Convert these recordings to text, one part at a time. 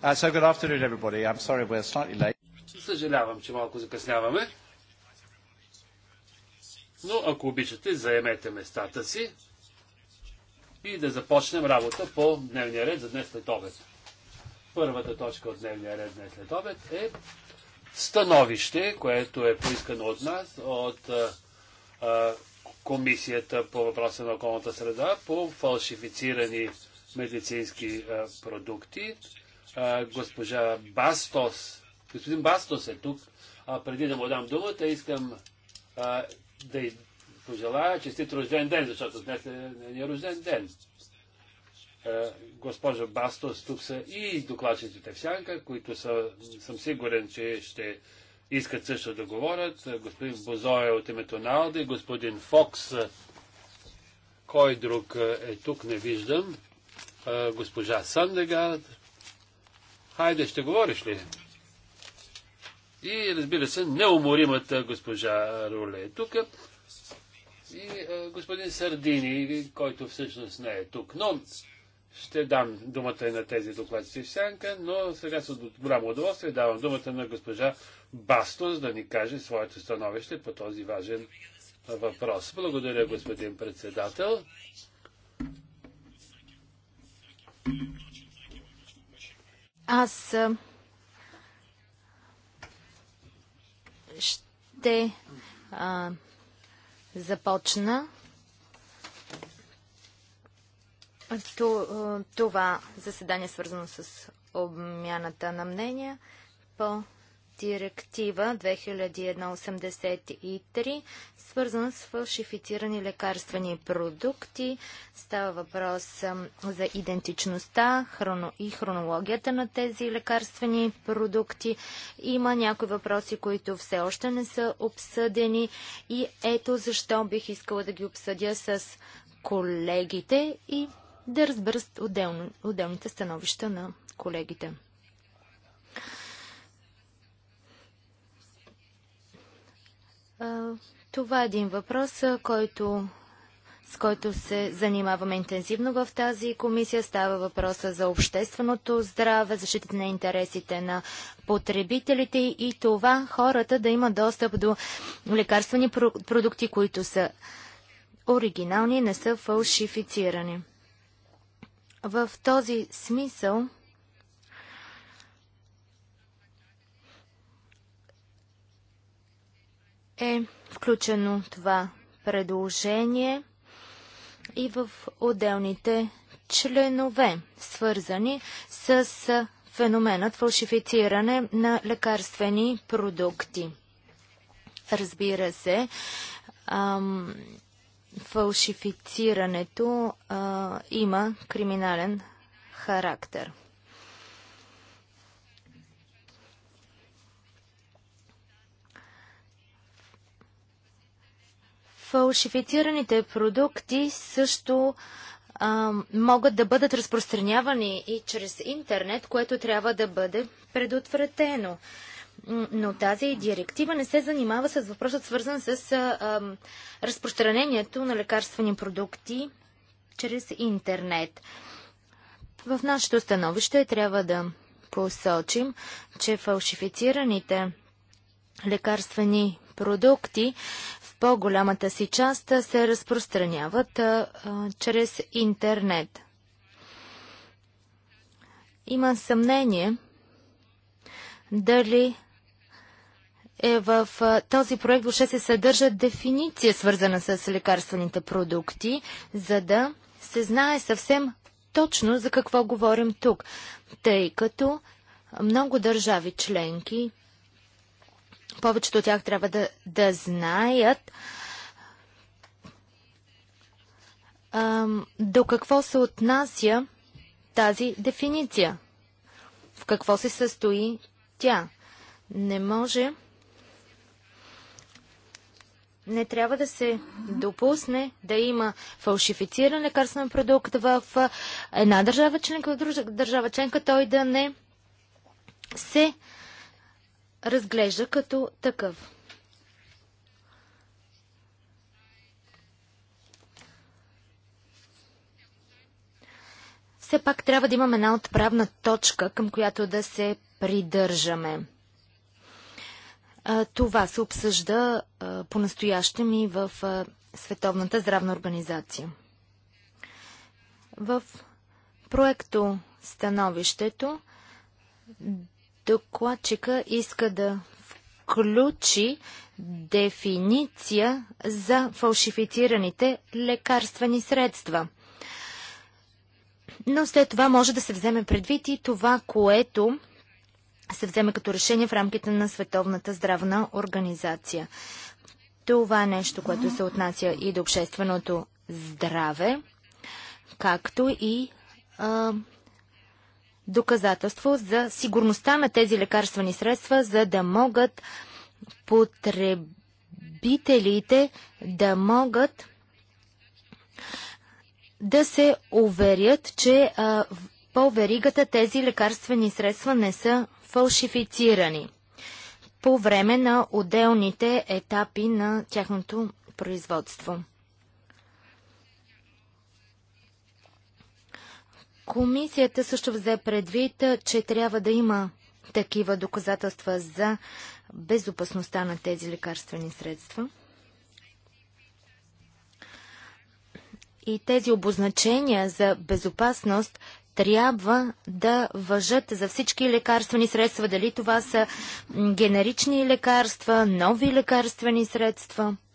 Uh, good afternoon, everybody. I'm sorry we're slightly late. Съжалявам, че малко закъсняваме. Но ако обичате, заемете местата си и да започнем работа по дневния ред за днес след обед. Първата точка от дневния ред днес след обед е становище, което е поискано от нас, от а, Комисията по въпроса на околната среда по фалшифицирани медицински а, продукти госпожа Бастос. Господин Бастос е тук. А преди да му дам думата, искам а, да й пожелая честит рожден ден, защото днес е не е рожден ден. А, госпожа Бастос, тук са и докладчиците в Сянка, които са, съм сигурен, че ще искат също да говорят. Господин Бозоя е от името на Алди, господин Фокс, кой друг е тук, не виждам. Госпожа Сандегард, Хайде, ще говориш ли? И разбира се, неуморимата госпожа Руле е тук. И а, господин Сардини, който всъщност не е тук. Но ще дам думата и на тези докладчици в сянка, но сега с голямо удоволствие давам думата на госпожа Бастос да ни каже своето становище по този важен въпрос. Благодаря, господин председател. Аз ще а, започна това заседание, е свързано с обмяната на мнения по директива 2183, свързана с фалшифицирани лекарствени продукти. Става въпрос за идентичността и хронологията на тези лекарствени продукти. Има някои въпроси, които все още не са обсъдени и ето защо бих искала да ги обсъдя с колегите и да разбърст отделно, отделните становища на колегите. Това е един въпрос, който с който се занимаваме интензивно в тази комисия. Става въпроса за общественото здраве, защитата на интересите на потребителите и това хората да имат достъп до лекарствени продукти, които са оригинални, не са фалшифицирани. В този смисъл е включено това предложение и в отделните членове, свързани с феноменът фалшифициране на лекарствени продукти. Разбира се, ам, фалшифицирането а, има криминален характер. Фалшифицираните продукти също а, могат да бъдат разпространявани и чрез интернет, което трябва да бъде предотвратено. Но тази директива не се занимава с въпросът, свързан с а, а, разпространението на лекарствени продукти чрез интернет. В нашето становище трябва да посочим, че фалшифицираните лекарствени продукти по-голямата си част се разпространяват а, чрез интернет. Има съмнение дали е в а, този проект въобще се съдържа дефиниция, свързана с лекарствените продукти, за да се знае съвсем точно за какво говорим тук, тъй като много държави членки повечето от тях трябва да, да знаят ам, до какво се отнася тази дефиниция. В какво се състои тя. Не може. Не трябва да се допусне да има фалшифициран лекарствен продукт в една държава членка, в друга държава членка, той да не се разглежда като такъв. Все пак трябва да имаме една отправна точка, към която да се придържаме. Това се обсъжда по-настоящем и в Световната здравна организация. В проекто становището Докладчика иска да включи дефиниция за фалшифицираните лекарствени средства. Но след това може да се вземе предвид и това, което се вземе като решение в рамките на Световната здравна организация. Това е нещо, което се отнася и до общественото здраве, както и а, доказателство за сигурността на тези лекарствени средства, за да могат потребителите да могат да се уверят, че а, по веригата тези лекарствени средства не са фалшифицирани по време на отделните етапи на тяхното производство. Комисията също взе предвид, че трябва да има такива доказателства за безопасността на тези лекарствени средства. И тези обозначения за безопасност трябва да въжат за всички лекарствени средства, дали това са генерични лекарства, нови лекарствени средства –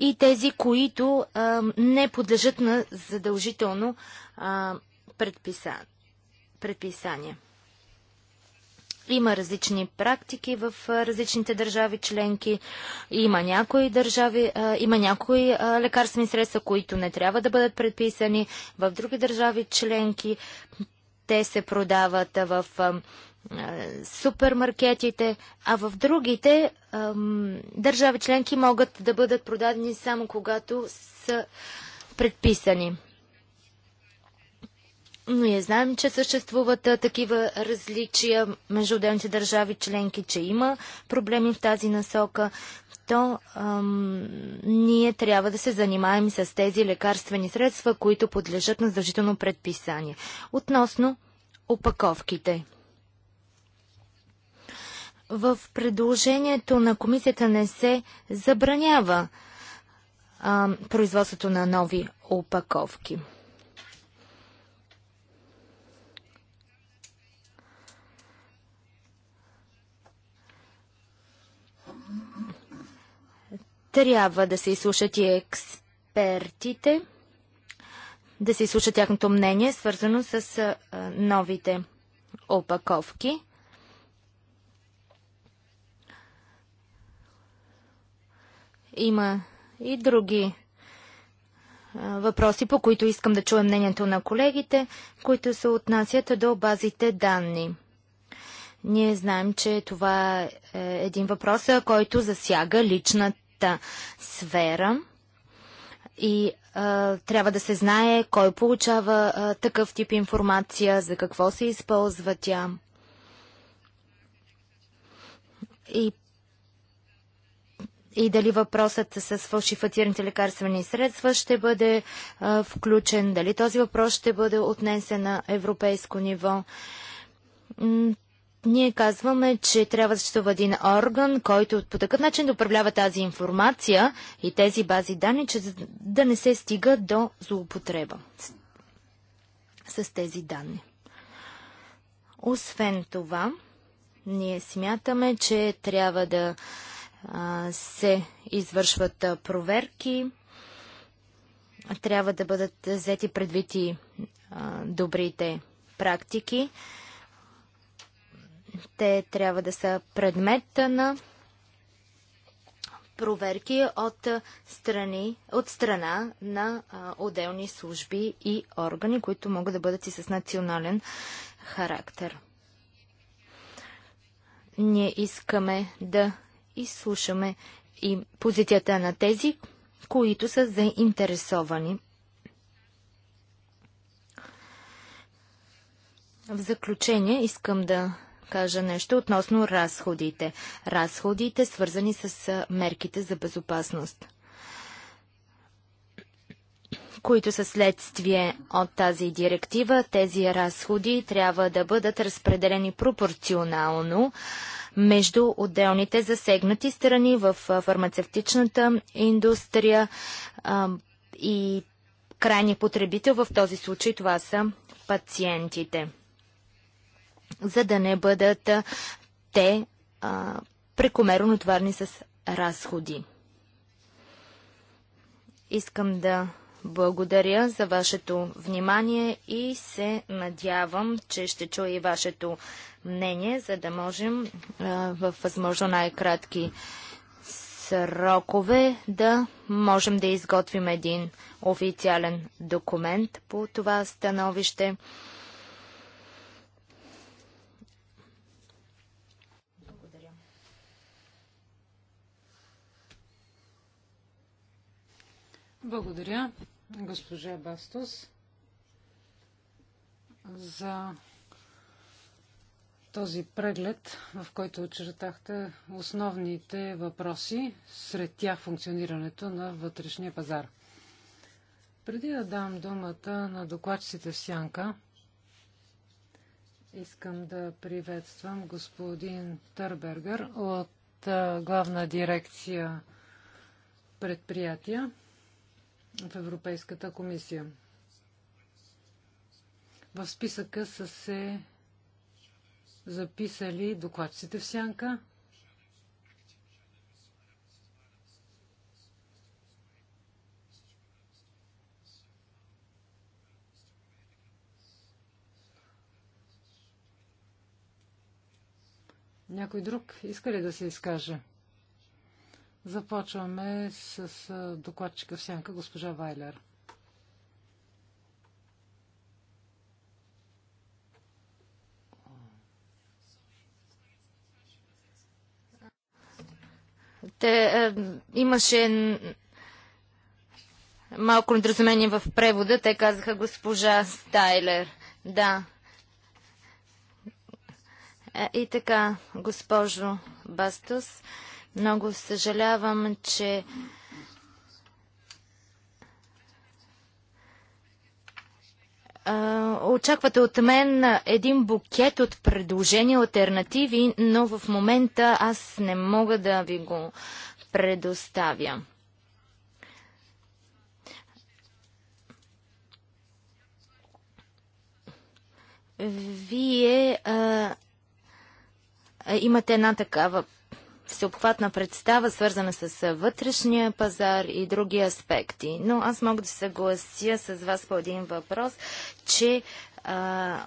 и тези, които а, не подлежат на задължително а, предписа... предписание. Има различни практики в различните държави членки. Има някои държави, има някои лекарствени средства, които не трябва да бъдат предписани. В други държави членки те се продават в е, супермаркетите, а в другите държави членки могат да бъдат продадени само когато са предписани. Но ние знаем, че съществуват такива различия между отделните държави членки, че има проблеми в тази насока. То ам, ние трябва да се занимаем с тези лекарствени средства, които подлежат на задължително предписание. Относно опаковките в предложението на комисията не се забранява а, производството на нови опаковки. Трябва да се изслушат и експертите, да се изслушат тяхното мнение, свързано с новите опаковки. Има и други въпроси, по които искам да чуя мнението на колегите, които се отнасят до базите данни. Ние знаем, че това е един въпрос, който засяга личната сфера и а, трябва да се знае кой получава а, такъв тип информация, за какво се използва тя. И и дали въпросът с фалшифатираните лекарствени средства ще бъде а, включен, дали този въпрос ще бъде отнесен на европейско ниво. М ние казваме, че трябва да съществува един орган, който по такъв начин да управлява тази информация и тези бази данни, че да не се стига до злоупотреба с, с тези данни. Освен това, ние смятаме, че трябва да а, се извършват проверки, трябва да бъдат взети предвид и добрите практики. Те трябва да са предмет на проверки от, страни, от страна на отделни служби и органи, които могат да бъдат и с национален характер. Ние искаме да изслушаме и позицията на тези, които са заинтересовани. В заключение искам да кажа нещо относно разходите. Разходите, свързани с мерките за безопасност, които са следствие от тази директива. Тези разходи трябва да бъдат разпределени пропорционално между отделните засегнати страни в фармацевтичната индустрия и крайния потребител. В този случай това са пациентите. За да не бъдат те прекомерно тварни с разходи. Искам да благодаря за вашето внимание и се надявам, че ще чуя и вашето мнение, за да можем в възможно най-кратки срокове да можем да изготвим един официален документ по това становище. Благодаря, госпожа Бастос, за този преглед, в който очертахте основните въпроси, сред тях функционирането на вътрешния пазар. Преди да дам думата на докладчиците в Сянка, искам да приветствам господин Търбергер от Главна дирекция предприятия в Европейската комисия. В списъка са се записали докладците в сянка. Някой друг иска ли да се изкаже? Започваме с докладчика в сянка госпожа Вайлер. Те, е, имаше малко недоразумение в превода. Те казаха госпожа Стайлер. Да. Е, и така, госпожо Бастус. Е, много съжалявам, че Очаквате от мен един букет от предложения, альтернативи, но в момента аз не мога да ви го предоставя. Вие а, имате една такава всеобхватна представа, свързана с вътрешния пазар и други аспекти. Но аз мога да се съглася с вас по един въпрос, че а,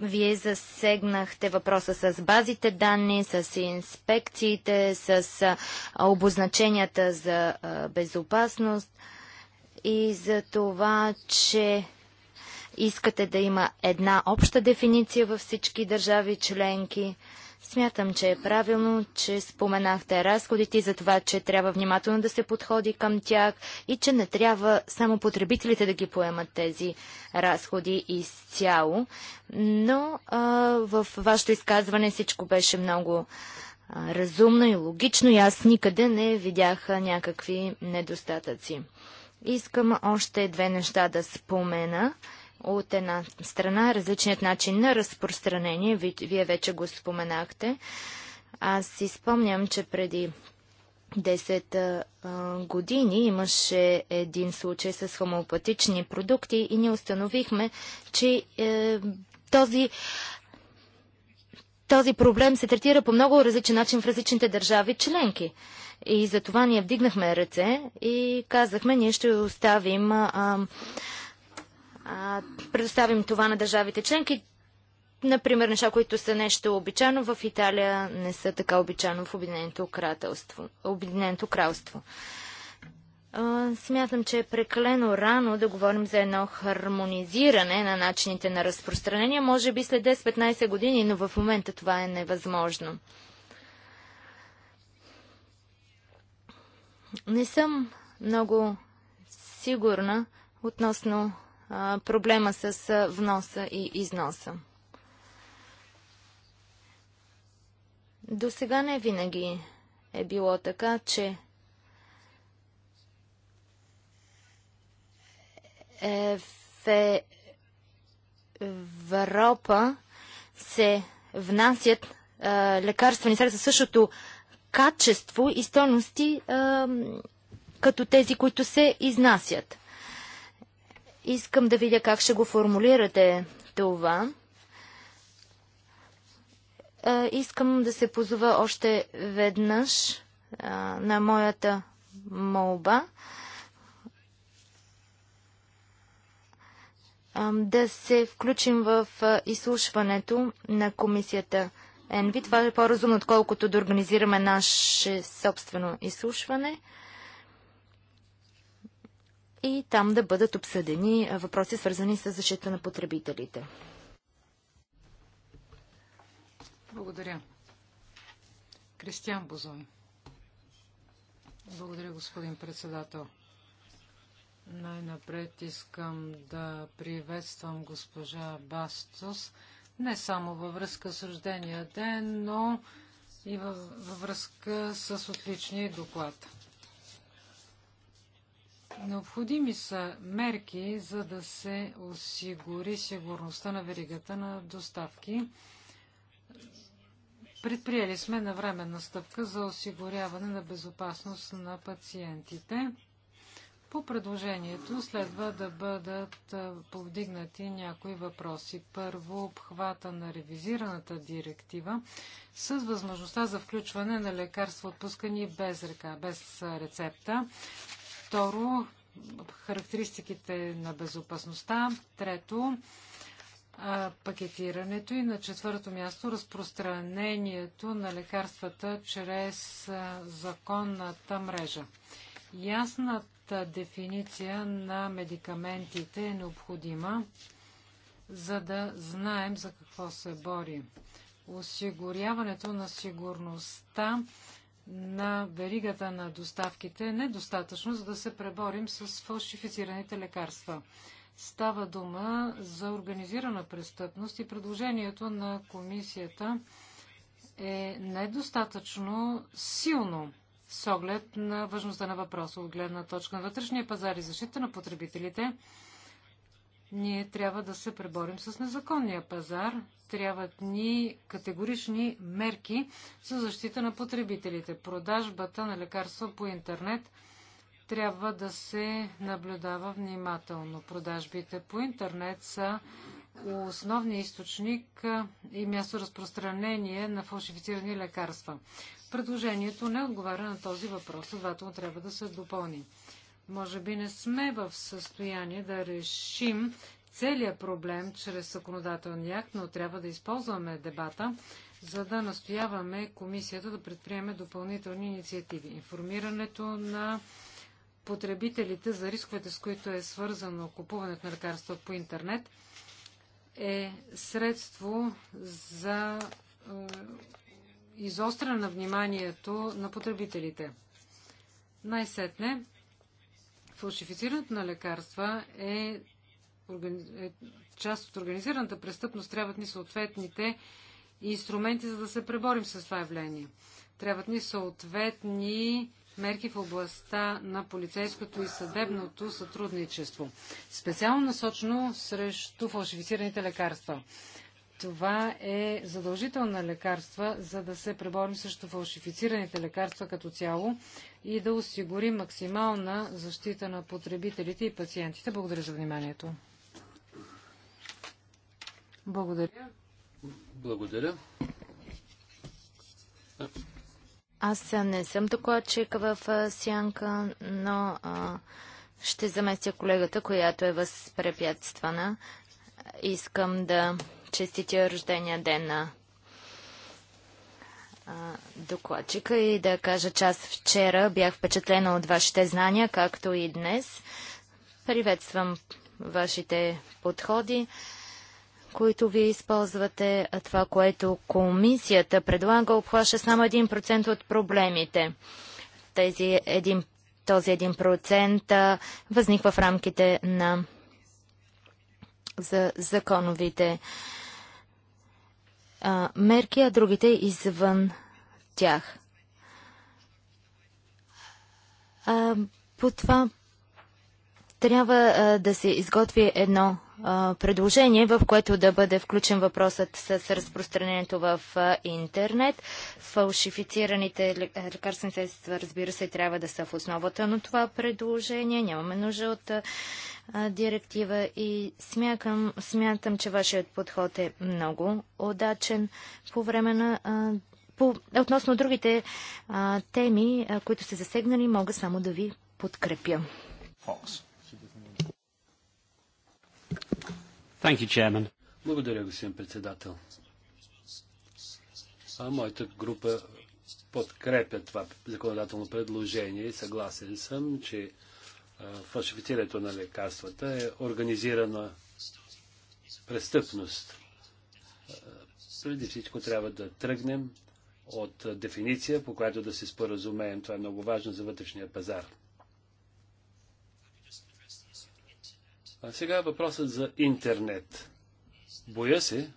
вие засегнахте въпроса с базите данни, с инспекциите, с обозначенията за а, безопасност и за това, че искате да има една обща дефиниция във всички държави членки. А, Смятам, че е правилно, че споменахте разходите и за това, че трябва внимателно да се подходи към тях и че не трябва само потребителите да ги поемат тези разходи изцяло. Но а, в вашето изказване всичко беше много а, разумно и логично и аз никъде не видях някакви недостатъци. Искам още две неща да спомена. От една страна, различният начин на разпространение, вие вече го споменахте. Аз си спомням, че преди 10 а, години имаше един случай с хомеопатични продукти и ние установихме, че е, този този проблем се третира по много различен начин в различните държави членки. И за това ние вдигнахме ръце и казахме, ние ще оставим а, а, предоставим това на държавите членки. Например, неща, които са нещо обичано в Италия, не са така обичано в Обединеното кралство. Обединеното кралство. смятам, че е прекалено рано да говорим за едно хармонизиране на начините на разпространение. Може би след 10-15 години, но в момента това е невъзможно. Не съм много сигурна относно проблема с вноса и износа. До сега не винаги е било така, че е в Европа се внасят е, лекарствени средства същото качество и стойности е, като тези, които се изнасят. Искам да видя как ще го формулирате това. Искам да се позова още веднъж на моята молба да се включим в изслушването на комисията ЕНВИ. Това е по-разумно, отколкото да организираме наше собствено изслушване и там да бъдат обсъдени въпроси, свързани с защита на потребителите. Благодаря. Кристиан Бозой. Благодаря, господин председател. Най-напред искам да приветствам госпожа Бастос, не само във връзка с рождения ден, но и във, във връзка с отличния доклад. Необходими са мерки, за да се осигури сигурността на веригата на доставки. Предприели сме навременна стъпка за осигуряване на безопасност на пациентите. По предложението следва да бъдат повдигнати някои въпроси. Първо, обхвата на ревизираната директива с възможността за включване на лекарства, отпускани без река, без рецепта. Второ, характеристиките на безопасността. Трето, пакетирането и на четвърто място разпространението на лекарствата чрез законната мрежа. Ясната дефиниция на медикаментите е необходима, за да знаем за какво се бори. Осигуряването на сигурността на веригата на доставките е недостатъчно, за да се преборим с фалшифицираните лекарства. Става дума за организирана престъпност и предложението на комисията е недостатъчно силно с оглед на важността на въпроса от гледна точка на вътрешния пазар и защита на потребителите. Ние трябва да се преборим с незаконния пазар. Трябват ни категорични мерки за защита на потребителите. Продажбата на лекарства по интернет трябва да се наблюдава внимателно. Продажбите по интернет са основния източник и място разпространение на фалшифицирани лекарства. Предложението не отговаря на този въпрос, следователно трябва да се допълни. Може би не сме в състояние да решим целият проблем чрез законодателния акт, но трябва да използваме дебата, за да настояваме комисията да предприеме допълнителни инициативи. Информирането на потребителите за рисковете, с които е свързано купуването на лекарства по интернет, е средство за е, изостряне на вниманието на потребителите. Най-сетне Фалшифицирането на лекарства е, е част от организираната престъпност. Трябват ни съответните инструменти, за да се преборим с това явление. Трябват ни съответни мерки в областта на полицейското и съдебното сътрудничество, специално насочено срещу фалшифицираните лекарства. Това е задължителна лекарства, за да се преборим срещу фалшифицираните лекарства като цяло и да осигури максимална защита на потребителите и пациентите. Благодаря за вниманието. Благодаря. Благодаря. Аз не съм чека в сянка, но а, ще заместя колегата, която е възпрепятствана. Искам да честития рождения ден на докладчика и да кажа, че аз вчера бях впечатлена от вашите знания, както и днес. Приветствам вашите подходи, които вие използвате. А това, което комисията предлага, обхваща само 1% от проблемите. Тези 1, този 1% възниква в рамките на за законовите а, мерки, а другите извън тях. А, по това трябва а, да се изготви едно предложение, в което да бъде включен въпросът с разпространението в интернет. Фалшифицираните лекарствени средства, разбира се, трябва да са в основата на това предложение. Нямаме нужда от директива и смятам, смятам, че вашият подход е много удачен по време на по, относно другите а, теми, а, които се засегнали, мога само да ви подкрепя. Fox. You, Благодаря, господин председател. А моята група подкрепя това законодателно предложение и съгласен съм, че фалшифицирането на лекарствата е организирана престъпност. Преди всичко трябва да тръгнем от дефиниция, по която да се споразумеем. Това е много важно за вътрешния пазар. А сега е въпросът за интернет. Боя се,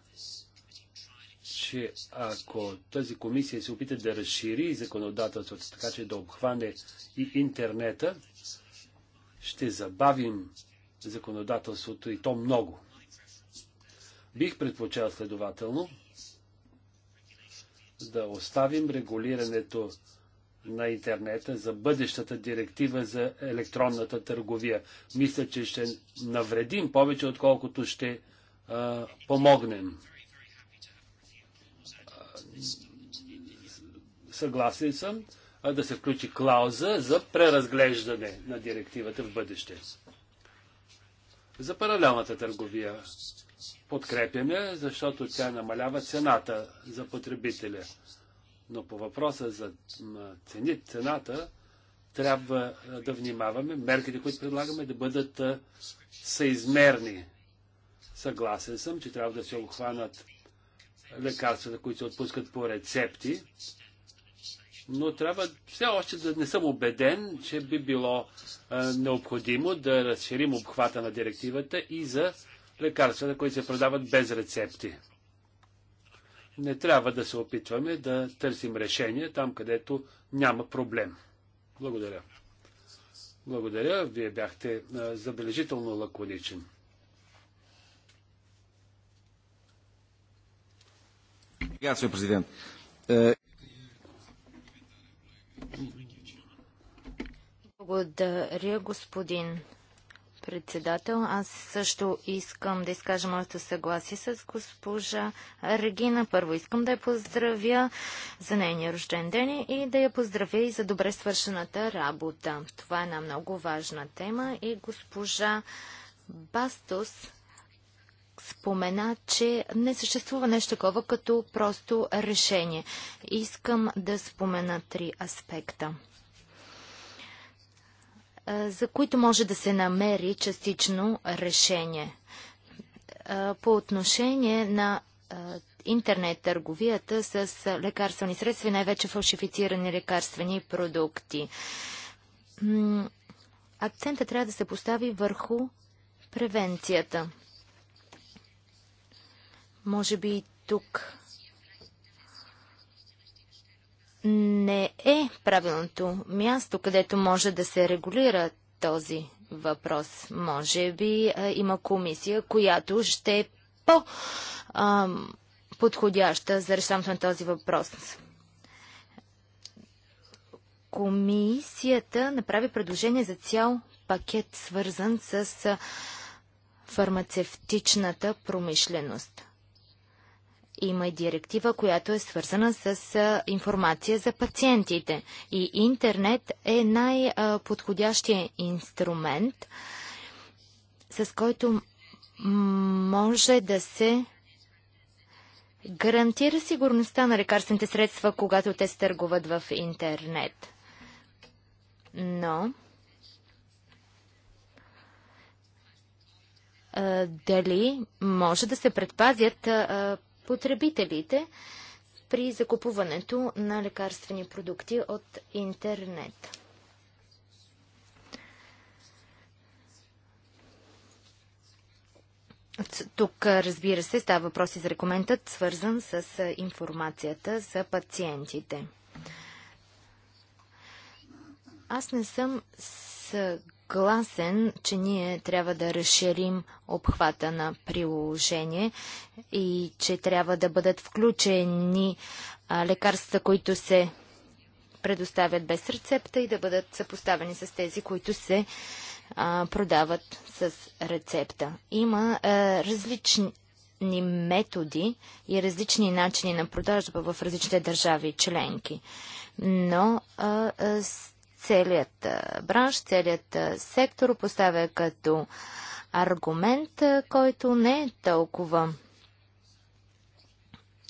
че ако тази комисия се опита да разшири законодателството, така че да обхване и интернета, ще забавим законодателството и то много. Бих предпочел следователно да оставим регулирането на интернета за бъдещата директива за електронната търговия. Мисля, че ще навредим повече, отколкото ще а, помогнем. Съгласен съм а, да се включи клауза за преразглеждане на директивата в бъдеще. За паралелната търговия подкрепяме, защото тя намалява цената за потребителя. Но по въпроса за цени, цената, трябва да внимаваме мерките, които предлагаме, да бъдат съизмерни. Съгласен съм, че трябва да се обхванат лекарствата, които се отпускат по рецепти, но трябва, все още да не съм убеден, че би било а, необходимо да разширим обхвата на директивата и за лекарствата, които се продават без рецепти не трябва да се опитваме да търсим решение там, където няма проблем. Благодаря. Благодаря. Вие бяхте забележително лаконичен. Grazie, е, Благодаря, господин председател. Аз също искам да изкажа моето съгласие с госпожа Регина. Първо искам да я поздравя за нейния рожден ден и да я поздравя и за добре свършената работа. Това е една много важна тема и госпожа Бастос спомена, че не съществува нещо такова като просто решение. Искам да спомена три аспекта за които може да се намери частично решение. По отношение на интернет търговията с лекарствени средства и най-вече фалшифицирани лекарствени продукти. Акцента трябва да се постави върху превенцията. Може би тук не е правилното място, където може да се регулира този въпрос. Може би а, има комисия, която ще е по- подходяща за решаването на този въпрос. Комисията направи предложение за цял пакет, свързан с фармацевтичната промишленост. Има и директива, която е свързана с информация за пациентите. И интернет е най-подходящия инструмент, с който може да се гарантира сигурността на лекарствените средства, когато те се търгуват в интернет. Но дали може да се предпазят потребителите при закупуването на лекарствени продукти от интернет. Тук, разбира се, става въпрос и за рекоментът, свързан с информацията за пациентите. Аз не съм съгласна съгласен, че ние трябва да разширим обхвата на приложение и че трябва да бъдат включени а, лекарства, които се предоставят без рецепта и да бъдат съпоставени с тези, които се а, продават с рецепта. Има а, различни методи и различни начини на продажба в различните държави членки. Но а, а, с целият бранш, целият сектор поставя като аргумент, който не е толкова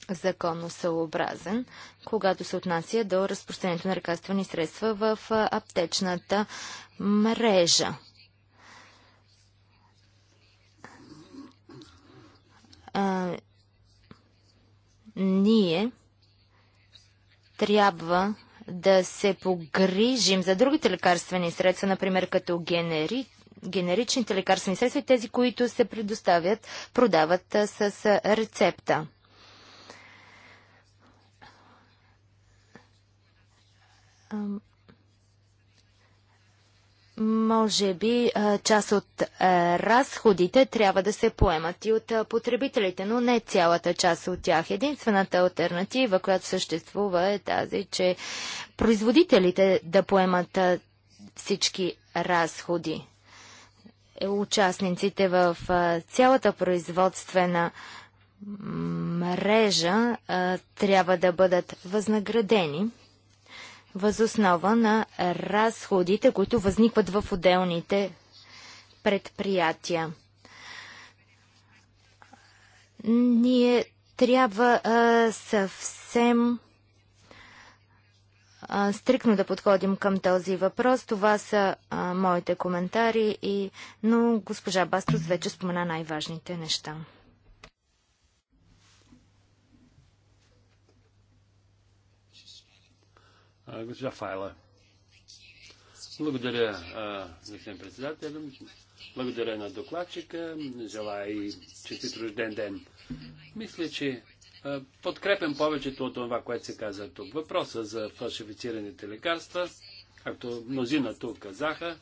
законосъобразен, когато се отнася до разпространението на лекарствени средства в аптечната мрежа. А, ние трябва да се погрижим за другите лекарствени средства, например като генери, генеричните лекарствени средства и тези, които се предоставят, продават с рецепта. Um. Може би част от разходите трябва да се поемат и от потребителите, но не цялата част от тях. Единствената альтернатива, която съществува е тази, че производителите да поемат всички разходи. Е, участниците в цялата производствена мрежа трябва да бъдат възнаградени възоснова на разходите, които възникват в отделните предприятия. Ние трябва а, съвсем а, стрикно да подходим към този въпрос. Това са а, моите коментари, и... но госпожа Бастус вече спомена най-важните неща. госпожа Файла. Благодаря, господин председател. Благодаря на докладчика. Желая и честит рожден ден. Мисля, че а, подкрепям повечето от това, което се каза тук. Въпроса за фалшифицираните лекарства, както мнозина тук казаха,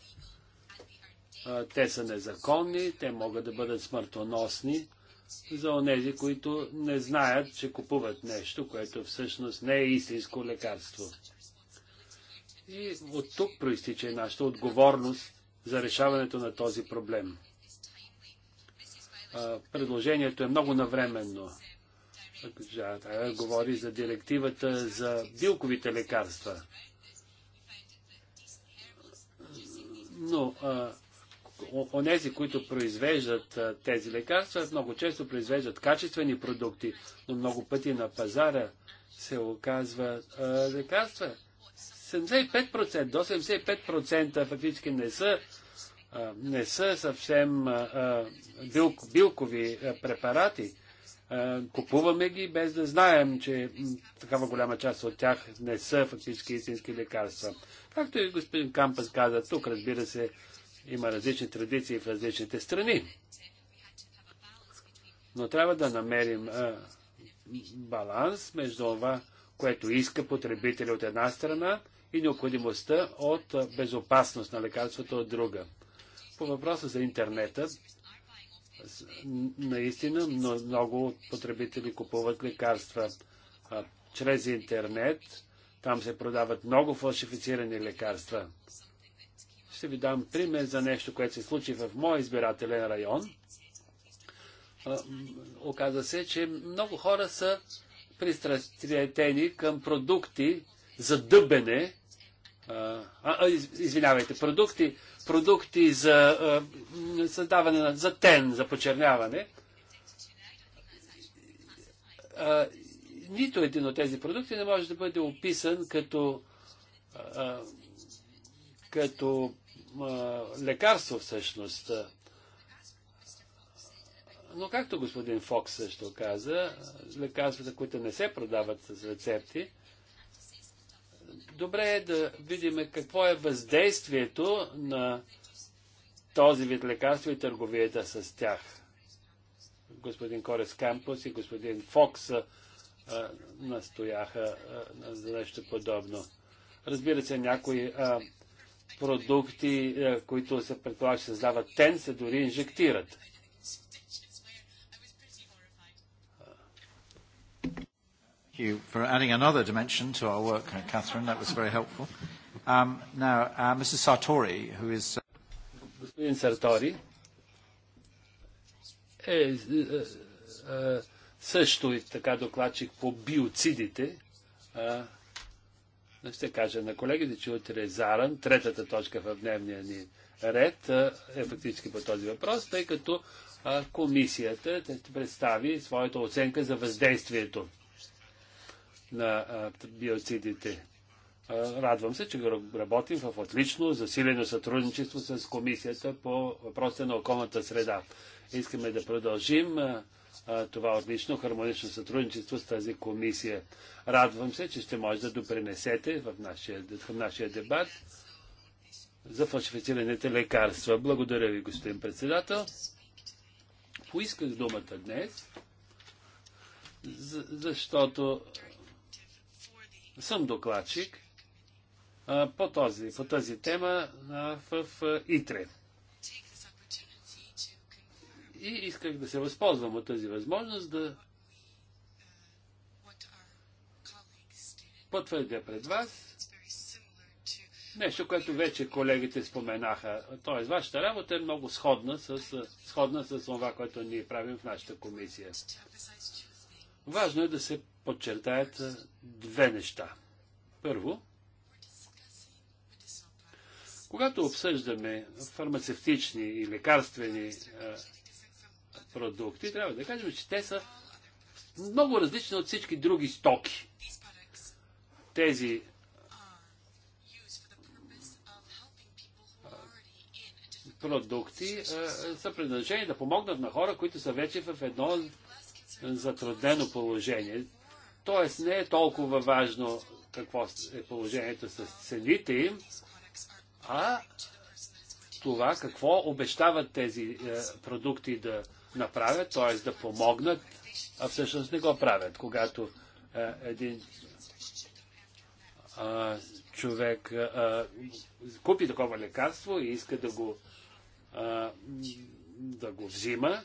а, те са незаконни, те могат да бъдат смъртоносни за онези, които не знаят, че купуват нещо, което всъщност не е истинско лекарство. И от тук проистича нашата отговорност за решаването на този проблем. Предложението е много навременно. Тая говори за директивата за билковите лекарства. Но онези, които произвеждат тези лекарства, много често произвеждат качествени продукти, но много пъти на пазара се оказва лекарства, 75%, до 75% фактически не са, а, не са съвсем а, билкови препарати. А, купуваме ги без да знаем, че такава голяма част от тях не са фактически истински лекарства. Както и господин Кампас каза, тук разбира се има различни традиции в различните страни. Но трябва да намерим а, баланс между това, което иска потребителя от една страна и необходимостта от безопасност на лекарството от друга. По въпроса за интернета, наистина много потребители купуват лекарства а, чрез интернет. Там се продават много фалшифицирани лекарства. Ще ви дам пример за нещо, което се случи в моя избирателен район. А, оказа се, че много хора са пристрастени към продукти за дъбене, а, а, извинявайте, продукти, продукти за а, създаване на, за тен, за почерняване. А, нито един от тези продукти не може да бъде описан като, а, като а, лекарство всъщност. Но както господин Фокс също каза, лекарствата, които не се продават с рецепти, добре е да видим какво е въздействието на този вид лекарство и търговията с тях. Господин Корес Кампус и господин Фокс а, настояха а, за нещо подобно. Разбира се, някои а, продукти, а, които се предполага, че създават тен, се дори инжектират. you for adding another dimension to our work, Catherine. That was very helpful. Um, now, uh, Mrs. Sartori, who is... Mr. Uh, Сартори е, е, е също и така докладчик по биоцидите. Е, ще кажа на колегите, че утре е Заран, третата точка в дневния ни ред е фактически по този въпрос, тъй като комисията представи своята оценка за въздействието на биоцидите. Радвам се, че работим в отлично засилено сътрудничество с Комисията по въпросите на околната среда. Искаме да продължим това отлично хармонично сътрудничество с тази комисия. Радвам се, че ще може да допринесете в нашия, в нашия дебат за фалшифицираните лекарства. Благодаря ви, господин председател. Поисках думата днес, защото съм докладчик а, по, този, по тази тема а, в, а, ИТРЕ. И исках да се възползвам от тази възможност да потвърдя пред вас нещо, което вече колегите споменаха. Тоест, вашата работа е много сходна с, сходна с това, което ние правим в нашата комисия. Важно е да се подчертаят две неща. Първо, когато обсъждаме фармацевтични и лекарствени продукти, трябва да кажем, че те са много различни от всички други стоки. Тези продукти а, са предназначени да помогнат на хора, които са вече в едно затруднено положение. Тоест не е толкова важно какво е положението с цените им, а това какво обещават тези е, продукти да направят, т.е. да помогнат, а всъщност не го правят. Когато е, един е, човек купи такова лекарство и иска да го, е, да го взима,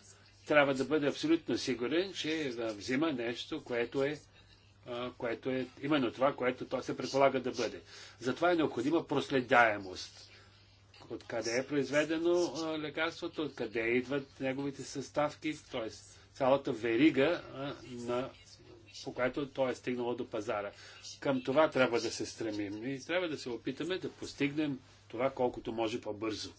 трябва да бъде абсолютно сигурен, че е, взима нещо, което е което е именно това, което то се предполага да бъде. Затова е необходима проследяемост. Откъде е произведено лекарството, откъде идват неговите съставки, т.е. цялата верига на по която то е стигнало до пазара. Към това трябва да се стремим и трябва да се опитаме да постигнем това колкото може по-бързо.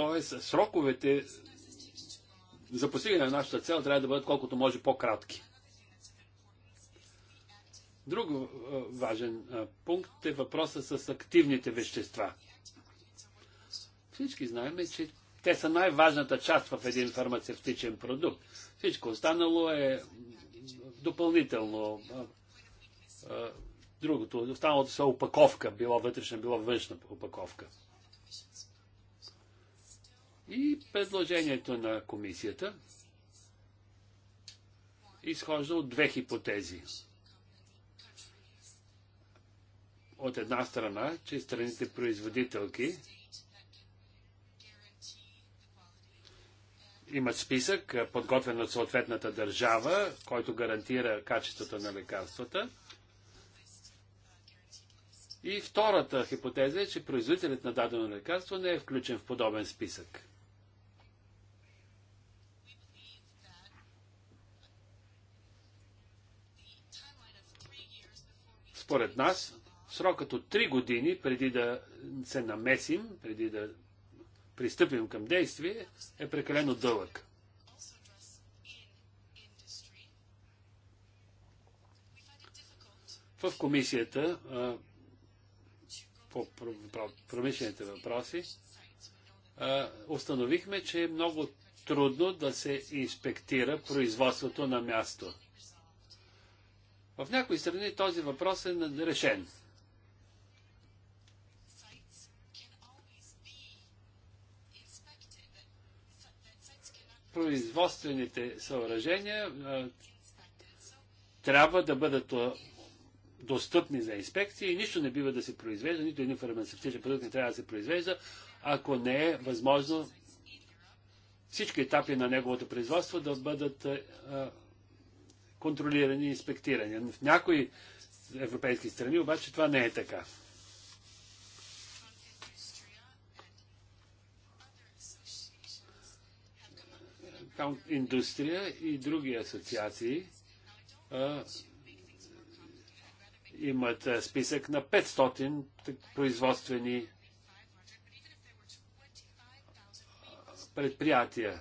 Тоест, сроковете за постигане на нашата цел трябва да бъдат колкото може по-кратки. Друг е, важен е, пункт е въпроса с активните вещества. Всички знаем, че те са най-важната част в един фармацевтичен продукт. Всичко останало е допълнително. Е, другото, останалото са опаковка, било вътрешна, било външна опаковка. И предложението на комисията изхожда от две хипотези. От една страна, че страните производителки имат списък, подготвен от съответната държава, който гарантира качеството на лекарствата. И втората хипотеза е, че производителят на дадено лекарство не е включен в подобен списък. Според нас, срокът от 3 години преди да се намесим, преди да пристъпим към действие, е прекалено дълъг. В комисията по промишлените въпроси установихме, че е много трудно да се инспектира производството на място. В някои страни този въпрос е решен. Производствените съоръжения трябва да бъдат достъпни за инспекции и нищо не бива да се произвежда, нито един фармацевтичен продукт не трябва да се произвежда, ако не е възможно всички етапи на неговото производство да бъдат а, контролирани и инспектирани. В някои европейски страни обаче това не е така. Индустрия и други асоциации а, имат списък на 500 производствени предприятия.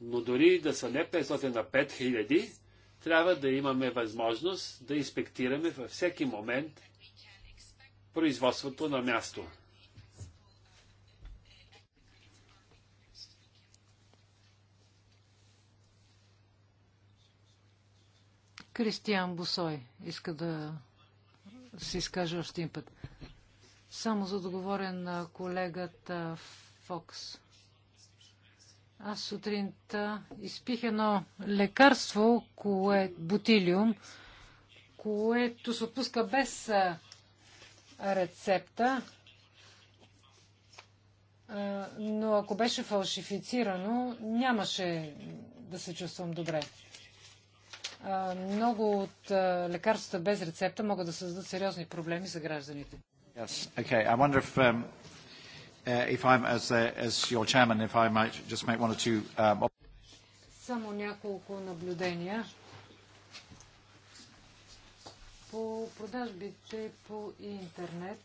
Но дори да са не 500, на 5000, трябва да имаме възможност да инспектираме във всеки момент производството на място. Кристиан Босой иска да се изкаже още един път. Само за договорен на колегата Фокс. Аз сутринта изпих едно лекарство, кое, бутилиум, което се отпуска без рецепта. Но ако беше фалшифицирано, нямаше да се чувствам добре. Много от лекарствата без рецепта могат да създадат сериозни проблеми за гражданите. Yes. Okay. I wonder if, um... Uh, if I'm, as, uh, as your chairman, if I might just make one or two... Um, Само няколко наблюдения по продажбите по интернет.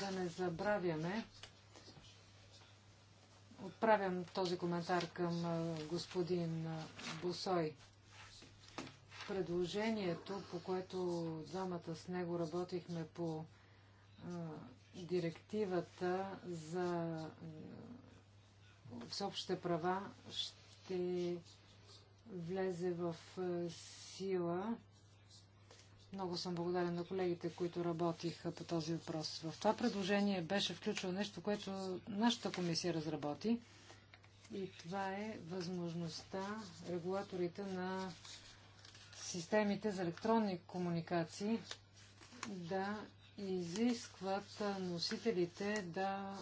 Да не забравяме. Отправям този коментар към господин Босой. Предложението, по което двамата с него работихме по директивата за всеобщите права ще влезе в е, сила. Много съм благодарен на колегите, които работиха по този въпрос. В това предложение беше включено нещо, което нашата комисия разработи. И това е възможността регулаторите на системите за електронни комуникации да изискват носителите да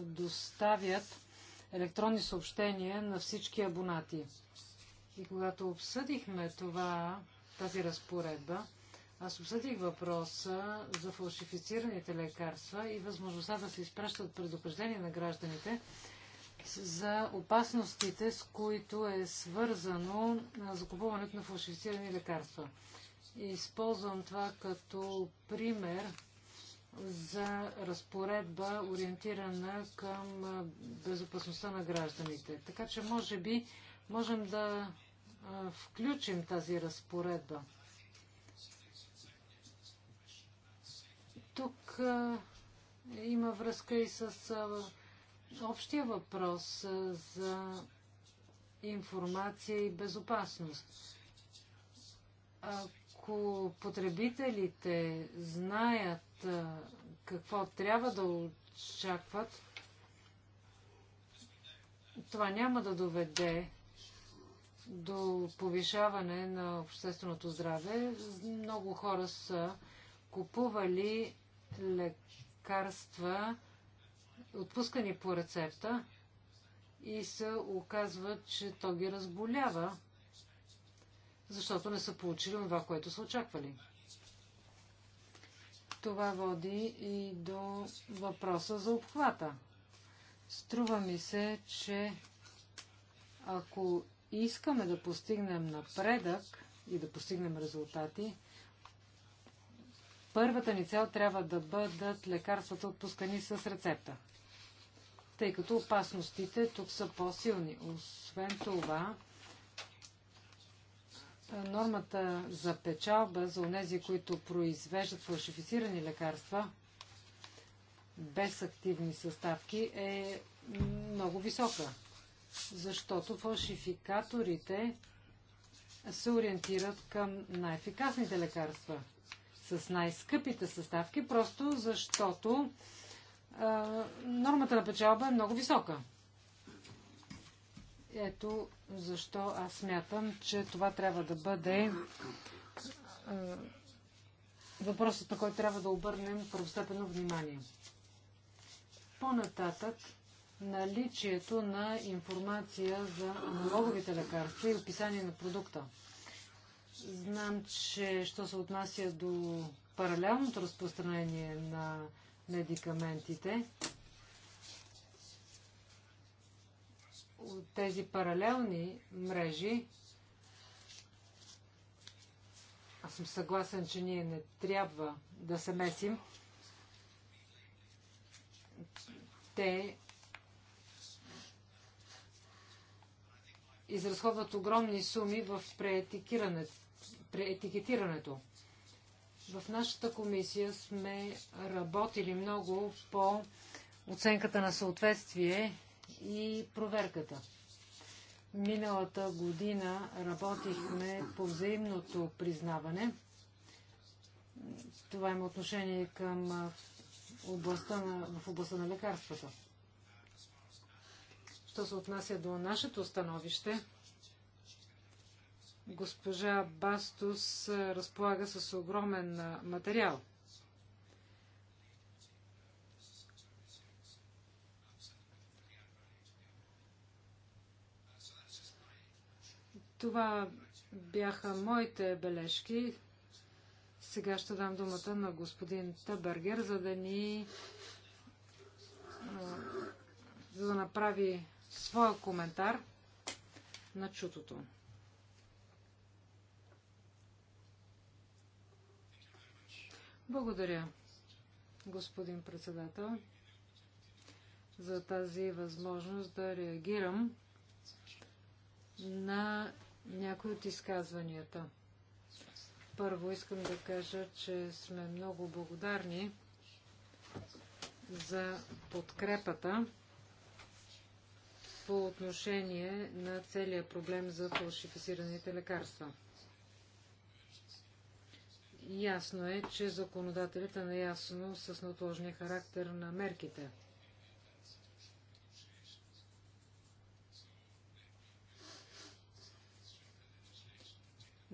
доставят електронни съобщения на всички абонати. И когато обсъдихме това, тази разпоредба, аз обсъдих въпроса за фалшифицираните лекарства и възможността да се изпращат предупреждения на гражданите за опасностите, с които е свързано закупуването на фалшифицирани лекарства. Използвам това като пример за разпоредба, ориентирана към безопасността на гражданите. Така че, може би, можем да включим тази разпоредба. Тук а, има връзка и с а, общия въпрос а, за информация и безопасност ако потребителите знаят какво трябва да очакват, това няма да доведе до повишаване на общественото здраве. Много хора са купували лекарства, отпускани по рецепта и се оказва, че то ги разболява защото не са получили това, което са очаквали. Това води и до въпроса за обхвата. Струва ми се, че ако искаме да постигнем напредък и да постигнем резултати, първата ни цел трябва да бъдат лекарствата отпускани с рецепта, тъй като опасностите тук са по-силни. Освен това, нормата за печалба за тези, които произвеждат фалшифицирани лекарства без активни съставки е много висока, защото фалшификаторите се ориентират към най-ефикасните лекарства с най-скъпите съставки, просто защото а, нормата на печалба е много висока. Ето защо аз смятам, че това трябва да бъде е, въпросът, на който трябва да обърнем първостепенно внимание. По-нататък, наличието на информация за аналоговите лекарства и описание на продукта. Знам, че що се отнася до паралелното разпространение на медикаментите, тези паралелни мрежи, аз съм съгласен, че ние не трябва да се месим, те изразходват огромни суми в преетикетирането. В нашата комисия сме работили много по оценката на съответствие и проверката. Миналата година работихме по взаимното признаване. Това има отношение към областта на, в областта на лекарствата. Що се отнася до нашето становище, госпожа Бастус разполага с огромен материал – Това бяха моите бележки. Сега ще дам думата на господин Табергер, за да ни за да направи своя коментар на чутото. Благодаря, господин председател, за тази възможност да реагирам на някои от изказванията. Първо искам да кажа, че сме много благодарни за подкрепата по отношение на целия проблем за фалшифицираните лекарства. Ясно е, че законодателите наясно с неотложния характер на мерките –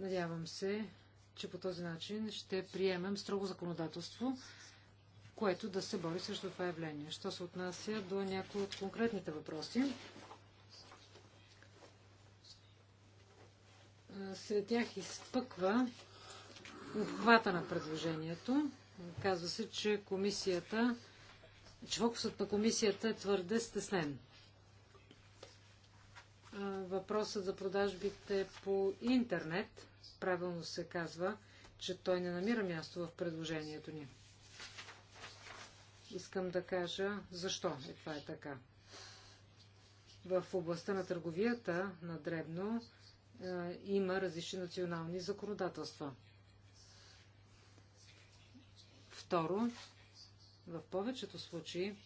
Надявам се, че по този начин ще приемем строго законодателство, което да се бори срещу това явление. Що се отнася до някои от конкретните въпроси, сред тях изпъква обхвата на предложението. Казва се, че комисията, че фокусът на комисията е твърде стеснен. Въпросът за продажбите по интернет – правилно се казва, че той не намира място в предложението ни. Искам да кажа защо е това е така. В областта на търговията на Дребно е, има различни национални законодателства. Второ, в повечето случаи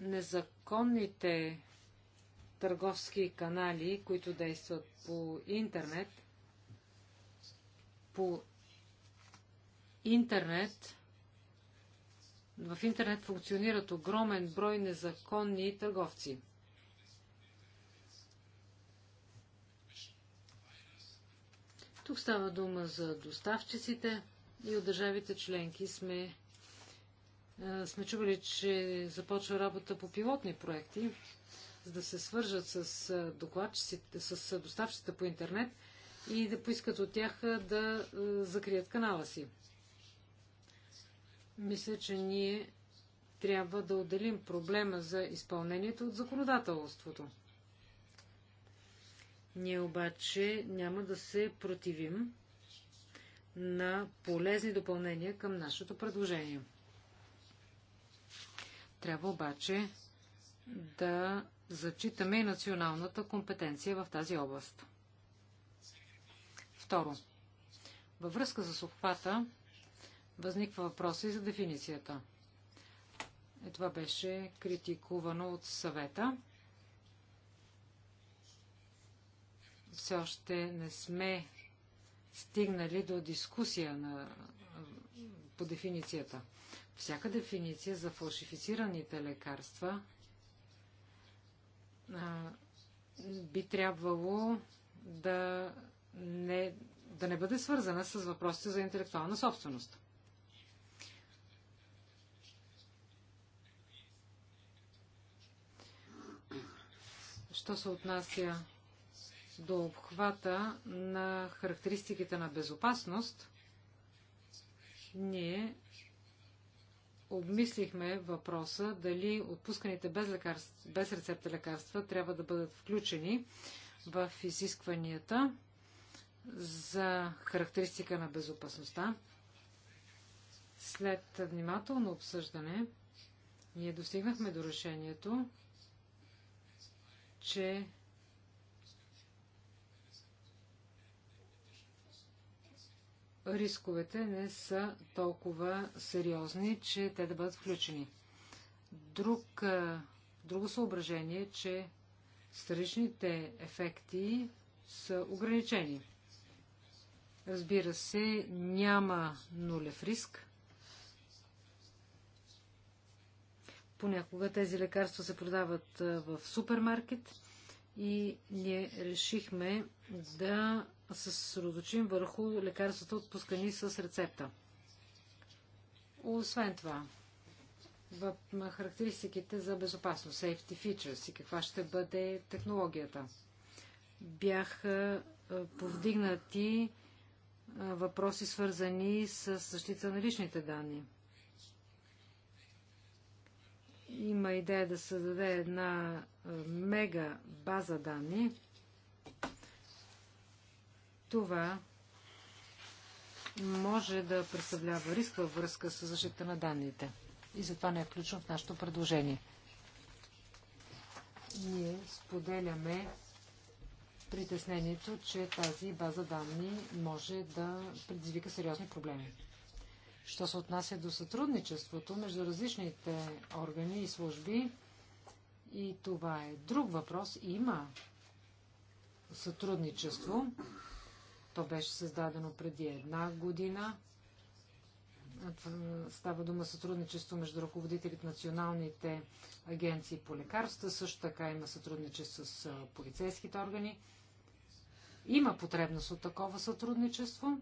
незаконните търговски канали, които действат по интернет, по интернет, в интернет функционират огромен брой незаконни търговци. Тук става дума за доставчиците и от държавите членки сме, сме чували, че започва работа по пилотни проекти за да се свържат с, с доставчиците по интернет и да поискат от тях да закрият канала си. Мисля, че ние трябва да отделим проблема за изпълнението от законодателството. Ние обаче няма да се противим на полезни допълнения към нашето предложение. Трябва обаче да зачитаме и националната компетенция в тази област. Второ. Във връзка с обхвата възниква въпроса и за дефиницията. И е, това беше критикувано от съвета. Все още не сме стигнали до дискусия на, по дефиницията. Всяка дефиниция за фалшифицираните лекарства а, би трябвало да не, да не бъде свързана с въпросите за интелектуална собственост. Що се отнася до обхвата на характеристиките на безопасност, ние обмислихме въпроса дали отпусканите без, лекарств, без рецепта лекарства трябва да бъдат включени в изискванията за характеристика на безопасността. След внимателно обсъждане ние достигнахме до решението, че рисковете не са толкова сериозни, че те да бъдат включени. Друг, друго съображение е, че страничните ефекти са ограничени. Разбира се, няма нулев риск. Понякога тези лекарства се продават в супермаркет и ние решихме да се съсредоточим върху лекарствата, отпускани с рецепта. Освен това, в характеристиките за безопасност, safety features и каква ще бъде технологията. Бяха е, повдигнати е, въпроси, свързани с защита на личните данни. Има идея да създаде една е, мега база данни, това може да представлява риск във връзка с защита на данните. И затова не е включено в нашето предложение. Ние споделяме притеснението, че тази база данни може да предизвика сериозни проблеми. Що се отнася до сътрудничеството между различните органи и служби, и това е друг въпрос, има сътрудничество, то беше създадено преди една година. Става дума сътрудничество между ръководителите националните агенции по лекарства. Също така има сътрудничество с полицейските органи. Има потребност от такова сътрудничество.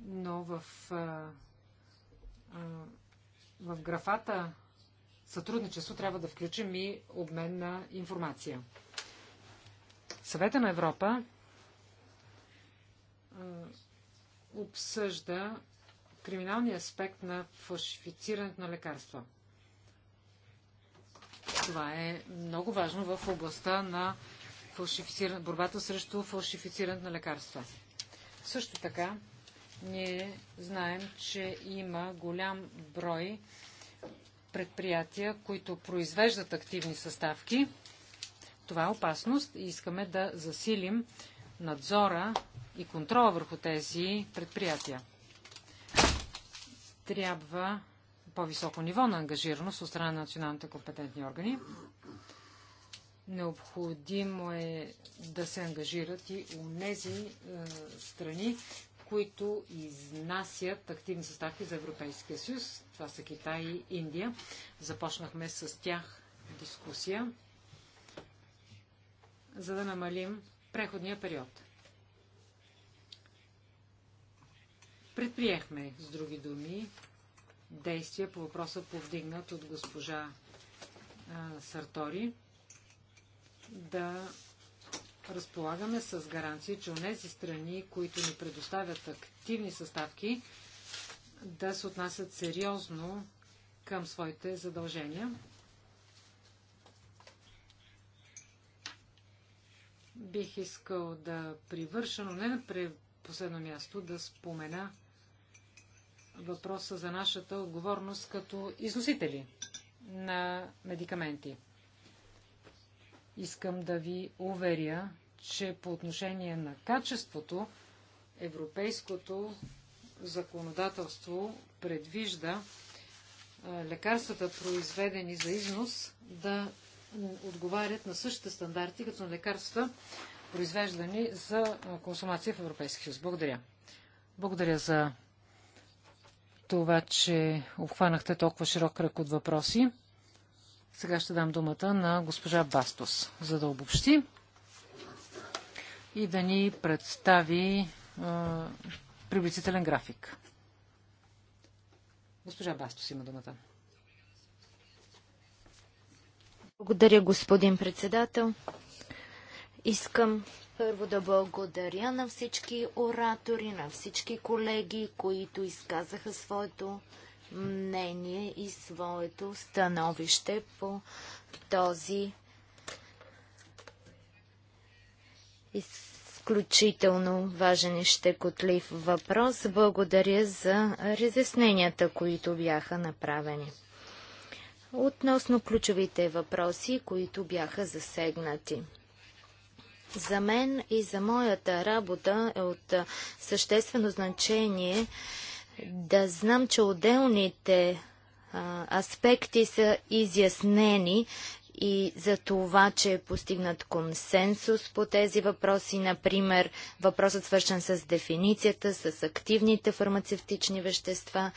Но в, в графата сътрудничество трябва да включим и обмен на информация. Съвета на Европа обсъжда криминалния аспект на фалшифицирането на лекарства. Това е много важно в областта на борбата срещу фалшифицирането на лекарства. Също така, ние знаем, че има голям брой предприятия, които произвеждат активни съставки. Това е опасност и искаме да засилим надзора и контрола върху тези предприятия. Трябва по-високо ниво на ангажираност от страна на националните компетентни органи. Необходимо е да се ангажират и у нези е, страни, които изнасят активни съставки за Европейския съюз. Това са Китай и Индия. Започнахме с тях дискусия, за да намалим преходния период. Предприехме, с други думи, действия по въпроса повдигнат от госпожа а, Сартори да разполагаме с гаранции, че онези страни, които ни предоставят активни съставки, да се отнасят сериозно към своите задължения. Бих искал да привърша, но не на последно място, да спомена въпроса за нашата отговорност като износители на медикаменти. Искам да ви уверя, че по отношение на качеството, европейското законодателство предвижда лекарствата, произведени за износ, да отговарят на същите стандарти, като на лекарства, произвеждани за консумация в Европейския съюз. Благодаря. Благодаря за това, че обхванахте толкова широк кръг от въпроси. Сега ще дам думата на госпожа Бастос, за да обобщи и да ни представи е, приблизителен график. Госпожа Бастос има думата. Благодаря, господин председател. Искам първо да благодаря на всички оратори, на всички колеги, които изказаха своето мнение и своето становище по този изключително важен и щекотлив въпрос. Благодаря за разясненията, които бяха направени. Относно ключовите въпроси, които бяха засегнати. За мен и за моята работа е от съществено значение да знам, че отделните а, аспекти са изяснени и за това, че е постигнат консенсус по тези въпроси. Например, въпросът свършен с дефиницията, с активните фармацевтични вещества,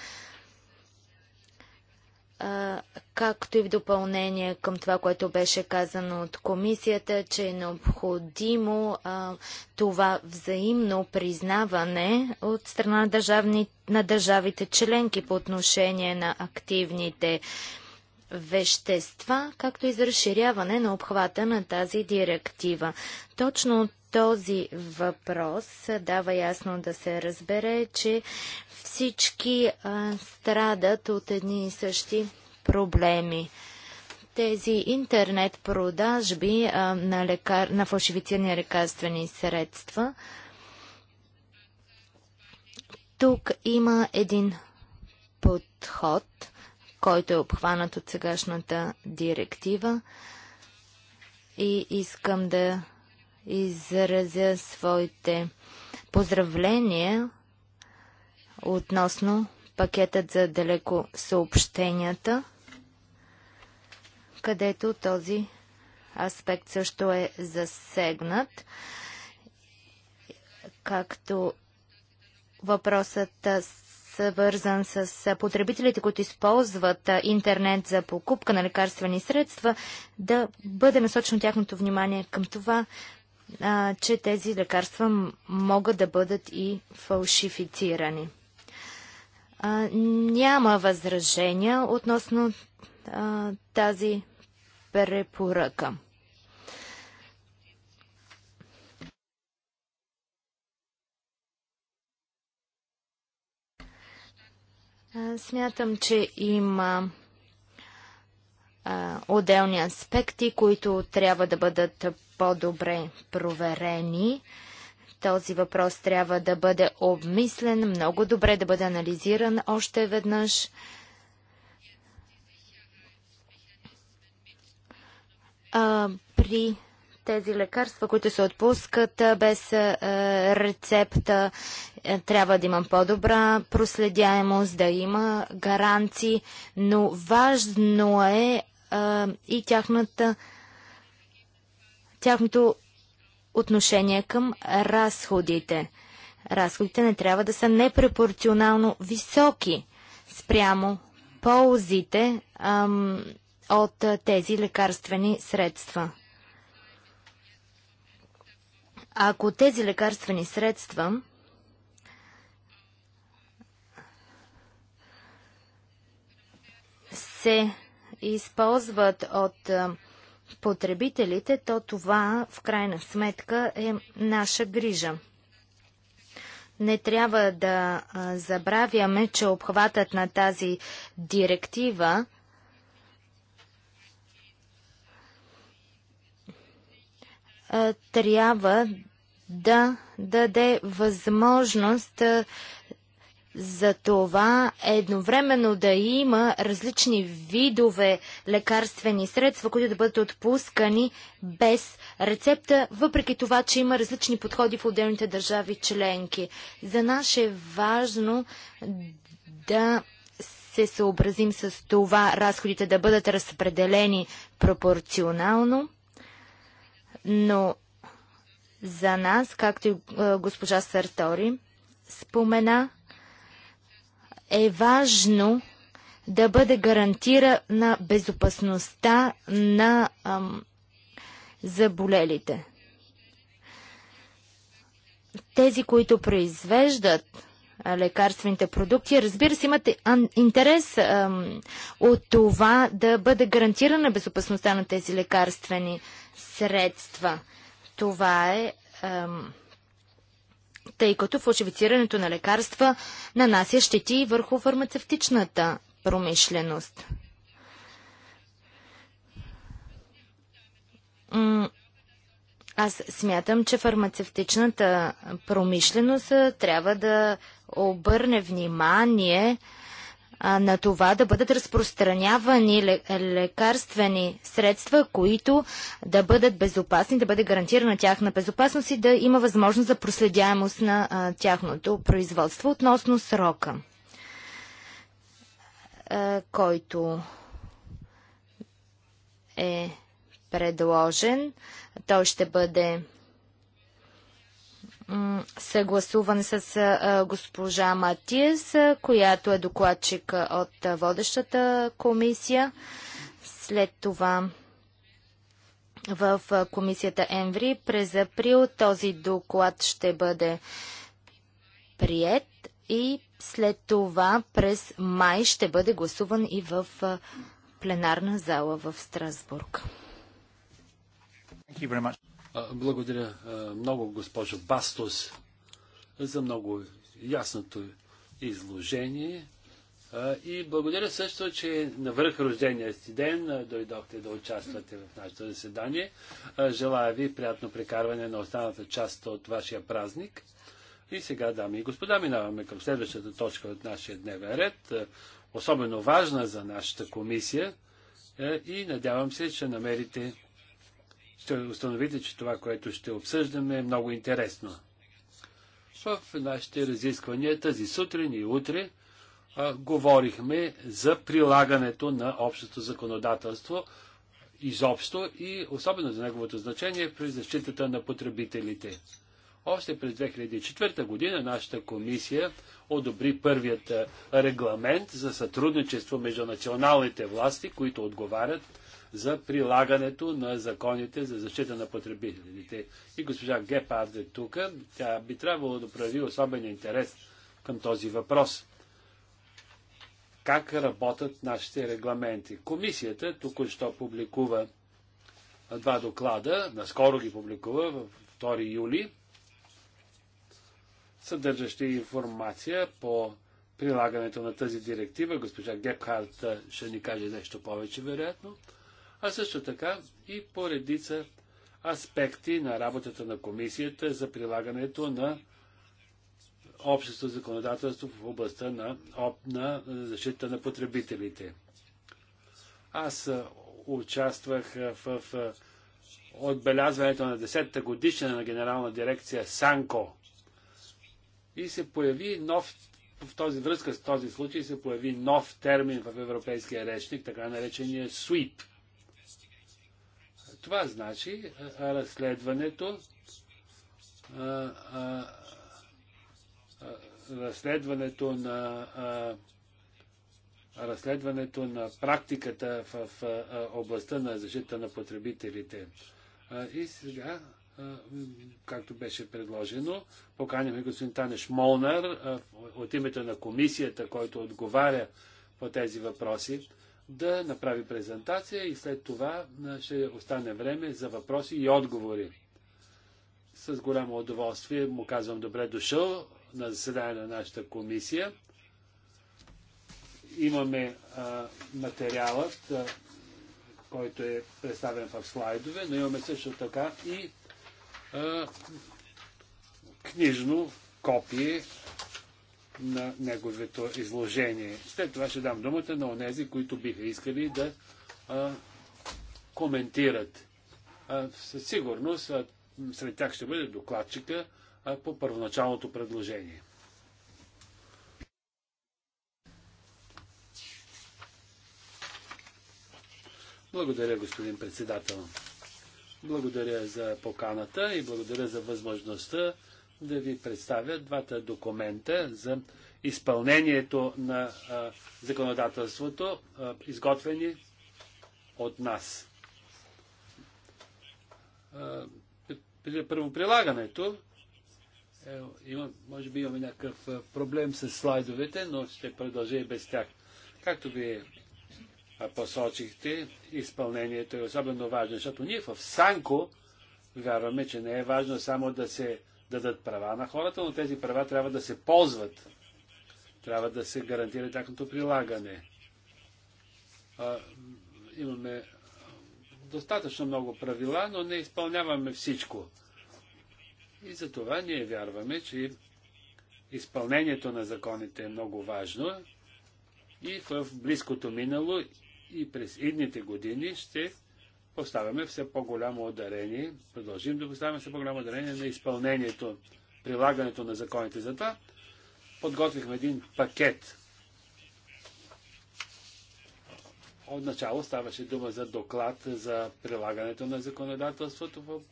както и в допълнение към това, което беше казано от комисията, че е необходимо а, това взаимно признаване от страна на, държавни, на държавите членки по отношение на активните вещества, както и за разширяване на обхвата на тази директива. Точно този въпрос дава ясно да се разбере, че всички а, страдат от едни и същи проблеми. Тези интернет продажби а, на, лекар... на фалшифицирани лекарствени средства. Тук има един подход, който е обхванат от сегашната директива и искам да изразя своите поздравления относно пакетът за далеко съобщенията, където този аспект също е засегнат, както въпросът свързан с потребителите, които използват интернет за покупка на лекарствени средства, да бъде насочено тяхното внимание към това а, че тези лекарства могат да бъдат и фалшифицирани. А, няма възражения относно а, тази препоръка. Смятам, че има отделни аспекти, които трябва да бъдат по-добре проверени. Този въпрос трябва да бъде обмислен, много добре да бъде анализиран още веднъж. А, при тези лекарства, които се отпускат без рецепта, е, трябва да имам по-добра проследяемост, да има гаранции, но важно е а, и тяхната, тяхното отношение към разходите. Разходите не трябва да са непропорционално високи спрямо ползите а, от тези лекарствени средства. Ако тези лекарствени средства се използват от потребителите, то това в крайна сметка е наша грижа. Не трябва да забравяме, че обхватът на тази директива трябва да даде възможност за това едновременно да има различни видове лекарствени средства, които да бъдат отпускани без рецепта, въпреки това, че има различни подходи в отделните държави членки. За нас е важно да се съобразим с това разходите да бъдат разпределени пропорционално, но за нас, както и госпожа Сартори спомена, е важно да бъде гарантирана безопасността на ам, заболелите. Тези, които произвеждат лекарствените продукти, разбира се, имат интерес ам, от това да бъде гарантирана безопасността на тези лекарствени средства. Това е ам, тъй като фалшифицирането на лекарства нанася щети върху фармацевтичната промишленост. Аз смятам, че фармацевтичната промишленост трябва да обърне внимание а, на това да бъдат разпространявани лекарствени средства, които да бъдат безопасни, да бъде гарантирана тяхна безопасност и да има възможност за проследяемост на а, тяхното производство относно срока, а, който е предложен. Той ще бъде съгласуван с госпожа Матиес, която е докладчик от водещата комисия. След това в комисията Енври през април този доклад ще бъде прият и след това през май ще бъде гласуван и в пленарна зала в Страсбург. Благодаря много, госпожо Бастос, за много ясното изложение. И благодаря също, че на връх рождения си ден дойдохте да участвате в нашето заседание. Желая ви приятно прекарване на останата част от вашия празник. И сега, дами и господа, минаваме към следващата точка от нашия дневен ред, особено важна за нашата комисия и надявам се, че намерите ще установите, че това, което ще обсъждаме, е много интересно. В нашите разисквания тази сутрин и утре а, говорихме за прилагането на общото законодателство изобщо и особено за неговото значение при защитата на потребителите. Още през 2004 година нашата комисия одобри първият регламент за сътрудничество между националните власти, които отговарят за прилагането на законите за защита на потребителите. И госпожа Гепард е тук. Тя би трябвало да прояви особен интерес към този въпрос. Как работят нашите регламенти? Комисията току-що публикува два доклада, наскоро ги публикува, в 2 юли, съдържащи информация по прилагането на тази директива. Госпожа Гепхарт ще ни каже нещо повече, вероятно а също така и по редица аспекти на работата на комисията за прилагането на общото законодателство в областта на, на защита на потребителите. Аз участвах в отбелязването на 10-та годишна на генерална дирекция Санко. И се появи нов, в този връзка с този случай се появи нов термин в европейския речник, така наречения СУИП. Това значи разследването разследването на разследването на практиката в областта на защита на потребителите. И сега, както беше предложено, поканяме господин Танеш Молнар от името на комисията, който отговаря по тези въпроси да направи презентация и след това ще остане време за въпроси и отговори. С голямо удоволствие му казвам добре дошъл на заседание на нашата комисия. Имаме а, материалът, а, който е представен в слайдове, но имаме също така и а, книжно копие на неговото изложение. След това ще дам думата на онези, които биха искали да а, коментират. А, със сигурност а, сред тях ще бъде докладчика а, по първоначалното предложение. Благодаря, господин председател. Благодаря за поканата и благодаря за възможността да ви представя двата документа за изпълнението на законодателството, изготвени от нас. при първоприлагането, е, има, може би имаме някакъв проблем с слайдовете, но ще продължа и без тях. Както ви посочихте, изпълнението е особено важно, защото ние в Санко вярваме, че не е важно само да се дадат права на хората, но тези права трябва да се ползват. Трябва да се гарантира тяхното прилагане. А, имаме достатъчно много правила, но не изпълняваме всичко. И за това ние вярваме, че изпълнението на законите е много важно и в близкото минало и през идните години ще поставяме все по-голямо ударение, продължим да поставяме все по-голямо ударение на изпълнението, прилагането на законите. Затова подготвихме един пакет. Отначало ставаше дума за доклад за прилагането на законодателството.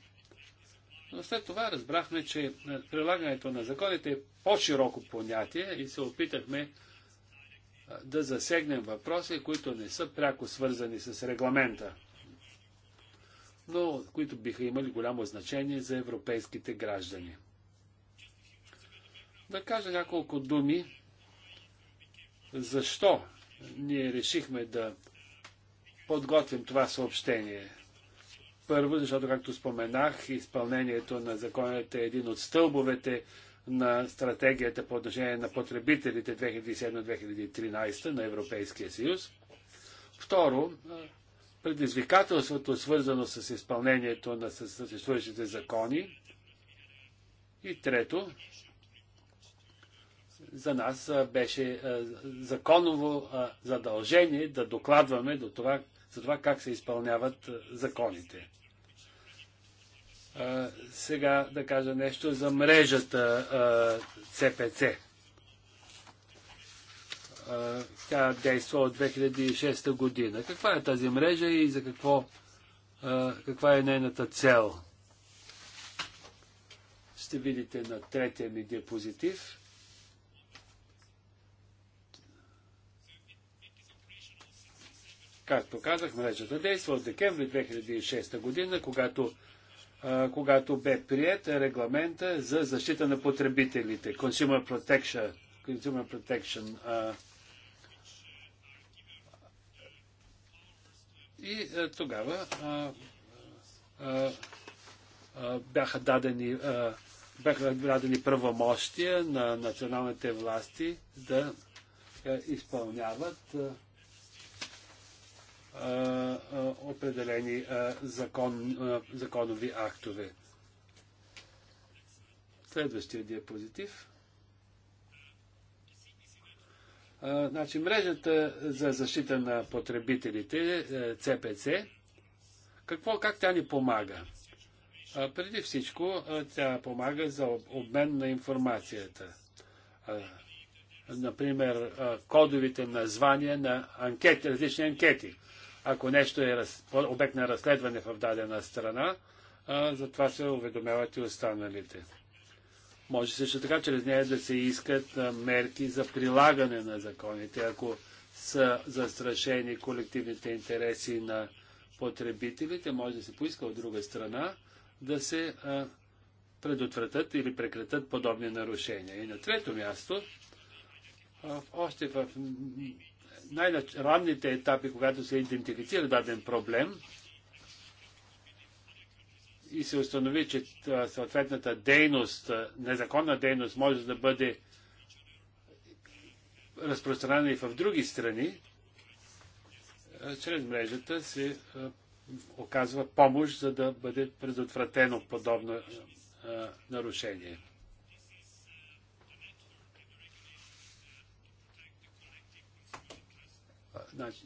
Но след това разбрахме, че прилагането на законите е по-широко понятие и се опитахме да засегнем въпроси, които не са пряко свързани с регламента но които биха имали голямо значение за европейските граждани. Да кажа няколко думи защо ние решихме да подготвим това съобщение. Първо, защото, както споменах, изпълнението на законите е един от стълбовете на стратегията по отношение на потребителите 2007-2013 на Европейския съюз. Второ, предизвикателството, свързано с изпълнението на съществуващите закони. И трето, за нас беше законово задължение да докладваме до това, за това как се изпълняват законите. Сега да кажа нещо за мрежата ЦПЦ. Тя действа от 2006 година. Каква е тази мрежа и за какво, каква е нейната цел? Ще видите на третия ми диапозитив. Както казах, мрежата действа от декември 2006 година, когато, когато бе прият регламента за защита на потребителите, Consumer Protection, Consumer Protection И а, е, тогава а, а, а, бяха дадени. А, е, бяха дадени правомощия на националните власти да е, изпълняват определени закон, законови актове. Следващия диапозитив. Значи, мрежата за защита на потребителите, ЦПЦ, е, какво, как тя ни помага? Преди всичко, тя помага за обмен на информацията. Например, кодовите названия на анкети, различни анкети. Ако нещо е обект на разследване в дадена страна, за това се уведомяват и останалите. Може също така чрез нея да се искат мерки за прилагане на законите, ако са застрашени колективните интереси на потребителите, може да се поиска от друга страна да се предотвратят или прекратят подобни нарушения. И на трето място, още в най-ранните етапи, когато се идентифицира даден проблем, и се установи, че съответната дейност, незаконна дейност може да бъде разпространена и в други страни, чрез мрежата се оказва помощ, за да бъде предотвратено подобно нарушение. Значи,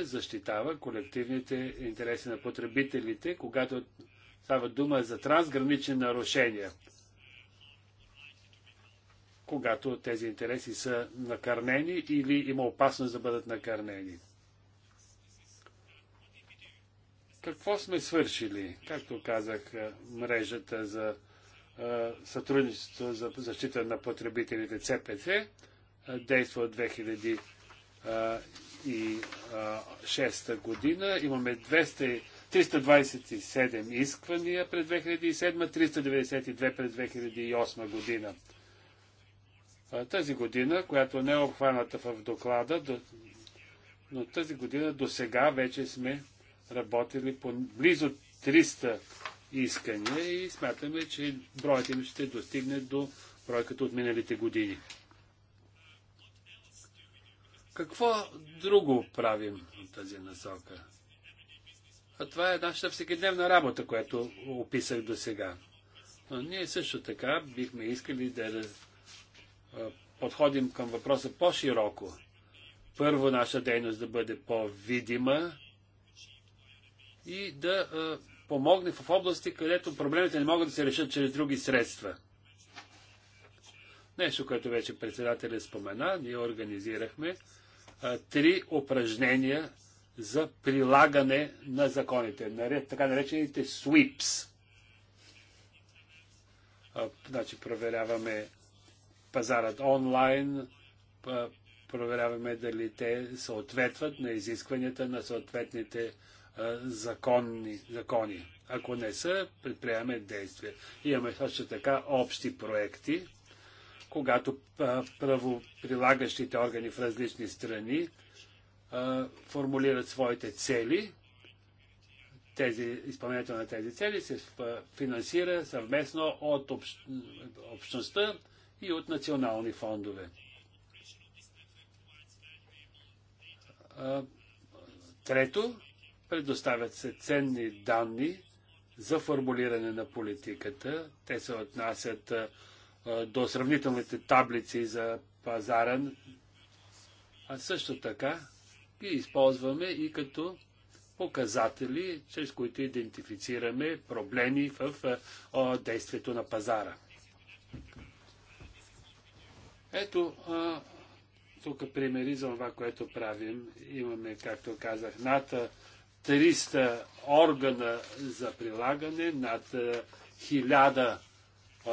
защитава колективните интереси на потребителите, когато Става дума за трансгранични нарушения, когато тези интереси са накърнени или има опасност да бъдат накърнени. Какво сме свършили? Както казах, е, мрежата за е, сътрудничество за защита на потребителите ЦПЦ е, действа от 2006 година. Имаме 200 327 исквания през 2007, 392 през 2008 година. Тази година, която не е обхваната в доклада, но тази година до сега вече сме работили по близо 300 искания и смятаме, че броят им ще достигне до бройката от миналите години. Какво друго правим в тази насока? това е нашата всекидневна работа, която описах до сега. Но ние също така бихме искали да подходим към въпроса по-широко. Първо наша дейност да бъде по-видима и да помогне в области, където проблемите не могат да се решат чрез други средства. Нещо, което вече председателят спомена, ние организирахме а, три упражнения за прилагане на законите, наред, така наречените SWIPs. А, значи проверяваме пазарът онлайн, а, проверяваме дали те съответват на изискванията на съответните а, законни, закони. Ако не са, предприемаме действия. Имаме също така общи проекти, когато правоприлагащите органи в различни страни формулират своите цели. Тези, изпълнението на тези цели се финансира съвместно от общ, общността и от национални фондове. трето, предоставят се ценни данни за формулиране на политиката. Те се отнасят до сравнителните таблици за пазара, а също така ги използваме и като показатели, чрез които идентифицираме проблеми в действието на пазара. Ето, тук примери за това, което правим. Имаме, както казах, над 300 органа за прилагане, над 1000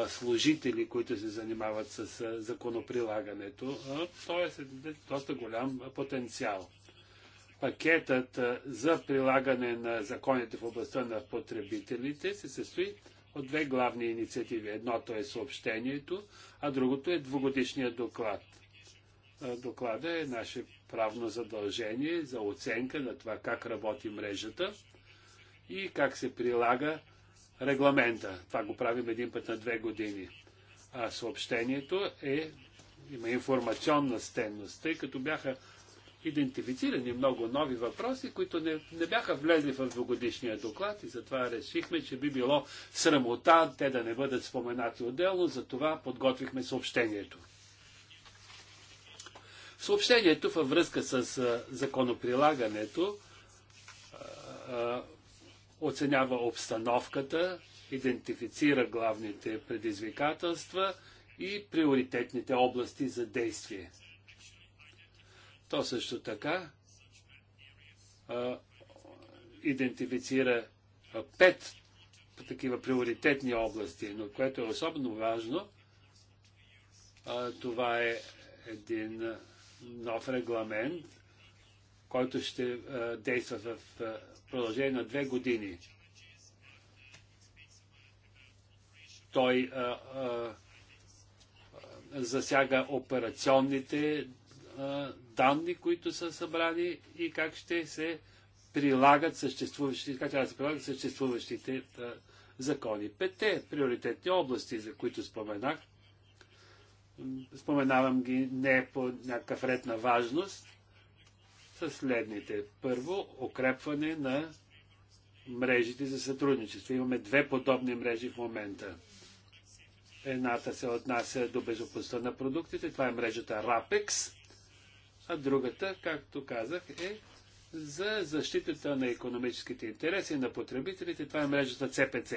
служители, които се занимават с законоприлагането. Тоест, е доста голям потенциал пакетът за прилагане на законите в областта на потребителите се състои от две главни инициативи. Едното е съобщението, а другото е двугодишният доклад. Доклада е наше правно задължение за оценка на това как работи мрежата и как се прилага регламента. Това го правим един път на две години. А съобщението е, има информационна стенност, тъй като бяха идентифицирани много нови въпроси, които не, не бяха влезли в двогодишния доклад и затова решихме, че би било срамота те да не бъдат споменати отделно, затова подготвихме съобщението. Съобщението във връзка с законоприлагането оценява обстановката, идентифицира главните предизвикателства и приоритетните области за действие. То също така а, идентифицира а, пет такива приоритетни области, но което е особено важно, а, това е един нов регламент, който ще а, действа в а, продължение на две години. Той а, а, засяга операционните данни, които са събрани и как ще се прилагат съществуващите, как да се прилагат съществуващите а, закони. Петте приоритетни области, за които споменах, споменавам ги не по някакъв ред на важност, са следните. Първо, укрепване на мрежите за сътрудничество. Имаме две подобни мрежи в момента. Едната се отнася до безопасността на продуктите. Това е мрежата RAPEX, а другата, както казах, е за защитата на економическите интереси на потребителите. Това е мрежата ЦПЦ.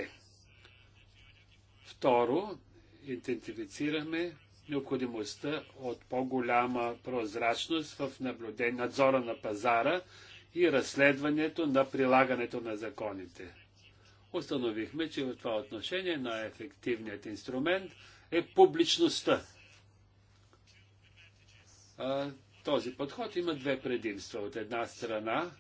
Второ, идентифицираме необходимостта от по-голяма прозрачност в наблюдение, надзора на пазара и разследването на прилагането на законите. Установихме, че в това отношение най-ефективният инструмент е публичността. Този подход има две предимства. От една страна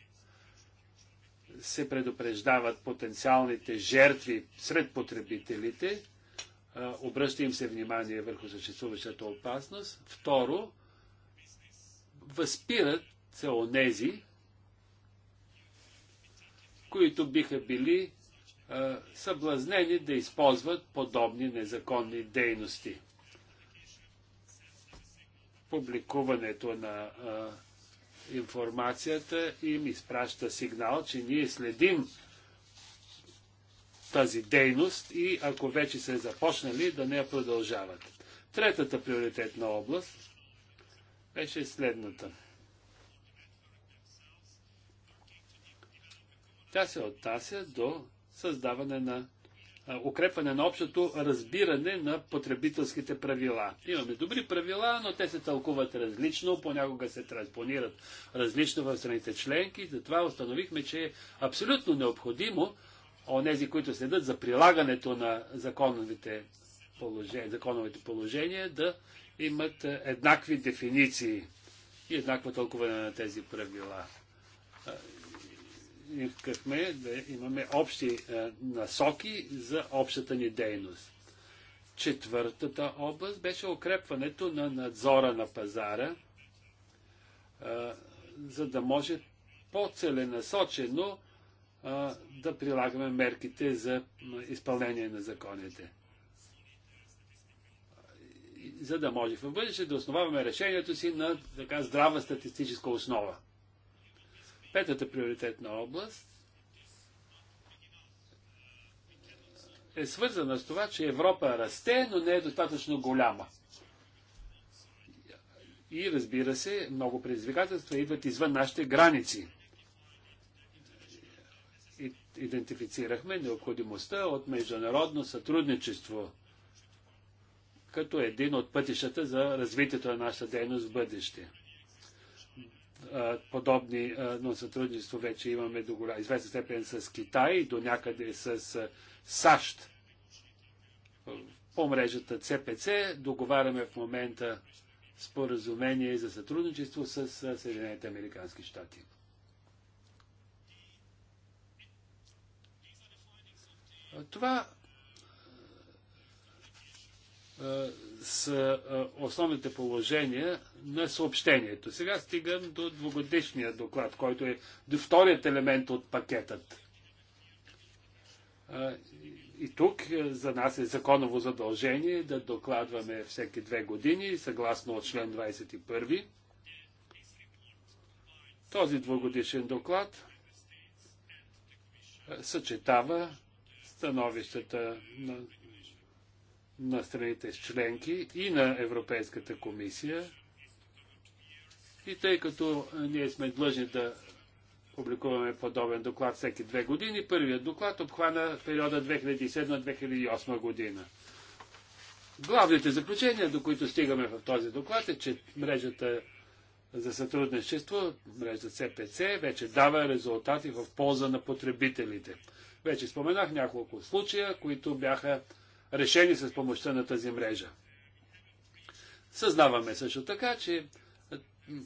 се предупреждават потенциалните жертви сред потребителите, обръща им се внимание върху съществуващата опасност. Второ, възпират се онези, които биха били съблазнени да използват подобни незаконни дейности публикуването на а, информацията им изпраща сигнал, че ние следим тази дейност и ако вече са започнали, да не я продължават. Третата приоритетна област беше следната. Тя се отнася до създаване на укрепване на общото разбиране на потребителските правила. Имаме добри правила, но те се тълкуват различно, понякога се транспонират различно в страните членки, затова установихме, че е абсолютно необходимо онези, които следят за прилагането на законовите положения, законовите положения да имат еднакви дефиниции и еднакво тълкуване на тези правила искахме да имаме общи е, насоки за общата ни дейност. Четвъртата област беше укрепването на надзора на пазара, е, за да може по-целенасочено е, да прилагаме мерките за изпълнение на законите. За да може в бъдеще да основаваме решението си на така здрава статистическа основа. Петата приоритетна област е свързана с това, че Европа расте, но не е достатъчно голяма. И разбира се, много предизвикателства идват извън нашите граници. Идентифицирахме необходимостта от международно сътрудничество като един от пътищата за развитието на нашата дейност в бъдеще подобни но сътрудничество вече имаме до голяма известна степен с Китай до някъде с САЩ. По мрежата ЦПЦ договаряме в момента споразумение за сътрудничество с Съединените Американски щати. Това са основните положения на съобщението. Сега стигам до двогодишния доклад, който е вторият елемент от пакетът. И тук за нас е законово задължение да докладваме всеки две години, съгласно от член 21. Този двогодишен доклад съчетава становищата на на страните с членки и на Европейската комисия. И тъй като ние сме длъжни да публикуваме подобен доклад всеки две години, първият доклад обхвана периода 2007-2008 година. Главните заключения, до които стигаме в този доклад е, че мрежата за сътрудничество, мрежа СПЦ, вече дава резултати в полза на потребителите. Вече споменах няколко случая, които бяха решени с помощта на тази мрежа. Съзнаваме също така, че е,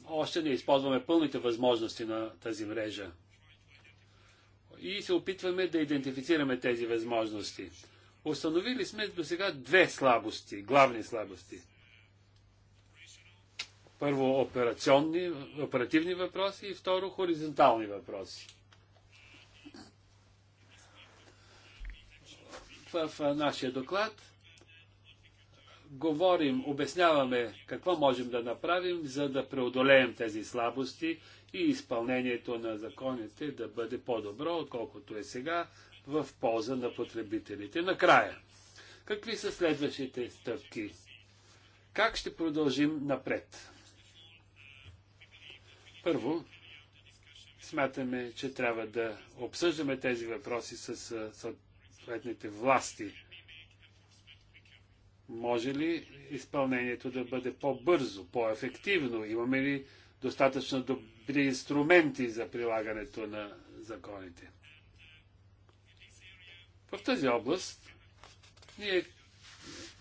още не използваме пълните възможности на тази мрежа. И се опитваме да идентифицираме тези възможности. Установили сме до сега две слабости, главни слабости. Първо операционни, оперативни въпроси и второ хоризонтални въпроси. в нашия доклад говорим, обясняваме какво можем да направим, за да преодолеем тези слабости и изпълнението на законите да бъде по-добро, отколкото е сега, в полза на потребителите. Накрая, какви са следващите стъпки? Как ще продължим напред? Първо, смятаме, че трябва да обсъждаме тези въпроси с, с съответните власти. Може ли изпълнението да бъде по-бързо, по-ефективно? Имаме ли достатъчно добри инструменти за прилагането на законите? В тази област ние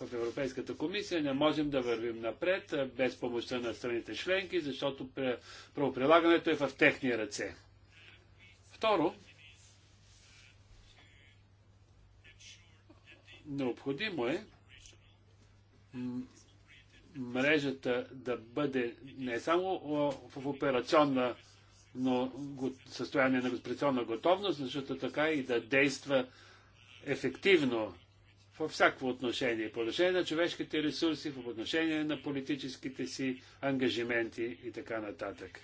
в Европейската комисия не можем да вървим напред без помощта на страните членки, защото правоприлагането е в техни ръце. Второ, Необходимо е мрежата да бъде не само в операционна но състояние на безпределна готовност, защото така и да действа ефективно във всяко отношение, по отношение на човешките ресурси, по отношение на политическите си ангажименти и така нататък.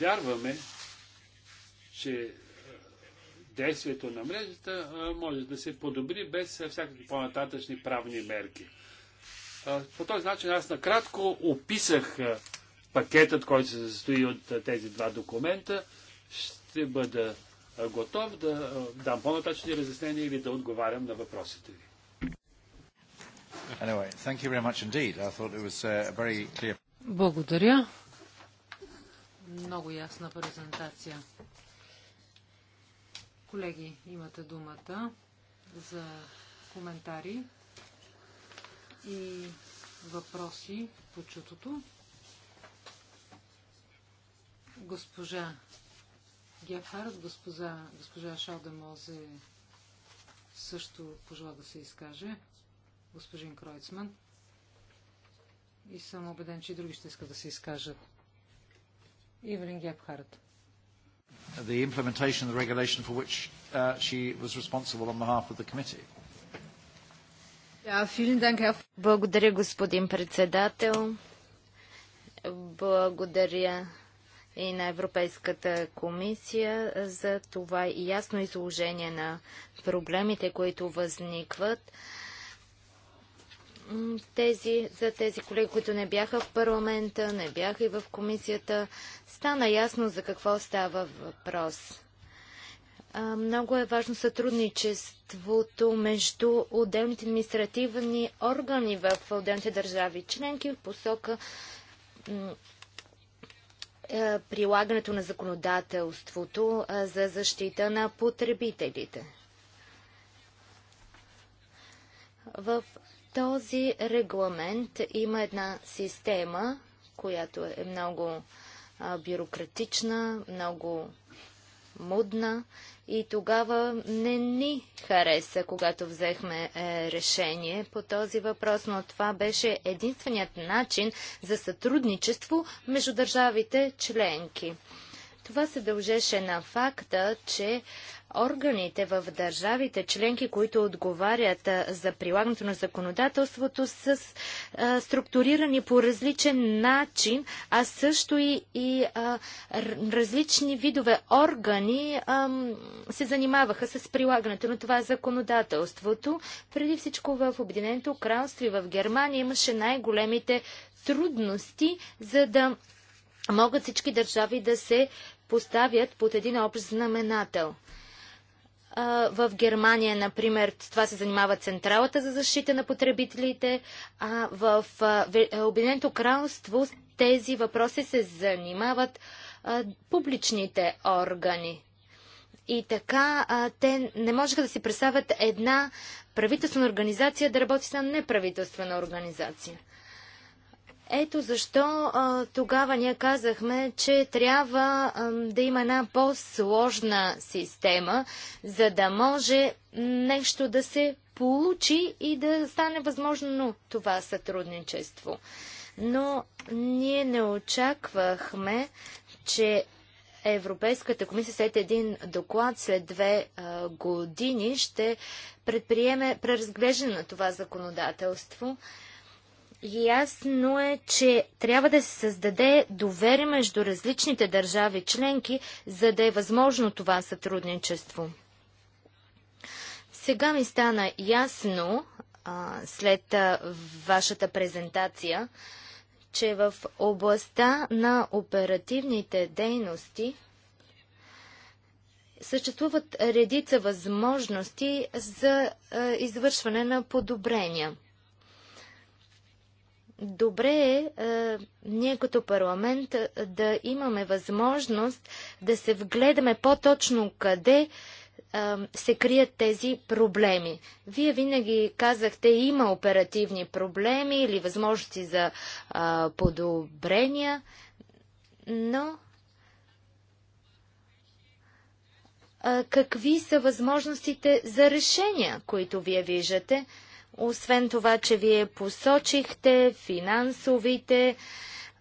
Вярваме, че действието на мрежата може да се подобри без всякакви по-нататъчни правни мерки. По този начин аз накратко описах пакетът, който се състои от тези два документа. Ще бъда готов да дам по-нататъчни разяснения или да отговарям на въпросите ви. Благодаря. Много ясна презентация. Колеги, имате думата за коментари и въпроси по чутото. Госпожа Гефард, госпожа, госпожа Шалдемозе също пожела да се изкаже. Господин Кройцман. И съм убеден, че и други ще искат да се изкажат. Ивелин Гепхард the implementation of the regulation for which uh, she was responsible on behalf of the committee. Благодаря, господин председател. Благодаря и на Европейската комисия за това и ясно изложение на проблемите, които възникват тези, за тези колеги, които не бяха в парламента, не бяха и в комисията, стана ясно за какво става въпрос. много е важно сътрудничеството между отделните административни органи в отделните държави членки в посока е, прилагането на законодателството за защита на потребителите. В този регламент има една система, която е много а, бюрократична, много мудна и тогава не ни хареса, когато взехме е, решение по този въпрос, но това беше единственият начин за сътрудничество между държавите членки. Това се дължеше на факта, че органите в държавите членки, които отговарят за прилагането на законодателството, са структурирани по различен начин, а също и, и а, различни видове органи се занимаваха с прилагането на това законодателството. Преди всичко в Обединеното кралство и в Германия имаше най-големите трудности, за да могат всички държави да се поставят под един общ знаменател. В Германия, например, това се занимава Централата за защита на потребителите, а в Обединеното кралство тези въпроси се занимават публичните органи. И така те не можеха да си представят една правителствена организация да работи с една неправителствена организация. Ето защо а, тогава ние казахме, че трябва а, да има една по-сложна система, за да може нещо да се получи и да стане възможно това сътрудничество. Но ние не очаквахме, че Европейската комисия след един доклад след две а, години ще предприеме преразглеждане на това законодателство. Ясно е, че трябва да се създаде доверие между различните държави членки, за да е възможно това сътрудничество. Сега ми стана ясно, а, след а, вашата презентация, че в областта на оперативните дейности съществуват редица възможности за а, извършване на подобрения – добре е, е ние като парламент е, да имаме възможност да се вгледаме по-точно къде е, се крият тези проблеми. Вие винаги казахте, има оперативни проблеми или възможности за е, подобрения, но какви са възможностите за решения, които вие виждате? Освен това, че вие посочихте финансовите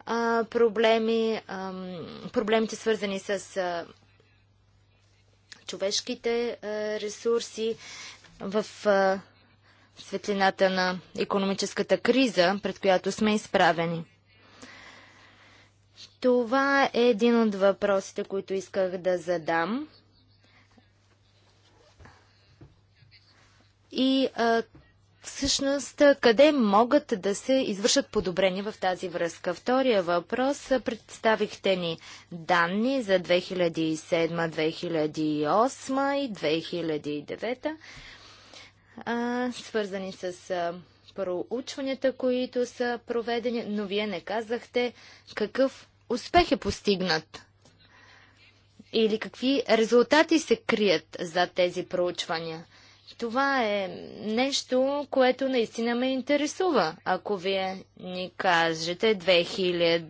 а, проблеми, а, проблемите свързани с а, човешките а, ресурси в а, светлината на економическата криза, пред която сме изправени. Това е един от въпросите, които исках да задам. И а, всъщност къде могат да се извършат подобрения в тази връзка? Втория въпрос. Представихте ни данни за 2007, 2008 и 2009, свързани с проучванията, които са проведени, но вие не казахте какъв успех е постигнат или какви резултати се крият за тези проучвания. Това е нещо, което наистина ме интересува. Ако вие ни кажете 2007,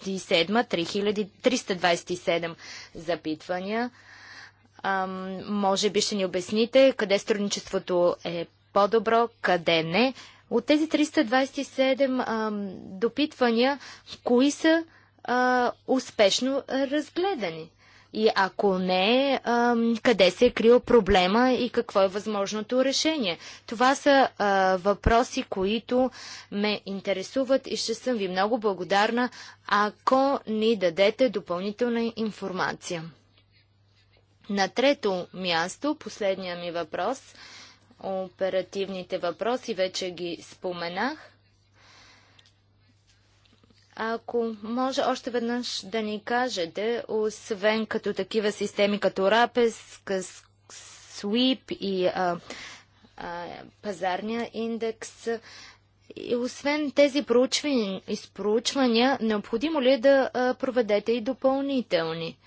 327 запитвания, ам, може би ще ни обясните къде страничеството е по-добро, къде не. От тези 327 ам, допитвания, кои са а, успешно разгледани? И ако не, къде се е крил проблема и какво е възможното решение? Това са въпроси, които ме интересуват и ще съм ви много благодарна, ако ни дадете допълнителна информация. На трето място, последния ми въпрос, оперативните въпроси, вече ги споменах. Ако може още веднъж да ни кажете, освен като такива системи като Рапес, Sweep и а, а, пазарния индекс, и освен тези проучвания, необходимо ли е да проведете и допълнителни?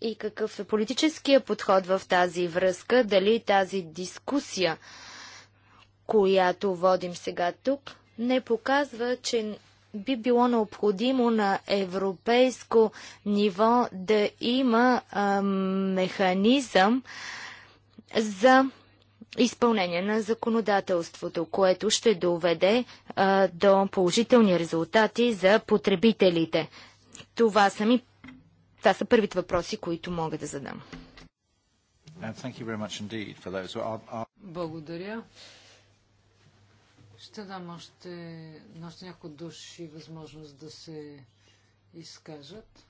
И какъв е политическия подход в тази връзка? Дали тази дискусия, която водим сега тук, не показва, че би било необходимо на европейско ниво да има а, механизъм за изпълнение на законодателството, което ще доведе а, до положителни резултати за потребителите. Това са, ми, това са първите въпроси, които мога да задам. Uh, Благодаря. Ще дам още на още някои души възможност да се изкажат.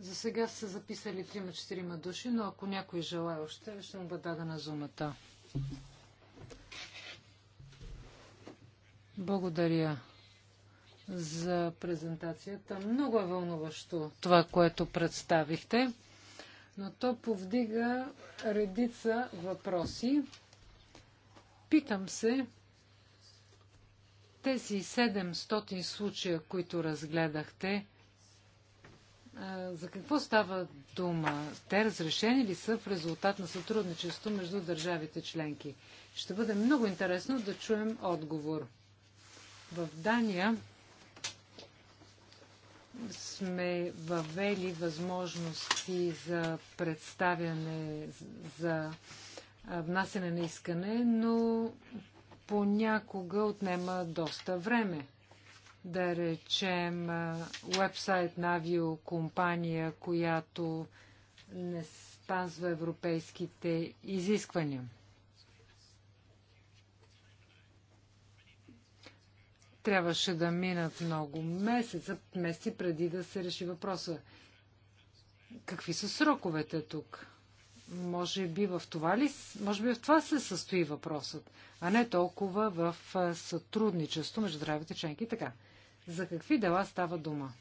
За сега са записали 3-4 души, но ако някой желая още, ще му бъда дадена зумата. Благодаря за презентацията. Много е вълнуващо това, което представихте, но то повдига редица въпроси. Питам се, тези 700 случая, които разгледахте, за какво става дума? Те разрешени ли са в резултат на сътрудничество между държавите членки? Ще бъде много интересно да чуем отговор. В Дания сме въвели възможности за представяне за внасене на искане, но понякога отнема доста време. Да речем, вебсайт на авиокомпания, която не спазва европейските изисквания. Трябваше да минат много месеца, месеци преди да се реши въпроса. Какви са сроковете тук? Може би в това ли, може би в това се състои въпросът, а не толкова в сътрудничество между здравите членки. Така, за какви дела става дума?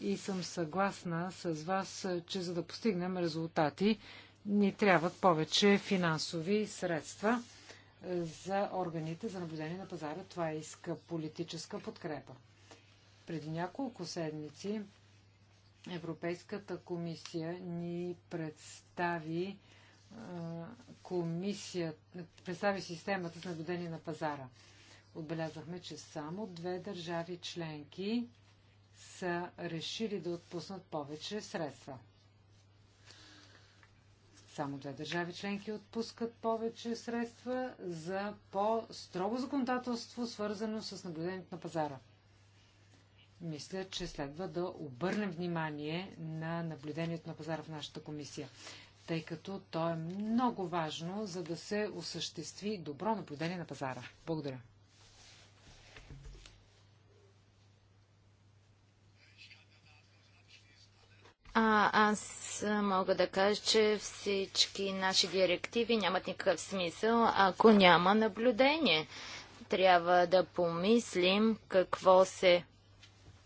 И съм съгласна с вас, че за да постигнем резултати, ни трябват повече финансови средства за органите за наблюдение на пазара. Това иска политическа подкрепа. Преди няколко седмици Европейската комисия ни представи комисия, представи системата с наблюдение на пазара. Отбелязахме, че само две държави членки са решили да отпуснат повече средства. Само две държави членки отпускат повече средства за по-строго законодателство, свързано с наблюдението на пазара мисля, че следва да обърнем внимание на наблюдението на пазара в нашата комисия, тъй като то е много важно, за да се осъществи добро наблюдение на пазара. Благодаря. А, аз мога да кажа, че всички наши директиви нямат никакъв смисъл, ако няма наблюдение. Трябва да помислим какво се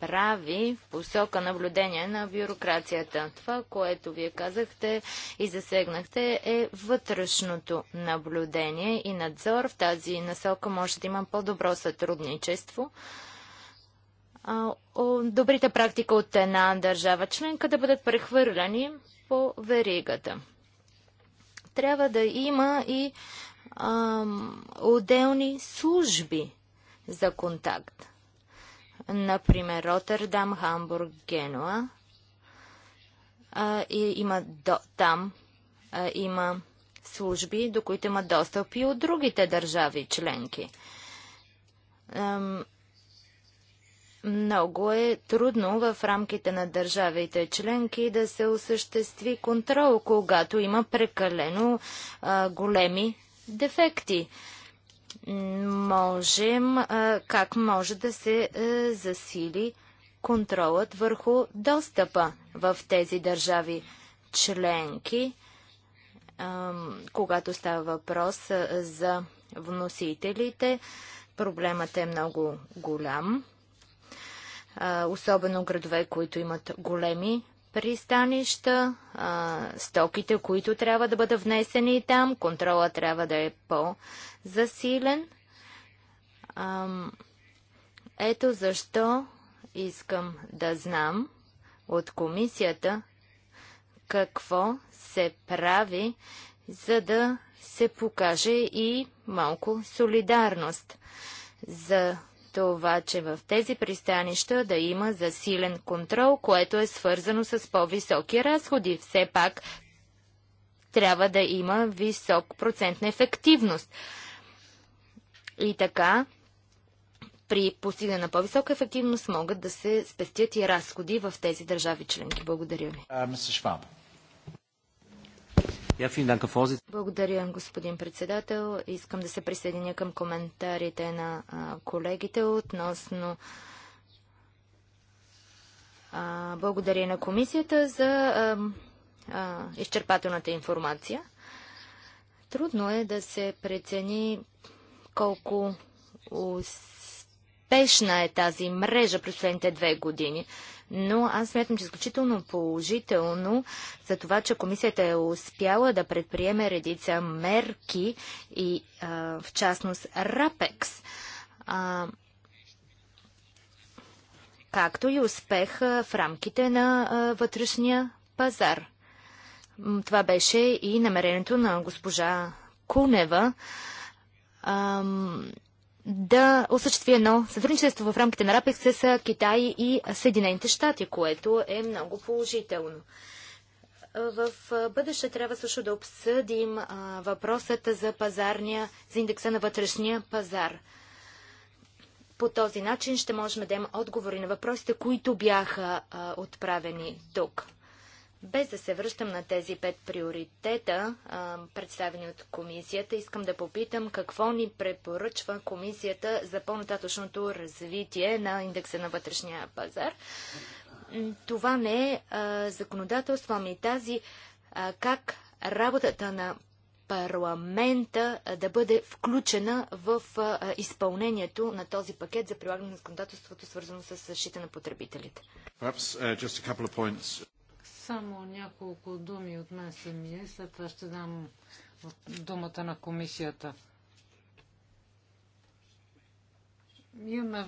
прави в посока наблюдение на бюрокрацията. Това, което вие казахте и засегнахте е вътрешното наблюдение и надзор. В тази насока може да има по-добро сътрудничество. Добрите практика от една държава членка да бъдат прехвърляни по веригата. Трябва да има и ам, отделни служби за контакт например Роттердам, Хамбург, Генуа. А, и има до, там а, има служби, до които има достъп и от другите държави членки. Ам, много е трудно в рамките на държавите членки да се осъществи контрол, когато има прекалено а, големи дефекти можем, как може да се засили контролът върху достъпа в тези държави членки, когато става въпрос за вносителите. Проблемът е много голям, особено градове, които имат големи пристанища, а, стоките, които трябва да бъдат внесени там, контрола трябва да е по-засилен. Ето защо искам да знам от комисията какво се прави, за да се покаже и малко солидарност. За това, че в тези пристанища да има засилен контрол, което е свързано с по-високи разходи. Все пак трябва да има висок процент на ефективност. И така, при постигане на по-висока ефективност могат да се спестят и разходи в тези държави членки. Благодаря ви. Благодаря, господин председател. Искам да се присъединя към коментарите на колегите относно благодаря на комисията за изчерпателната информация. Трудно е да се прецени колко успешна е тази мрежа през последните две години. Но аз смятам, че е изключително положително за това, че комисията е успяла да предприеме редица мерки и а, в частност РАПЕКС. А, както и успех в рамките на а, вътрешния пазар. Това беше и намерението на госпожа Кунева да осъществи едно сътрудничество в рамките на РАПЕК с Китай и Съединените щати, което е много положително. В бъдеще трябва също да обсъдим въпросата въпросът за пазарния, за индекса на вътрешния пазар. По този начин ще можем да дадем отговори на въпросите, които бяха отправени тук. Без да се връщам на тези пет приоритета, представени от комисията, искам да попитам какво ни препоръчва комисията за по-нататъчното развитие на индекса на вътрешния пазар. Това не е законодателство, ами тази как работата на парламента да бъде включена в изпълнението на този пакет за прилагане на законодателството, свързано с защита на потребителите. Uh, само няколко думи от мен самия, след това ще дам думата на комисията. Имаме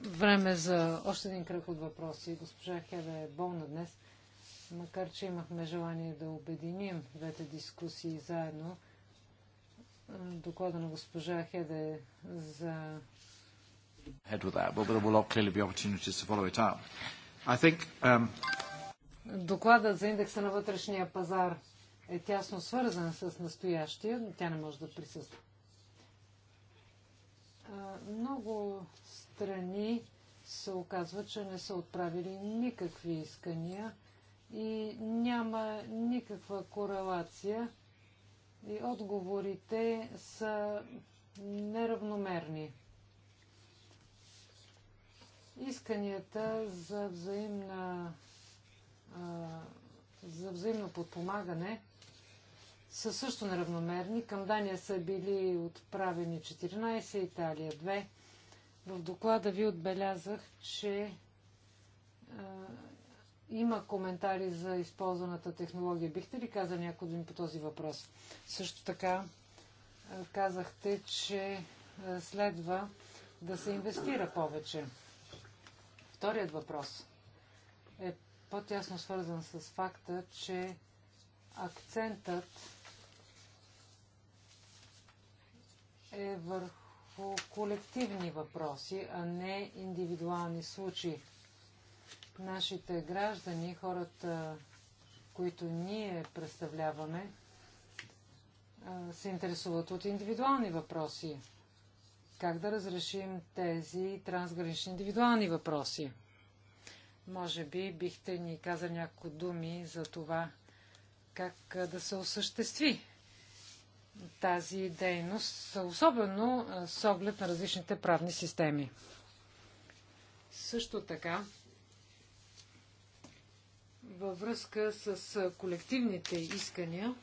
време за още един кръг от въпроси. Госпожа Хеда е болна днес, макар че имахме желание да обединим двете дискусии заедно. Доклада на госпожа Хеде за head with that, but there will clearly be opportunities to follow it up. I think um, Докладът за индекса на вътрешния пазар е тясно свързан с настоящия, но тя не може да присъства. Много страни се оказва, че не са отправили никакви искания и няма никаква корелация и отговорите са неравномерни. Исканията за взаимна за взаимно подпомагане са също неравномерни. Към Дания са били отправени 14, Италия 2. В доклада ви отбелязах, че а, има коментари за използваната технология. Бихте ли казали някой думи по този въпрос? Също така а, казахте, че а, следва да се инвестира повече. Вторият въпрос е по-тясно свързан с факта, че акцентът е върху колективни въпроси, а не индивидуални случаи. Нашите граждани, хората, които ние представляваме, се интересуват от индивидуални въпроси. Как да разрешим тези трансгранични индивидуални въпроси? Може би бихте ни казали някои думи за това, как да се осъществи тази дейност, особено с оглед на различните правни системи. Също така, във връзка с колективните искания,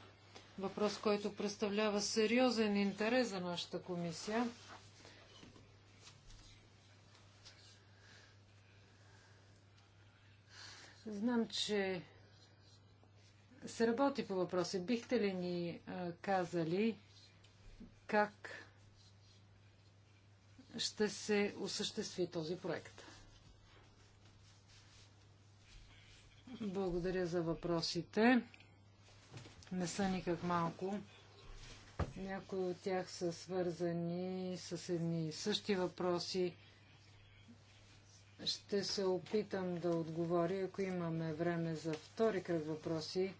въпрос, който представлява сериозен интерес за нашата комисия, Знам, че се работи по въпроса. Бихте ли ни казали как ще се осъществи този проект? Благодаря за въпросите. Не са никак малко. Някои от тях са свързани с едни и същи въпроси. Ще се опитам да отговоря. Ако имаме време за втори кръг въпроси,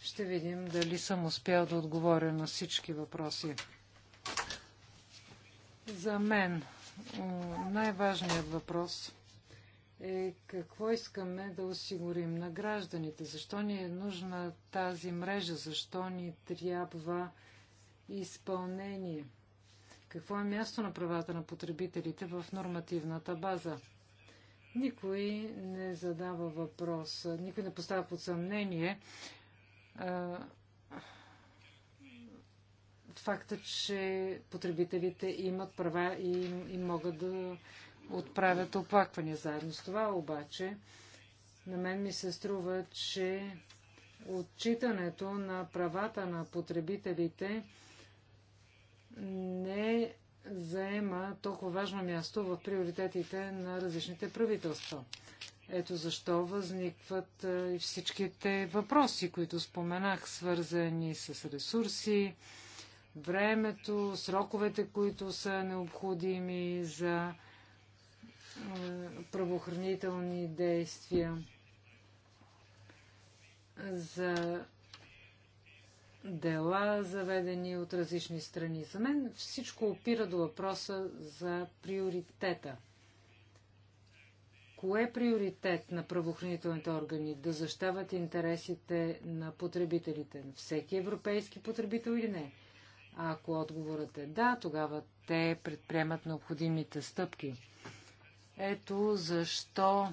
ще видим дали съм успял да отговоря на всички въпроси. За мен най-важният въпрос е какво искаме да осигурим на гражданите. Защо ни е нужна тази мрежа? Защо ни трябва изпълнение? Какво е място на правата на потребителите в нормативната база? Никой не задава въпрос, никой не поставя под съмнение а, факта, че потребителите имат права и, и могат да отправят оплаквания заедно с това, обаче на мен ми се струва, че отчитането на правата на потребителите не е заема толкова важно място в приоритетите на различните правителства. Ето защо възникват е, и всичките въпроси, които споменах, свързани с ресурси, времето, сроковете, които са необходими за е, правоохранителни действия, за дела, заведени от различни страни. За мен всичко опира до въпроса за приоритета. Кое е приоритет на правоохранителните органи? Да защават интересите на потребителите? Всеки европейски потребител или не? А ако отговорът е да, тогава те предприемат необходимите стъпки. Ето защо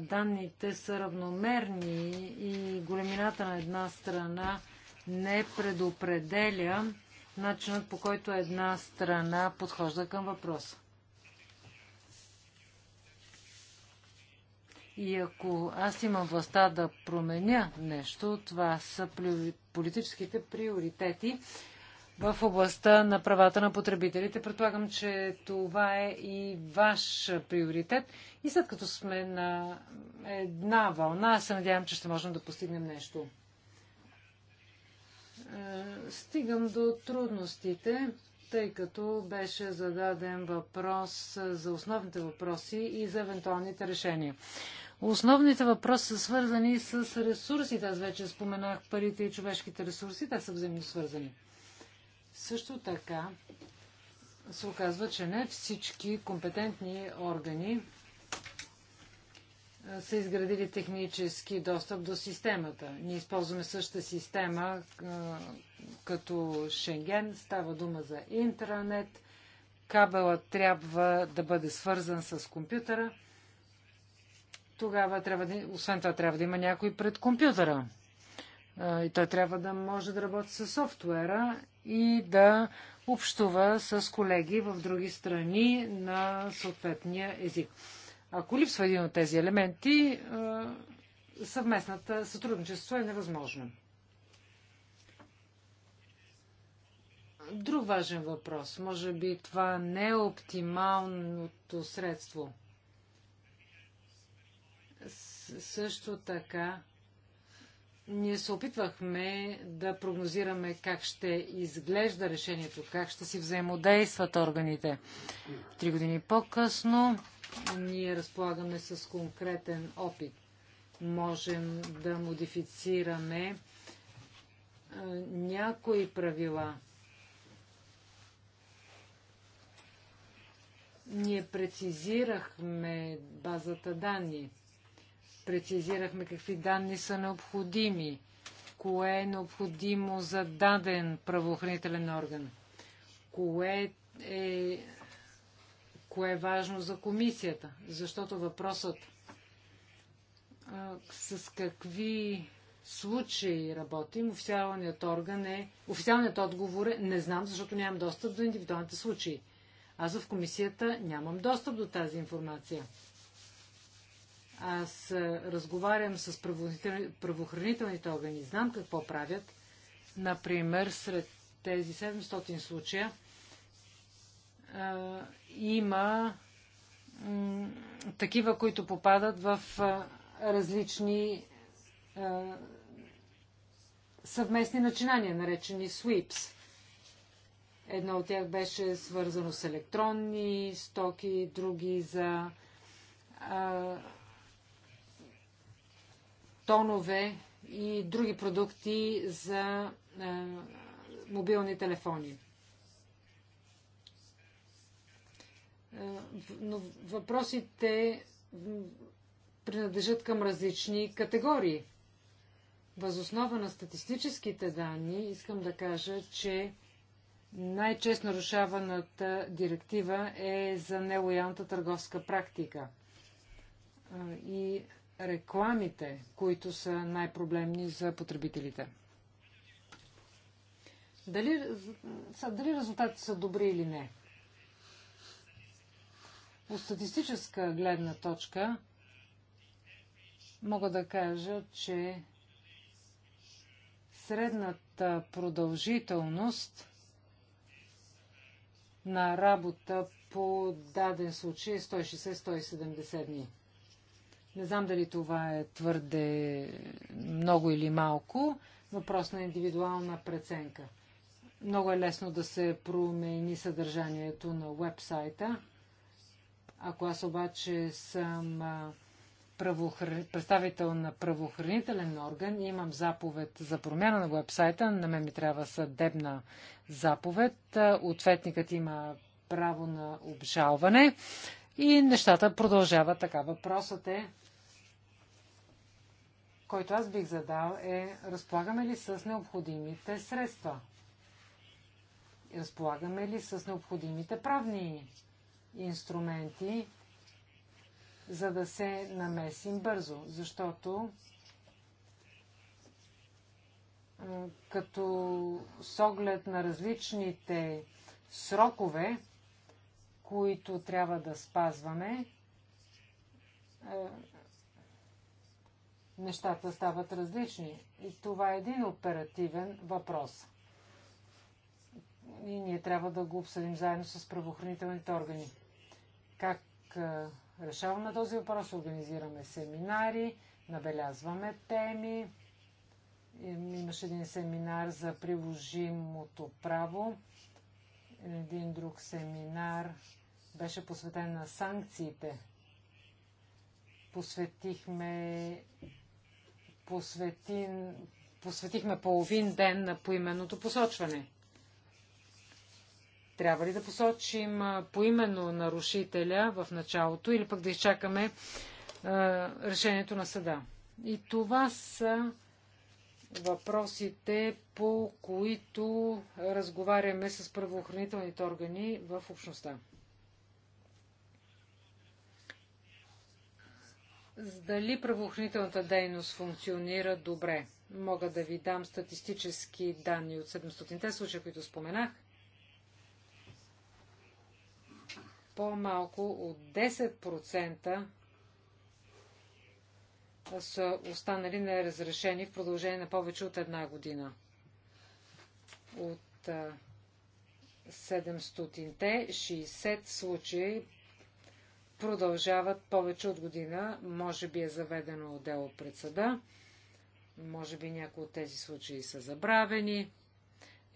данните са равномерни и големината на една страна не предопределя начинът по който една страна подхожда към въпроса. И ако аз имам властта да променя нещо, това са политическите приоритети в областта на правата на потребителите. Предполагам, че това е и ваш приоритет. И след като сме на една вълна, се надявам, че ще можем да постигнем нещо. Е, стигам до трудностите, тъй като беше зададен въпрос за основните въпроси и за евентуалните решения. Основните въпроси са свързани с ресурсите. Аз вече споменах парите и човешките ресурси. Те са взаимно свързани. Също така се оказва, че не всички компетентни органи са изградили технически достъп до системата. Ние използваме същата система като Шенген. Става дума за интернет. Кабелът трябва да бъде свързан с компютъра. Тогава трябва да, освен това трябва да има някой пред компютъра. И той трябва да може да работи с софтуера и да общува с колеги в други страни на съответния език. Ако липсва един от тези елементи, е, съвместната сътрудничество е невъзможно. Друг важен въпрос. Може би това не е оптималното средство. С също така ние се опитвахме да прогнозираме как ще изглежда решението, как ще си взаимодействат органите. Три години по-късно ние разполагаме с конкретен опит. Можем да модифицираме е, някои правила. Ние прецизирахме базата данни. Прецизирахме какви данни са необходими, кое е необходимо за даден правоохранителен орган, кое е, кое е важно за комисията, защото въпросът а, с какви случаи работим, официалният орган е, официалният отговор е не знам, защото нямам достъп до индивидуалните случаи. Аз в комисията нямам достъп до тази информация. Аз разговарям с правоохранителните органи, знам какво правят. Например, сред тези 700 случая а, има такива, които попадат в а, различни а, съвместни начинания, наречени SWIPS. Едно от тях беше свързано с електронни стоки, други за тонове и други продукти за а, мобилни телефони. Но въпросите принадлежат към различни категории. Възоснова на статистическите данни искам да кажа, че най-често нарушаваната директива е за нелоялната търговска практика. И рекламите, които са най-проблемни за потребителите. Дали, са, дали резултатите са добри или не? От статистическа гледна точка мога да кажа, че средната продължителност на работа по даден случай е 160-170 дни. Не знам дали това е твърде много или малко. Въпрос на индивидуална преценка. Много е лесно да се промени съдържанието на вебсайта. Ако аз обаче съм представител на правоохранителен орган и имам заповед за промяна на вебсайта, на мен ми трябва съдебна заповед. Ответникът има право на обжалване. И нещата продължават така. Въпросът е, който аз бих задал е, разполагаме ли с необходимите средства? Разполагаме ли с необходимите правни инструменти, за да се намесим бързо? Защото като с оглед на различните срокове, които трябва да спазваме, е, нещата стават различни. И това е един оперативен въпрос. И ние трябва да го обсъдим заедно с правоохранителните органи. Как е, решаваме този въпрос? Организираме семинари, набелязваме теми. Имаше един семинар за приложимото право, един друг семинар беше посветен на санкциите. Посветихме, посвети, посветихме половин ден на поименното посочване. Трябва ли да посочим поименно нарушителя в началото или пък да изчакаме е, решението на съда? И това са въпросите, по които разговаряме с правоохранителните органи в общността. дали правоохранителната дейност функционира добре. Мога да ви дам статистически данни от 700-те случая, които споменах. По-малко от 10% са останали неразрешени в продължение на повече от една година. От 700-те 60 случаи продължават повече от година. Може би е заведено дело пред съда, може би някои от тези случаи са забравени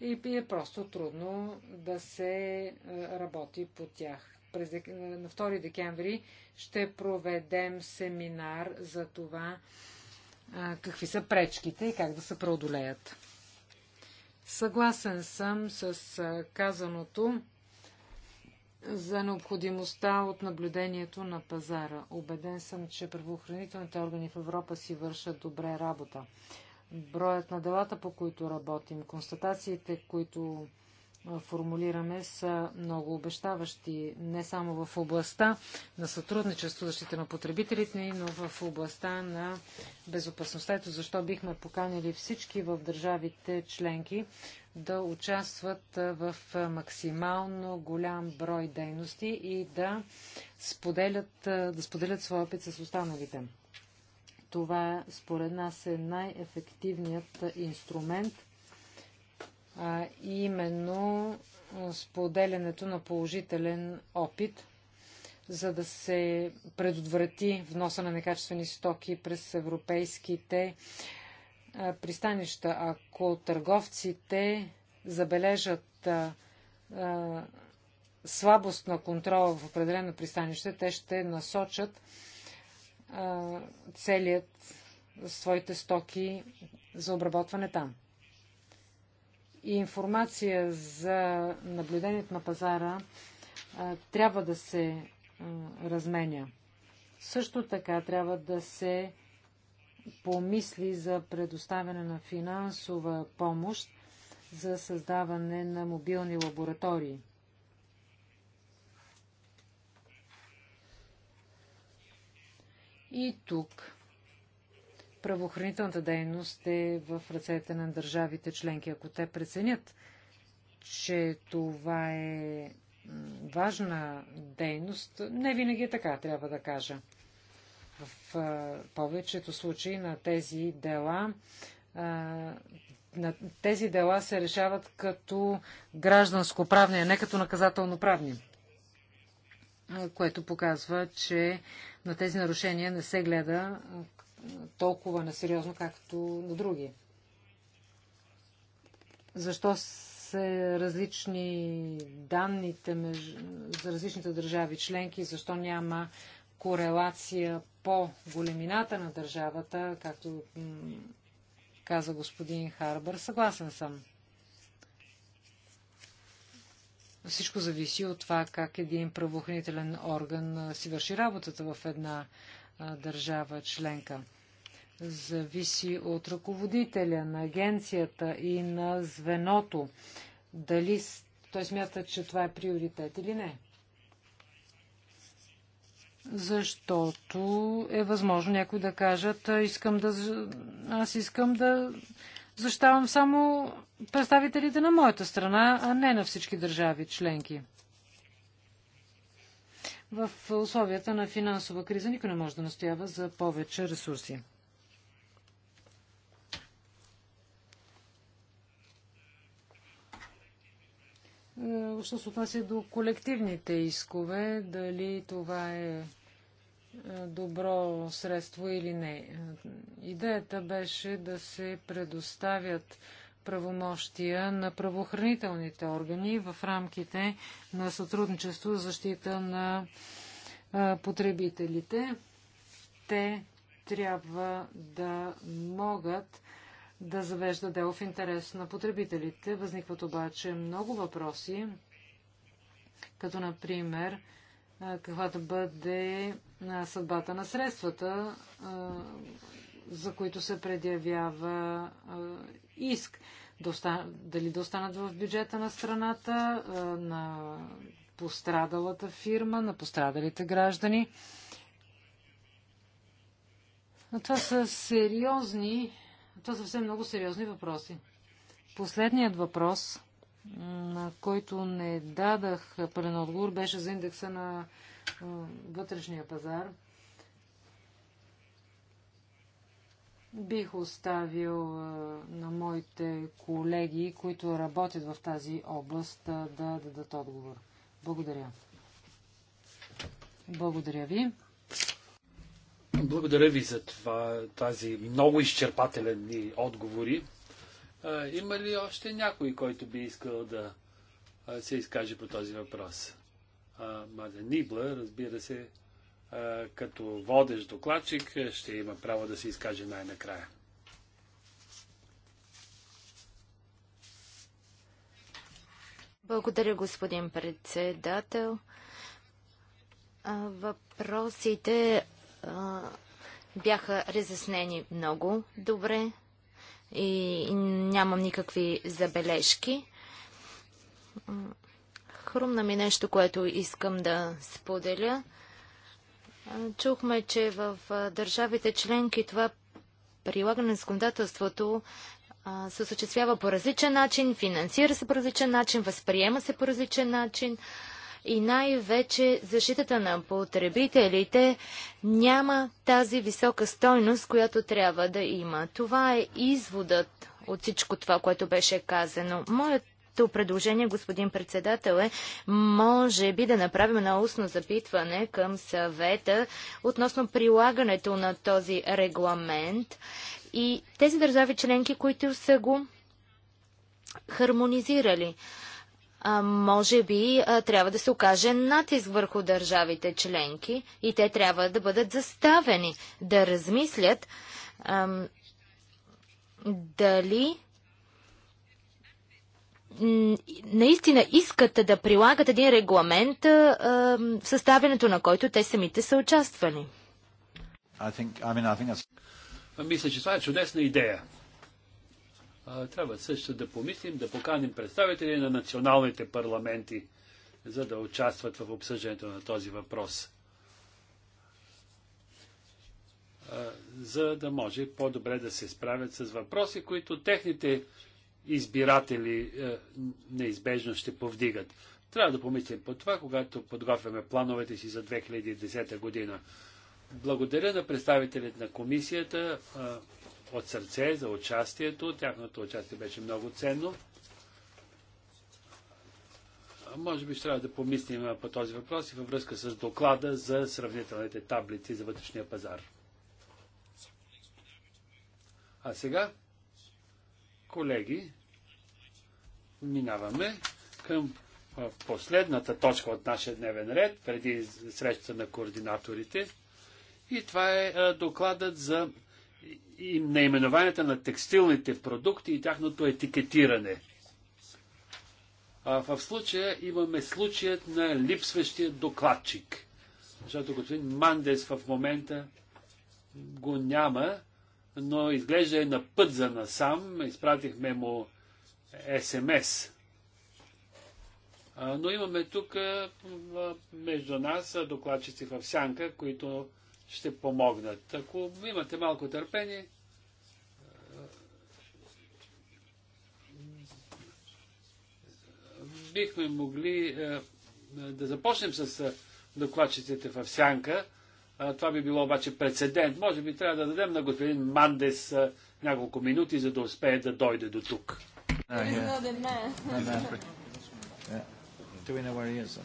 и е просто трудно да се е, работи по тях. През дек... На 2 декември ще проведем семинар за това а, е, какви са пречките и как да се преодолеят. Съгласен съм с е, казаното за необходимостта от наблюдението на пазара. Обеден съм, че правоохранителните органи в Европа си вършат добре работа. Броят на делата, по които работим, констатациите, които формулираме са много обещаващи не само в областта на сътрудничество, защита на потребителите, но в областта на безопасността. Ето защо бихме поканили всички в държавите членки да участват в максимално голям брой дейности и да споделят, да споделят своя опит с останалите. Това според нас е най-ефективният инструмент – а именно споделянето на положителен опит, за да се предотврати вноса на некачествени стоки през европейските пристанища. Ако търговците забележат а, а, слабост на контрола в определено пристанище, те ще насочат а, целият своите стоки за обработване там. И информация за наблюдението на пазара трябва да се разменя. Също така трябва да се помисли за предоставяне на финансова помощ за създаване на мобилни лаборатории. И тук правоохранителната дейност е в ръцете на държавите членки. Ако те преценят, че това е важна дейност, не винаги е така, трябва да кажа. В повечето случаи на тези дела на тези дела се решават като гражданско-правни, а не като наказателно-правни. Което показва, че на тези нарушения не се гледа толкова насериозно, както на други. Защо са различни данните меж... за различните държави членки, защо няма корелация по големината на държавата, както каза господин Харбър. Съгласен съм. Всичко зависи от това как един правоохранителен орган си върши работата в една държава членка зависи от ръководителя на агенцията и на звеното. Дали той смята, че това е приоритет или не. Защото е възможно някой да кажат, искам да, аз искам да защавам само представителите на моята страна, а не на всички държави членки. В условията на финансова криза никой не може да настоява за повече ресурси. Е, що се отнася до колективните искове, дали това е, е добро средство или не. Е, идеята беше да се предоставят правомощия на правоохранителните органи в рамките на сътрудничество за защита на потребителите. Те трябва да могат да завежда дело в интерес на потребителите. Възникват обаче много въпроси, като например каква да бъде съдбата на средствата, за които се предявява иск. Дали да останат в бюджета на страната, на пострадалата фирма, на пострадалите граждани. Но това са сериозни това са все много сериозни въпроси. Последният въпрос, на който не дадах пълен отговор, беше за индекса на вътрешния пазар. Бих оставил на моите колеги, които работят в тази област, да дадат отговор. Благодаря. Благодаря ви. Благодаря ви за това, тази много изчерпателни отговори. А, има ли още някой, който би искал да а, се изкаже по този въпрос? Мада Нибла, разбира се, а, като водещ докладчик, ще има право да се изкаже най-накрая. Благодаря, господин председател. Въпросите бяха разяснени много добре и нямам никакви забележки. Хрумна ми нещо, което искам да споделя. Чухме, че в държавите членки това прилагане на законодателството се осъществява по различен начин, финансира се по различен начин, възприема се по различен начин и най-вече защитата на потребителите няма тази висока стойност, която трябва да има. Това е изводът от всичко това, което беше казано. Моят Моето предложение, господин председател, е може би да направим на устно запитване към съвета относно прилагането на този регламент и тези държави членки, които са го хармонизирали а, може би а, трябва да се окаже натиск върху държавите членки и те трябва да бъдат заставени да размислят а, дали наистина искат да прилагат един регламент, в съставянето на който те самите са участвали. I think, I mean, I think Мисля, че това е чудесна идея. Трябва също да помислим, да поканим представители на националните парламенти, за да участват в обсъждането на този въпрос. За да може по-добре да се справят с въпроси, които техните избиратели е, неизбежно ще повдигат. Трябва да помислим по това, когато подготвяме плановете си за 2010 година. Благодаря на представителите на комисията от сърце за участието. Тяхното участие беше много ценно. Може би ще трябва да помислим по този въпрос и във връзка с доклада за сравнителните таблици за вътрешния пазар. А сега, колеги, минаваме към последната точка от нашия дневен ред, преди срещата на координаторите. И това е докладът за и наименованията на текстилните продукти и тяхното етикетиране. А, в случая имаме случаят на липсващия докладчик, защото господин Мандес в момента го няма, но изглежда е на път за насам. Изпратихме му СМС. Но имаме тук между нас докладчици в сянка, които ще помогнат. Ако имате малко търпение, бихме могли е, да започнем с е, докладчиците в сянка. Е, това би било обаче прецедент. Може би трябва да дадем на господин Мандес няколко минути, за да успее да дойде до тук. Oh, yeah.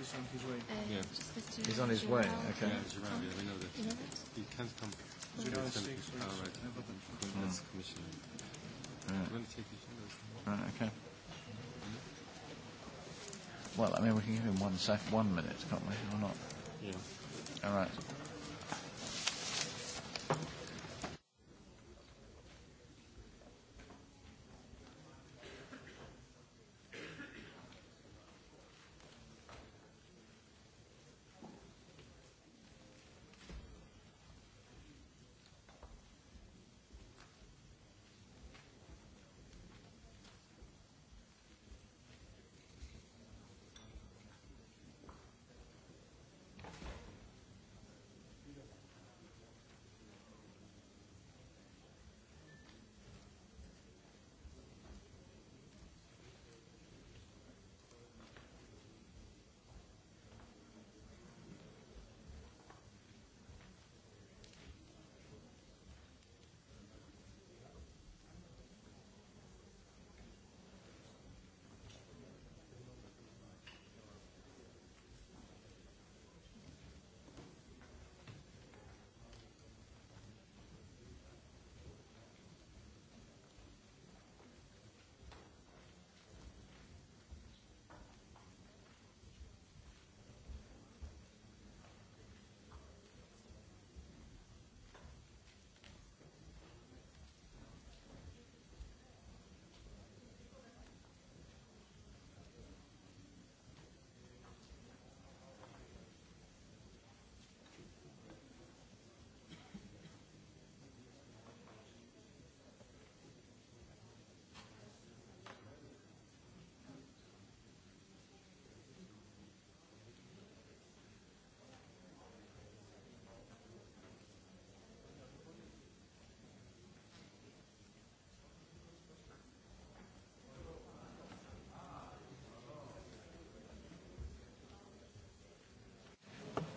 he's on his way. Uh, yeah. He's on his way. Okay. Yeah, he's around. Yeah, we know that. You know that? He can come. Oh, right. That's commissioner. Right. Okay. Well, I mean, we can give him one sec, one minute, can't we, or not? Yeah. All right.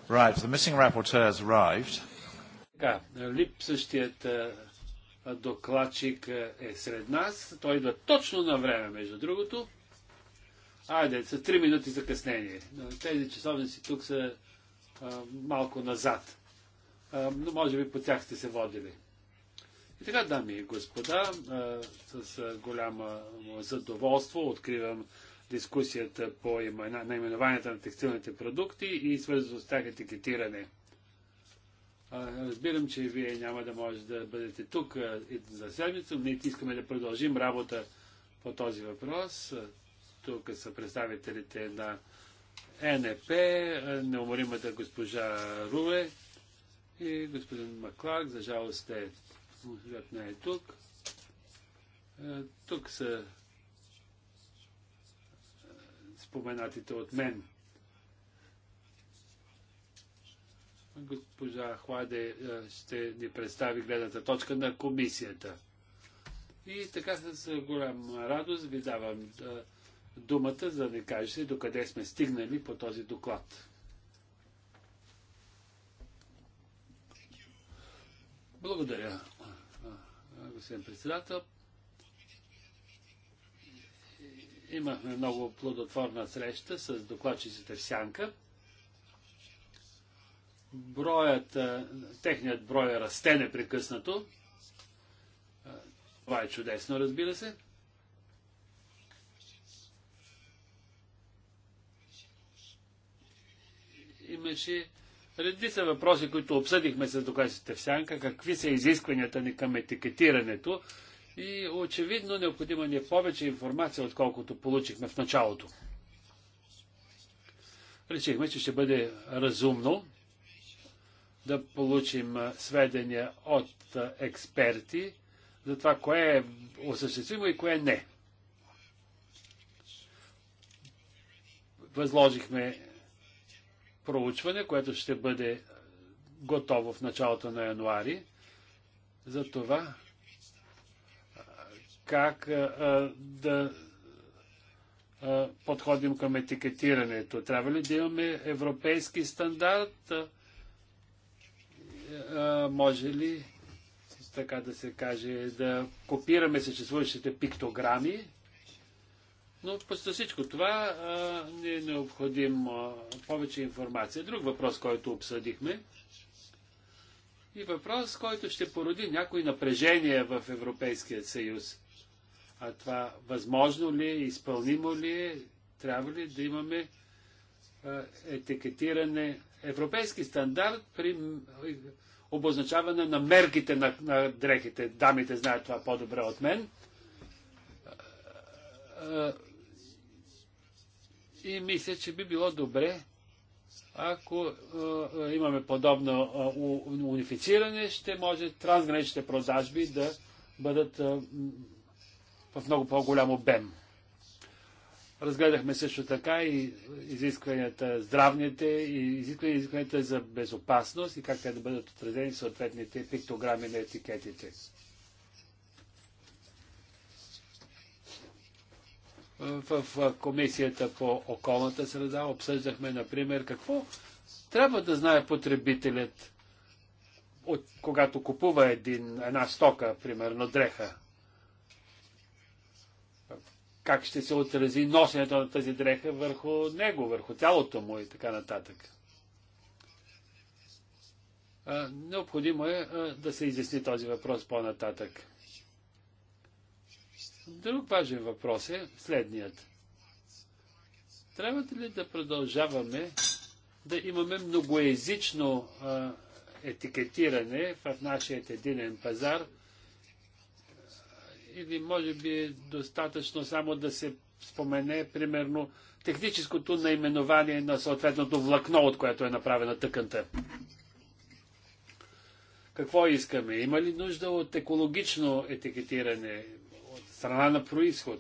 Right, the missing rapporteur has arrived. Така, липсващият е, докладчик е, е сред нас. Той идва точно на време, между другото. Айде, са три минути закъснение. Тези часовници тук са а, е, малко назад. А, но може би по тях сте се водили. И така, дами и господа, а, с голямо задоволство откривам дискусията по наименованията на текстилните продукти и свързано с тях етикетиране. Разбирам, че вие няма да можете да бъдете тук за седмица, но ние искаме да продължим работа по този въпрос. Тук са представителите на НП, неуморимата госпожа Руве и господин Маклак. За жалост не е тук. Тук са споменатите от мен. Госпожа Хладе е, ще ни представи гледната точка на комисията. И така с голяма радост ви давам е, думата, за да ви кажете докъде сме стигнали по този доклад. Благодаря, е, господин председател. Имахме много плодотворна среща с докладчиците в Сянка. Броят, е, техният брой е расте непрекъснато. Е, това е чудесно, разбира се. Имаше редица въпроси, които обсъдихме с докладчиците в Сянка. Какви са изискванията ни към етикетирането? И очевидно необходима ни е повече информация, отколкото получихме в началото. Решихме, че ще бъде разумно да получим сведения от експерти за това кое е осъществимо и кое не. Възложихме проучване, което ще бъде готово в началото на януари, за това как да подходим към етикетирането? Трябва ли да имаме европейски стандарт? Може ли, така да се каже, да копираме съществуващите пиктограми? Но после всичко това не е а, повече информация. Друг въпрос, който обсъдихме и въпрос, който ще породи някои напрежения в Европейския съюз – а това възможно ли е, изпълнимо ли е, трябва ли да имаме етикетиране, европейски стандарт при обозначаване на мерките на, на дрехите. Дамите знаят това по-добре от мен. И мисля, че би било добре, ако имаме подобно унифициране, ще може трансграничните продажби да бъдат в много по-голям обем. Разгледахме също така и изискванията здравните и изискванията, изискванията за безопасност и как те да бъдат отразени в съответните пиктограми на етикетите. В Комисията по околната среда обсъждахме, например, какво трябва да знае потребителят, от, когато купува един, една стока, примерно дреха как ще се отрази носенето на тази дреха върху него, върху тялото му и така нататък. необходимо е да се изясни този въпрос по-нататък. Друг важен въпрос е следният. Трябва ли да продължаваме да имаме многоезично етикетиране в нашия единен пазар – или може би е достатъчно само да се спомене, примерно, техническото наименование на съответното влакно, от което е направена тъканта. Какво искаме? Има ли нужда от екологично етикетиране от страна на происход?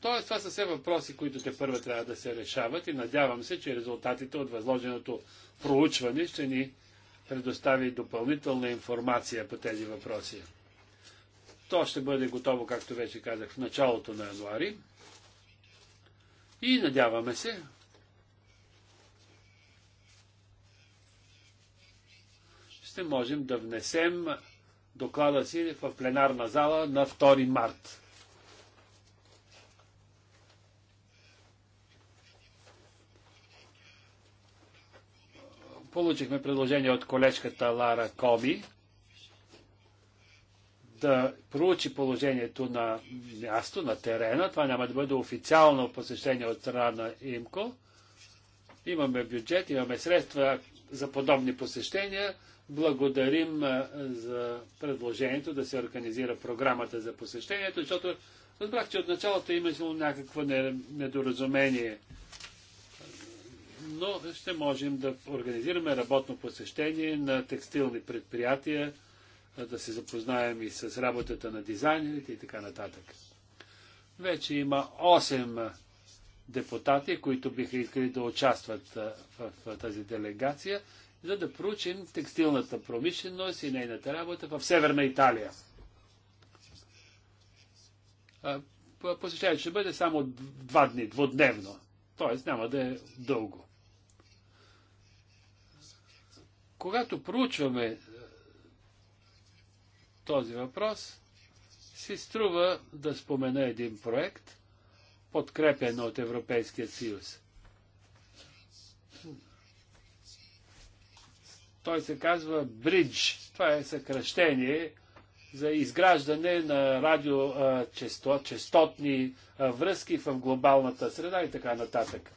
Тоест, това са все въпроси, които те първо трябва да се решават и надявам се, че резултатите от възложеното проучване ще ни предостави допълнителна информация по тези въпроси. То ще бъде готово, както вече казах, в началото на януари. И надяваме се, ще можем да внесем доклада си в пленарна зала на 2 март. Получихме предложение от колежката Лара Коми да проучи положението на място, на терена. Това няма да бъде официално посещение от страна на ИМКО. Имаме бюджет, имаме средства за подобни посещения. Благодарим за предложението да се организира програмата за посещението, защото разбрах, че от началото е имаше някакво недоразумение. Но ще можем да организираме работно посещение на текстилни предприятия, да се запознаем и с работата на дизайнерите и така нататък. Вече има 8 депутати, които биха искали да участват в, тази делегация, за да проучим текстилната промишленост и нейната работа в Северна Италия. Посещението ще бъде само два дни, двудневно. Тоест няма да е дълго. Когато проучваме този въпрос, си струва да спомена един проект, подкрепен от Европейския съюз. Той се казва Бридж. Това е съкръщение за изграждане на радиочастотни връзки в глобалната среда и така нататък.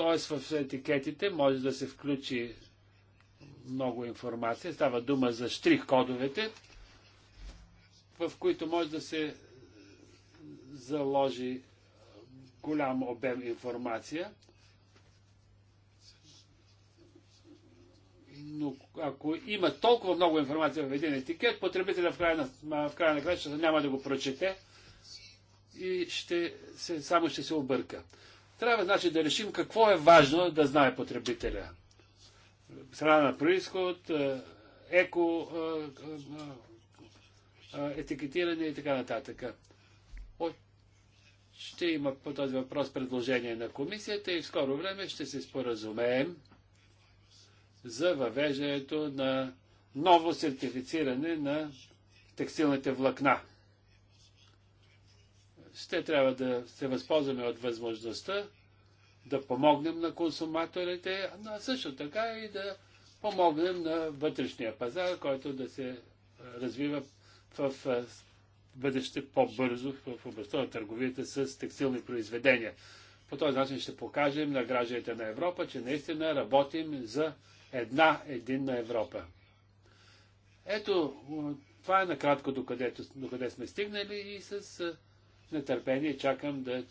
Т.е. в етикетите може да се включи много информация. Става дума за штрих-кодовете, в които може да се заложи голям обем информация. Но ако има толкова много информация в един етикет, потребителя в края на, в края на кращата няма да го прочете и ще се, само ще се обърка. Трябва значи да решим какво е важно да знае потребителя. Страна на происход, е, еко, е, е, етикетиране и така нататък. Ще има по този въпрос предложение на комисията и в скоро време ще се споразумеем за въвеждането на ново сертифициране на текстилните влакна ще трябва да се възползваме от възможността да помогнем на консуматорите, а също така и да помогнем на вътрешния пазар, който да се развива в бъдеще по-бързо в областта на търговията с текстилни произведения. По този начин ще покажем на гражданите на Европа, че наистина работим за една единна Европа. Ето, това е накратко докъде, докъде сме стигнали и с нетърпение чакам да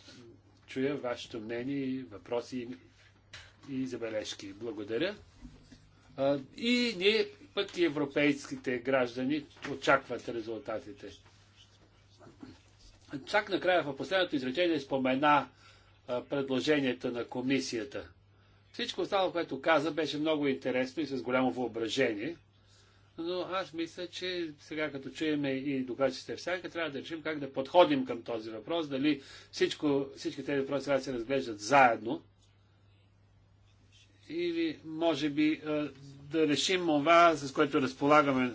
чуя вашето мнение, въпроси и забележки. Благодаря. И ние, пък и европейските граждани, очакват резултатите. Чак накрая в последното изречение спомена предложението на комисията. Всичко останало, което каза, беше много интересно и с голямо въображение – но аз мисля, че сега като чуем и докладчите в сянка, трябва да решим как да подходим към този въпрос, дали всичко, всички тези въпроси трябва да се разглеждат заедно или може би да решим това, с което разполагаме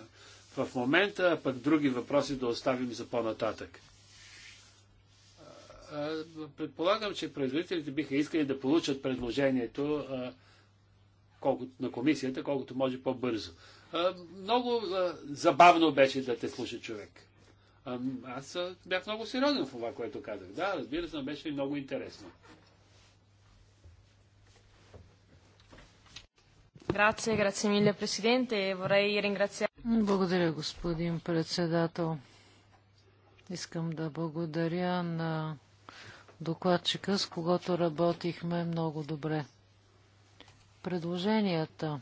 в момента, а пък други въпроси да оставим за по-нататък. Предполагам, че производителите биха искали да получат предложението колкото, на комисията, колкото може по-бързо. Много забавно беше да те слуша човек. Аз бях много сериозен в това, което казах. Да, разбира се, беше много интересно. Благодаря, господин председател. Искам да благодаря на докладчика, с когото работихме много добре. Предложенията,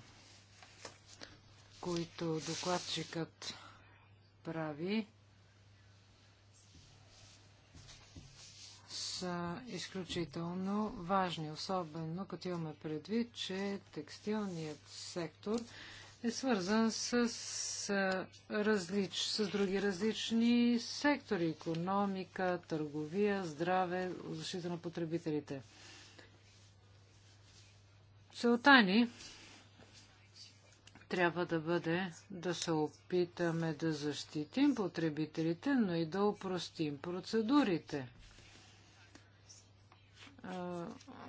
които докладчикът прави, са изключително важни, особено като имаме предвид, че текстилният сектор е свързан с, с, различ, с други различни сектори економика, търговия, здраве, защита на потребителите. Целта ни трябва да бъде да се опитаме да защитим потребителите, но и да упростим процедурите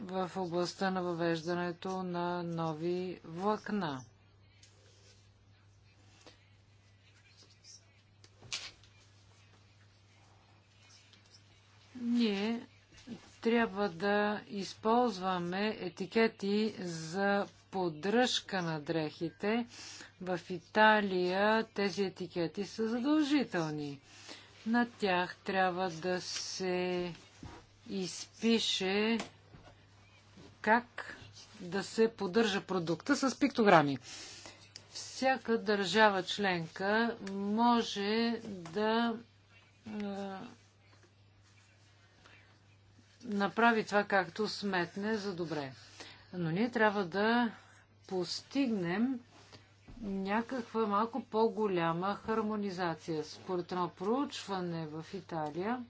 в областта на въвеждането на нови влакна. Ние трябва да използваме етикети за поддръжка на дрехите. В Италия тези етикети са задължителни. На тях трябва да се изпише как да се поддържа продукта с пиктограми. Всяка държава членка може да направи това както сметне за добре. Но ние трябва да постигнем някаква малко по-голяма хармонизация. Според едно проучване в Италия,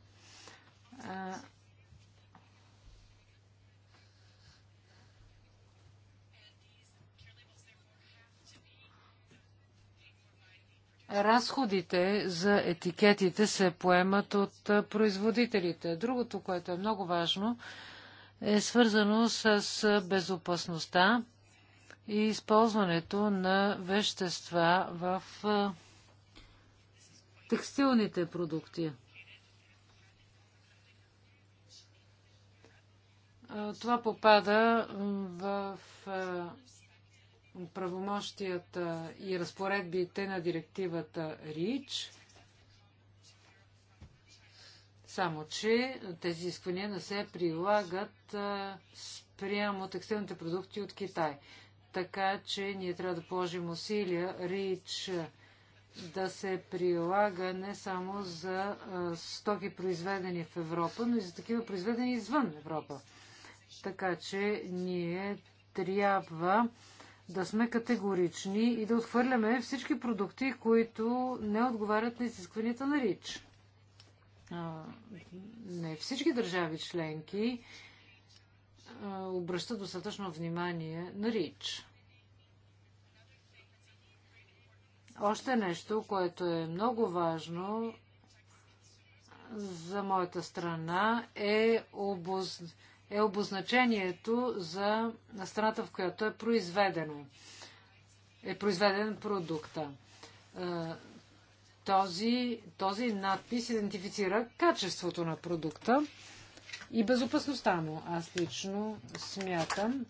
Разходите за етикетите се поемат от производителите. Другото, което е много важно, е свързано с безопасността и използването на вещества в текстилните продукти. Това попада в правомощията и разпоредбите на директивата РИЧ, само че тези изисквания не се прилагат спрямо текстилните продукти от Китай. Така че ние трябва да положим усилия РИЧ да се прилага не само за стоки произведени в Европа, но и за такива произведени извън Европа. Така че ние трябва да сме категорични и да отхвърляме всички продукти, които не отговарят на изискванията на РИЧ. не всички държави членки обръща достатъчно внимание на РИЧ. Още нещо, което е много важно за моята страна, е, обоз... е обозначението за страната, в която е произведено. Е произведен продукта. Този, този надпис идентифицира качеството на продукта и безопасността му. Аз лично смятам,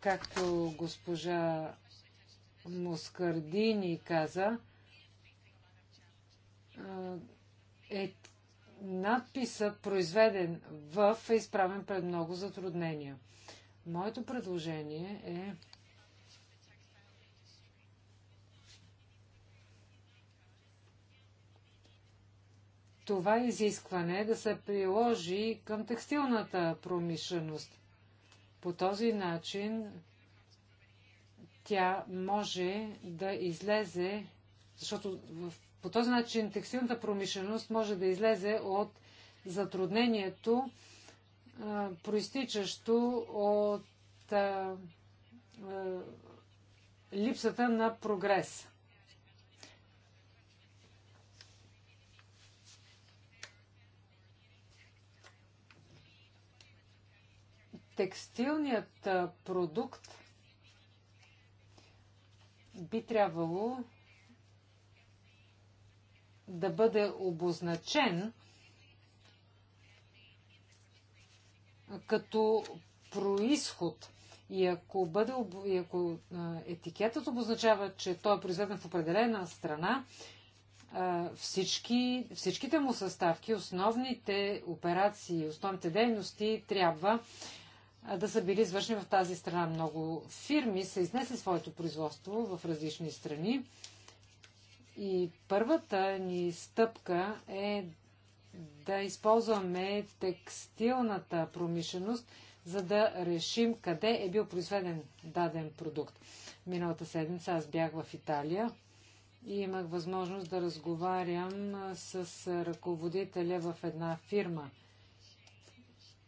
както госпожа Москардини каза, е, надписът, произведен в, е изправен пред много затруднения. Моето предложение е това изискване да се приложи към текстилната промишленост. По този начин тя може да излезе, защото по този начин текстилната промишленост може да излезе от затруднението, проистичащо от липсата на прогрес. текстилният продукт би трябвало да бъде обозначен като происход. И ако, бъде, и ако етикетът обозначава, че той е произведен в определена страна, всички, всичките му съставки, основните операции, основните дейности трябва да са били извършени в тази страна. Много фирми са изнесли своето производство в различни страни. И първата ни стъпка е да използваме текстилната промишленост, за да решим къде е бил произведен даден продукт. Миналата седмица аз бях в Италия и имах възможност да разговарям с ръководителя в една фирма –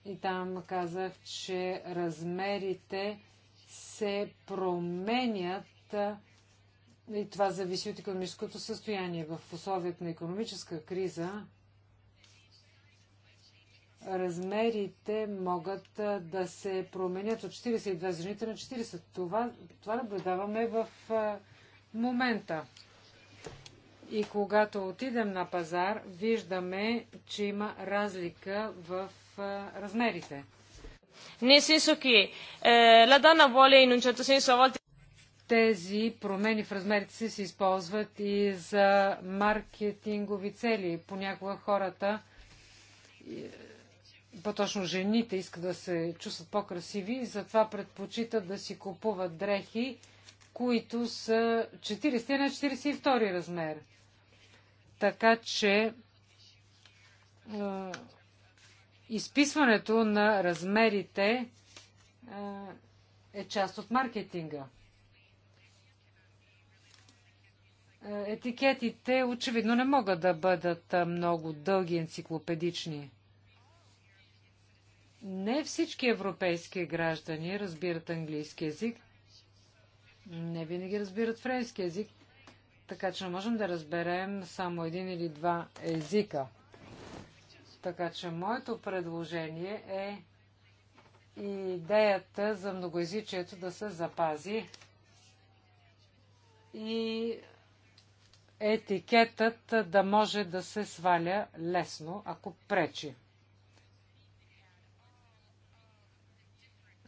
и там казах, че размерите се променят и това зависи от економическото състояние. В условията на економическа криза размерите могат да се променят от 42 жените на 40. Това, това наблюдаваме в момента. И когато отидем на пазар, виждаме, че има разлика в размерите. Nel senso che е, la donna vuole in un certo senso a volte тези промени в размерите си се използват и за маркетингови цели. Понякога хората, по-точно жените, искат да се чувстват по-красиви и затова предпочитат да си купуват дрехи, които са 40 на 42 размер. Така че е, изписването на размерите е част от маркетинга. Етикетите очевидно не могат да бъдат много дълги енциклопедични. Не всички европейски граждани разбират английски язик. Не винаги разбират френски язик. Така че не можем да разберем само един или два езика. Така че моето предложение е идеята за многоязичието да се запази и етикетът да може да се сваля лесно, ако пречи.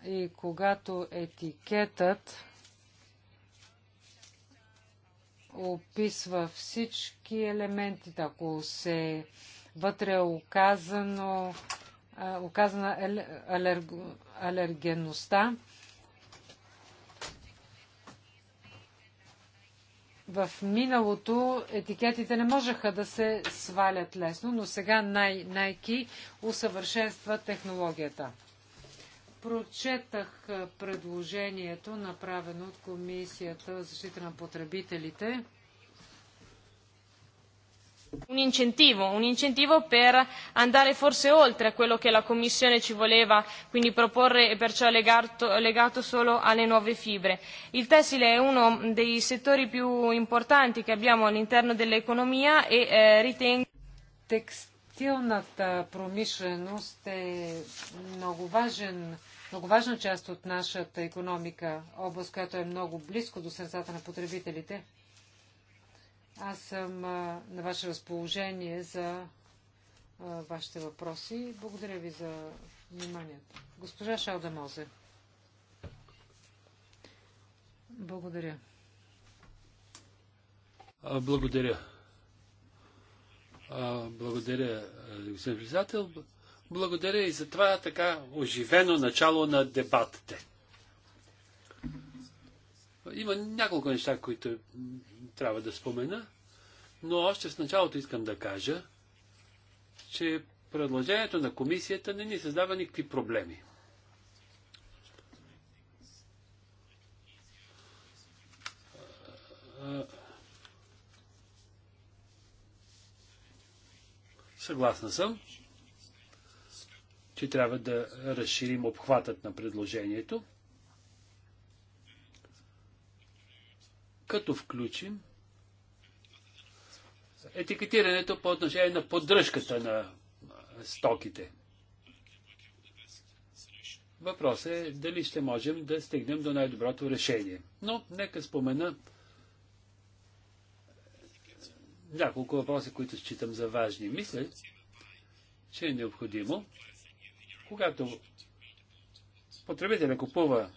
И когато етикетът описва всички елементи, ако се Вътре е оказано, оказана алергенността. в миналото етикетите не можеха да се свалят лесно, но сега най- Nike усъвършенства технологията. Прочетах предложението, направено от Комисията за защита на потребителите. Un incentivo, un incentivo per andare forse oltre a quello che la Commissione ci voleva, quindi proporre e perciò legato, legato solo alle nuove fibre. Il tessile è uno dei settori più importanti che abbiamo all'interno dell'economia e eh, ritengo текстилната промишленост е много, важен, много важна част от нашата економика, област, която е много близко до сърцата на потребителите. Аз съм на ваше разположение за вашите въпроси. Благодаря ви за вниманието. Госпожа Шалда Мозе. Благодаря. Благодаря. Благодаря, господин председател. Благодаря и за това така оживено начало на дебатите. Има няколко неща, които трябва да спомена, но още в началото искам да кажа, че предложението на комисията не ни създава никакви проблеми. Съгласна съм, че трябва да разширим обхватът на предложението. като включим етикетирането по отношение на поддръжката на стоките. Въпросът е дали ще можем да стигнем до най-доброто решение. Но нека спомена няколко въпроса, които считам за важни. Мисля, че е необходимо, когато потребителя купува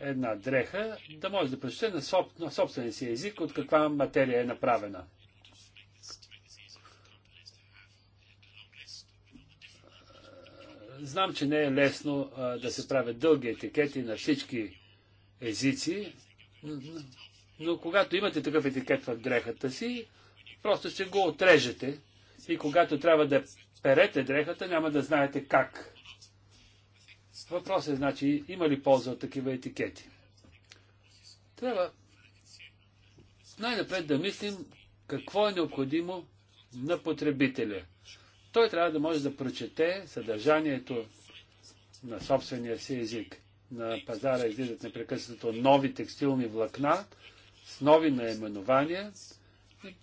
една дреха, да може да прочете на, соб, на собствения си език от каква материя е направена. Знам, че не е лесно а, да се правят дълги етикети на всички езици, но когато имате такъв етикет в дрехата си, просто ще го отрежете и когато трябва да перете дрехата, няма да знаете как Въпросът е, значи, има ли полза от такива етикети? Трябва най-напред да мислим какво е необходимо на потребителя. Той трябва да може да прочете съдържанието на собствения си език. На пазара излизат непрекъснато нови текстилни влакна с нови наименования.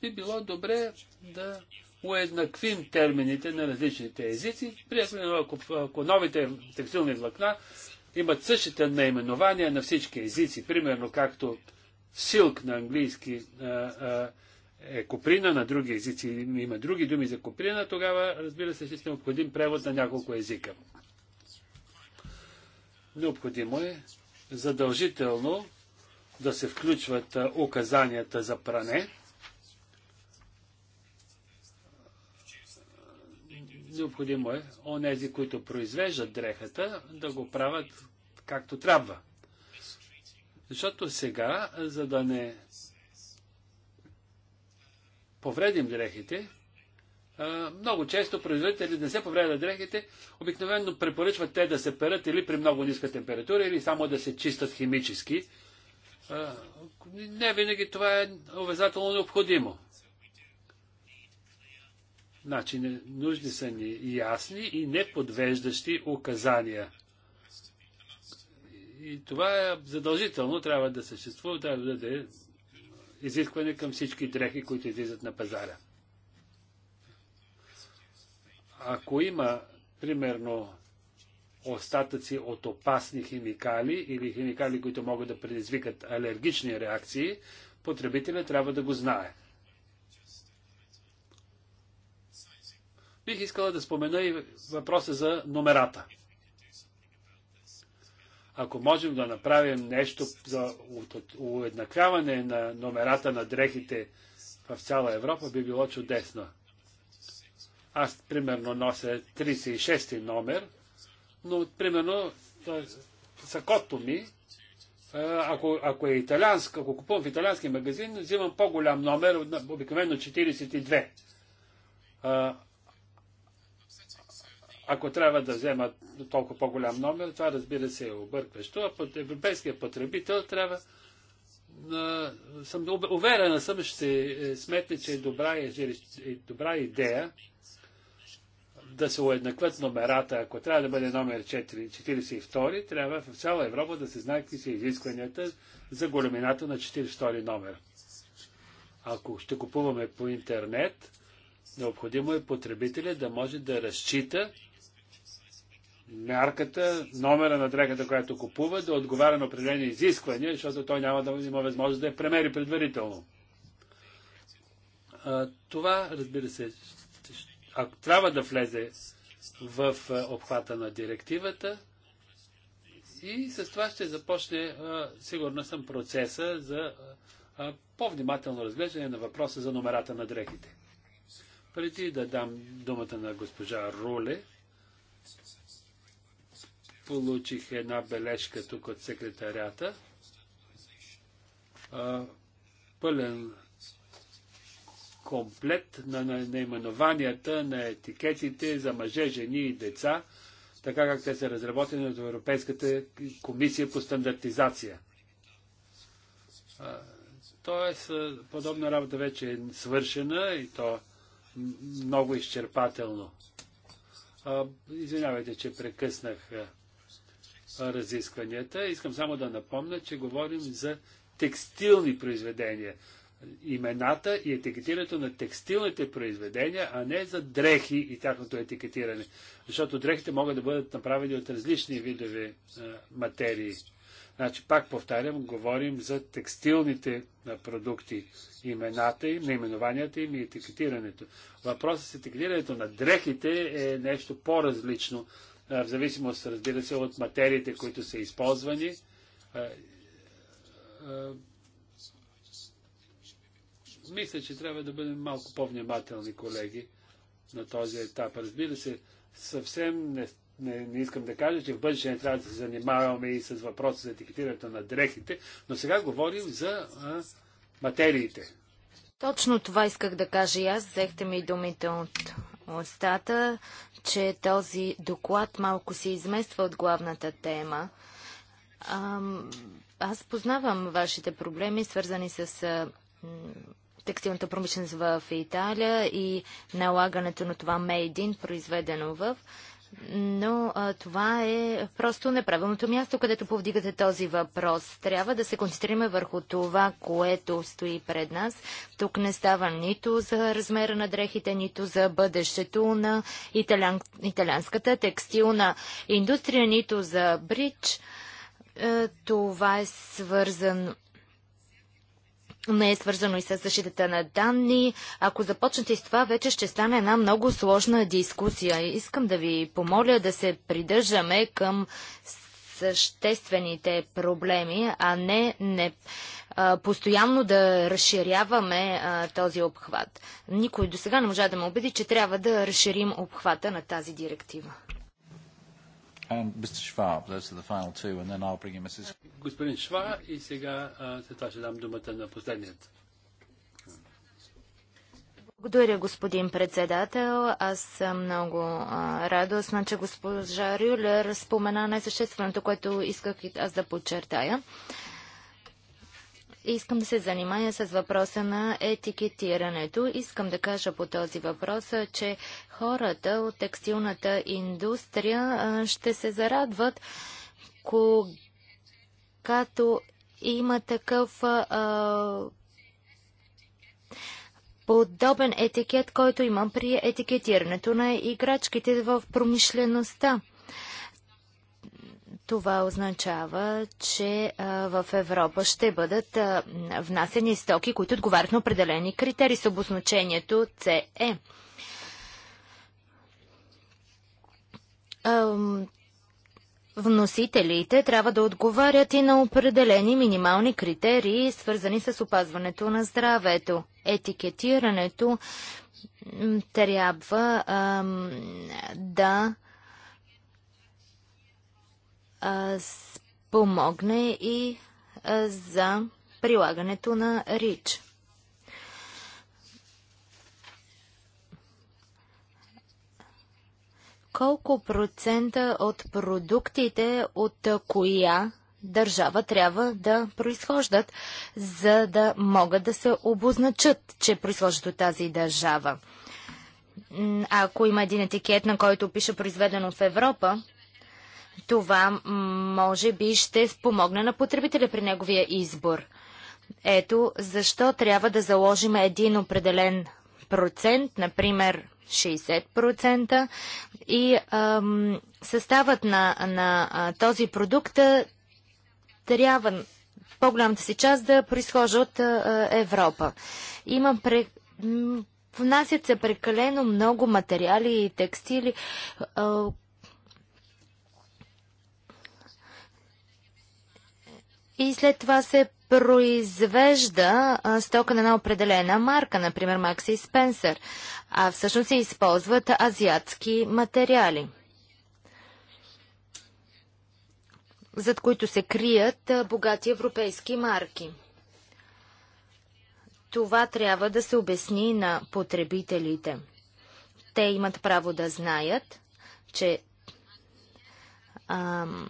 Би било добре да уеднаквим термините на различните езици. Приятно, е, ако, ако новите текстилни влакна имат същите наименования на всички езици, примерно както силк на английски а, а, е куприна на други езици има други думи за куприна, тогава разбира се, ще е необходим превод на няколко езика. Необходимо е задължително да се включват указанията за пране, Необходимо е онези, които произвеждат дрехата, да го правят както трябва. Защото сега, за да не повредим дрехите, много често производителите не се повредят дрехите, обикновено препоръчват те да се перат или при много ниска температура, или само да се чистат химически. Не винаги това е обязателно необходимо. Значи, нужни са ни ясни и неподвеждащи указания. И това е задължително трябва да съществува, трябва да бъде изискване към всички дрехи, които излизат на пазара. Ако има, примерно, остатъци от опасни химикали или химикали, които могат да предизвикат алергични реакции, потребителят трябва да го знае. Бих искала да спомена и въпроса за номерата. Ако можем да направим нещо за уеднаквяване на номерата на дрехите в цяла Европа, би било чудесно. Аз, примерно, нося 36-ти номер, но, примерно, сакото ми, ако, ако е италианско, ако купувам в италиански магазин, взимам по-голям номер, обикновено 42 ако трябва да вземат толкова по-голям номер, това разбира се е объркващо, а под европейския потребител трябва съм уверена съм, ще се сметне, че е добра, е, е добра идея да се уеднакват номерата. Ако трябва да бъде номер 4, 42, трябва в цяла Европа да се знае какви са изискванията за големината на 42 номер. Ако ще купуваме по интернет, необходимо е потребителя да може да разчита мярката, номера на дрегата, която купува, да отговаря на определени изисквания, защото той няма да има възможност да я премери предварително. А, това, разбира се, ако трябва да влезе в обхвата на директивата, и с това ще започне, сигурно съм, процеса за по-внимателно разглеждане на въпроса за номерата на дрехите. Преди да дам думата на госпожа Руле, получих една бележка тук от секретарята. А, пълен комплект на наименованията, на етикетите за мъже, жени и деца, така как те са разработени от Европейската комисия по стандартизация. А, тоест, подобна работа вече е свършена и то много изчерпателно. А, извинявайте, че прекъснах разискванията. Искам само да напомня, че говорим за текстилни произведения. Имената и етикетирането на текстилните произведения, а не за дрехи и тяхното етикетиране. Защото дрехите могат да бъдат направени от различни видове а, материи. Значи, пак повтарям, говорим за текстилните продукти, имената им, наименованията им и етикетирането. Въпросът с етикетирането на дрехите е нещо по-различно в зависимост, разбира се, от материите, които са използвани. Мисля, че трябва да бъдем малко по-внимателни, колеги, на този етап. Разбира се, съвсем не, не, не искам да кажа, че в бъдеще не трябва да се занимаваме и с въпроса за етикетирането на дрехите, но сега говорим за а, материите. Точно това исках да кажа и аз. Взехте ми думите от устата, че този доклад малко се измества от главната тема. А, аз познавам вашите проблеми, свързани с текстилната промишленост в Италия и налагането на това made in, произведено в но а, това е просто неправилното място, където повдигате този въпрос. Трябва да се концентрираме върху това, което стои пред нас. Тук не става нито за размера на дрехите, нито за бъдещето на италян... италянската текстилна индустрия, нито за бридж. Е, това е свързано не е свързано и с защитата на данни. Ако започнете с това, вече ще стане една много сложна дискусия. Искам да ви помоля да се придържаме към съществените проблеми, а не, не а, постоянно да разширяваме а, този обхват. Никой до сега не можа да ме убеди, че трябва да разширим обхвата на тази директива and um, Mr. Schwab. Those are the final two, and then I'll bring in Mrs. Господин Шва и сега след това ще дам думата на последният. Благодаря, господин председател. Аз съм много радостна, че госпожа Рюлер спомена най-същественото, което исках аз да подчертая. Искам да се занимая с въпроса на етикетирането. Искам да кажа по този въпрос, че хората от текстилната индустрия ще се зарадват, когато има такъв подобен етикет, който има при етикетирането на играчките в промишлеността. Това означава, че а, в Европа ще бъдат а, внасени стоки, които отговарят на определени критерии с обозначението CE. А, вносителите трябва да отговарят и на определени минимални критерии, свързани с опазването на здравето. Етикетирането трябва да а, спомогне и а, за прилагането на РИЧ. Колко процента от продуктите от коя държава трябва да произхождат, за да могат да се обозначат, че произхождат от тази държава? Ако има един етикет, на който пише произведено в Европа, това може би ще спомогне на потребителя при неговия избор. Ето защо трябва да заложим един определен процент, например 60% и ам, съставът на, на а, този продукт трябва по-голямата си част да произхожда от а, Европа. Има пре... внасят се прекалено много материали и текстили, а, и след това се произвежда стока на една определена марка, например Макси Спенсър, а всъщност се използват азиатски материали, зад които се крият богати европейски марки. Това трябва да се обясни на потребителите. Те имат право да знаят, че ам,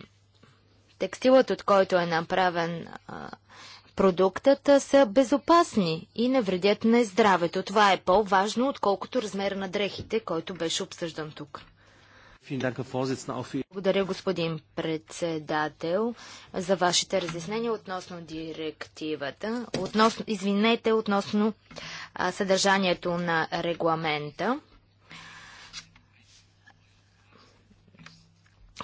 текстилът, от който е направен а, продуктът, са безопасни и не вредят на здравето. Това е по-важно, отколкото размера на дрехите, който беше обсъждан тук. Благодаря, господин председател, за вашите разяснения относно директивата. Относно, извинете, относно а, съдържанието на регламента,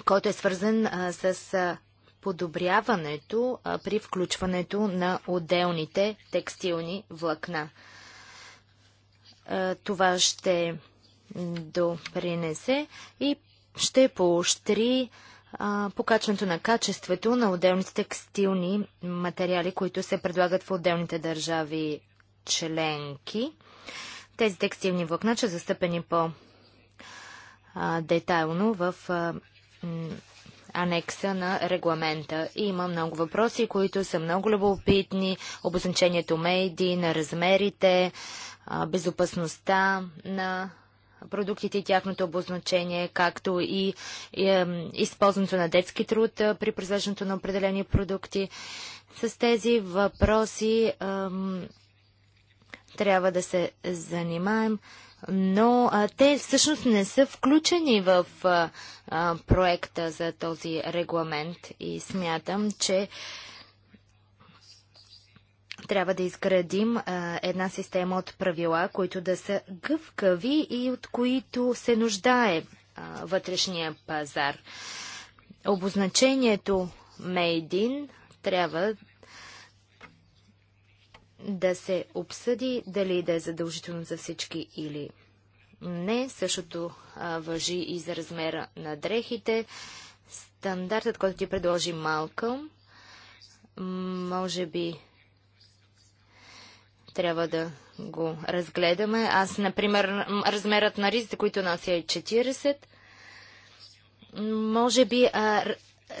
който е свързан а, с а, подобряването а, при включването на отделните текстилни влакна. А, това ще допринесе и ще поощри а, покачването на качеството на отделните текстилни материали, които се предлагат в отделните държави членки. Тези текстилни влакна са застъпени по-детайлно в анекса на регламента. И има много въпроси, които са много любопитни. Обозначението мейди, на размерите, безопасността на продуктите и тяхното обозначение, както и, използването на детски труд при произвеждането на определени продукти. С тези въпроси трябва да се занимаем но а, те всъщност не са включени в а, а, проекта за този регламент и смятам, че трябва да изградим а, една система от правила, които да са гъвкави и от които се нуждае а, вътрешния пазар. Обозначението Made in трябва да се обсъди дали да е задължително за всички или не. Същото а, въжи и за размера на дрехите. Стандартът, който ти предложи Малкълм, може би трябва да го разгледаме. Аз, например, размерът на ризите, които нося е 40. Може би а,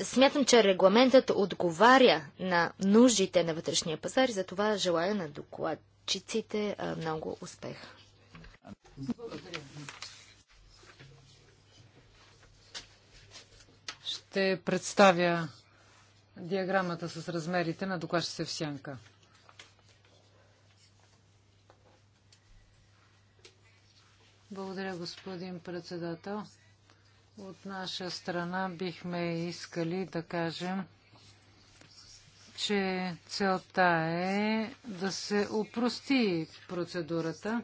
Смятам, че регламентът отговаря на нуждите на вътрешния пазар и за това желая на докладчиците много успех. Ще представя диаграмата с размерите на докладчица в сянка. Благодаря, господин председател. От наша страна бихме искали да кажем, че целта е да се упрости процедурата.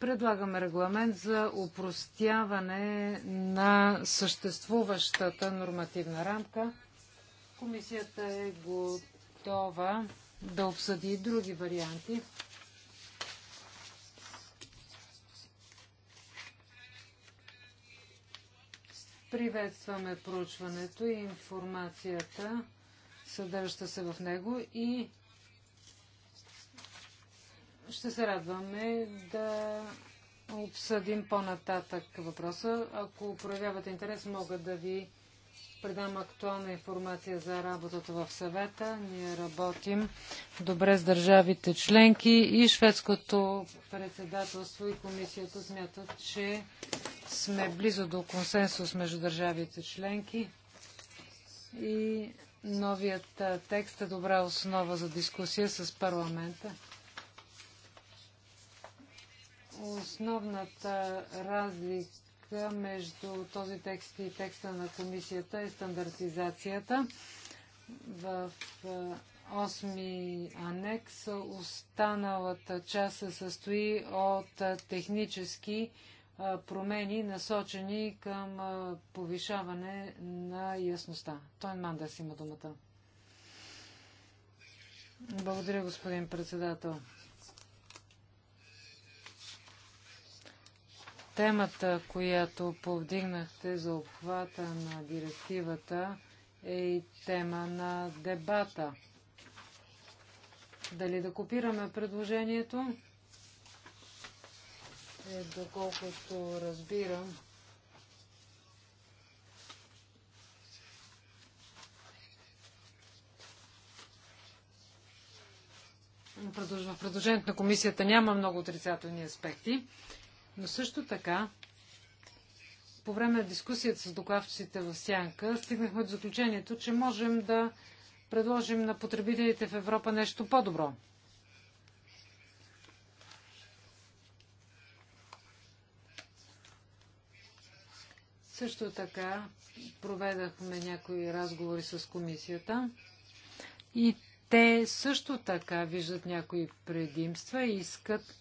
Предлагаме регламент за упростяване на съществуващата нормативна рамка. Комисията е готова да обсъди и други варианти. Приветстваме проучването и информацията, съдържаща се в него и ще се радваме да обсъдим по-нататък въпроса. Ако проявявате интерес, мога да ви предам актуална информация за работата в съвета. Ние работим добре с държавите членки и шведското председателство и комисията смятат, че сме близо до консенсус между държавите членки и новият текст е добра основа за дискусия с парламента. Основната разлика връзка между този текст и текста на комисията е стандартизацията. В осми анекс останалата част се състои от технически промени, насочени към повишаване на ясността. Той Мандас има думата. Благодаря, господин председател. Темата, която повдигнахте за обхвата на директивата, е и тема на дебата. Дали да копираме предложението? Е, доколкото разбирам, в предложението на комисията няма много отрицателни аспекти. Но също така, по време на дискусията с докладчиците в Сянка, стигнахме до заключението, че можем да предложим на потребителите в Европа нещо по-добро. Също така проведахме някои разговори с комисията и те също така виждат някои предимства и искат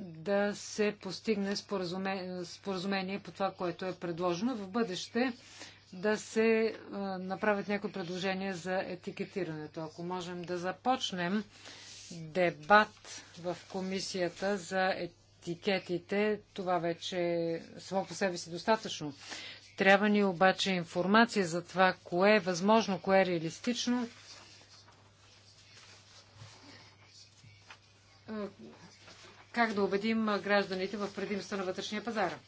да се постигне споразумение, споразумение по това, което е предложено. В бъдеще да се направят някои предложения за етикетирането. Ако можем да започнем дебат в комисията за етикетите, това вече само по себе си достатъчно. Трябва ни обаче информация за това, кое е възможно, кое е реалистично как да убедим гражданите в предимство на вътрешния пазар.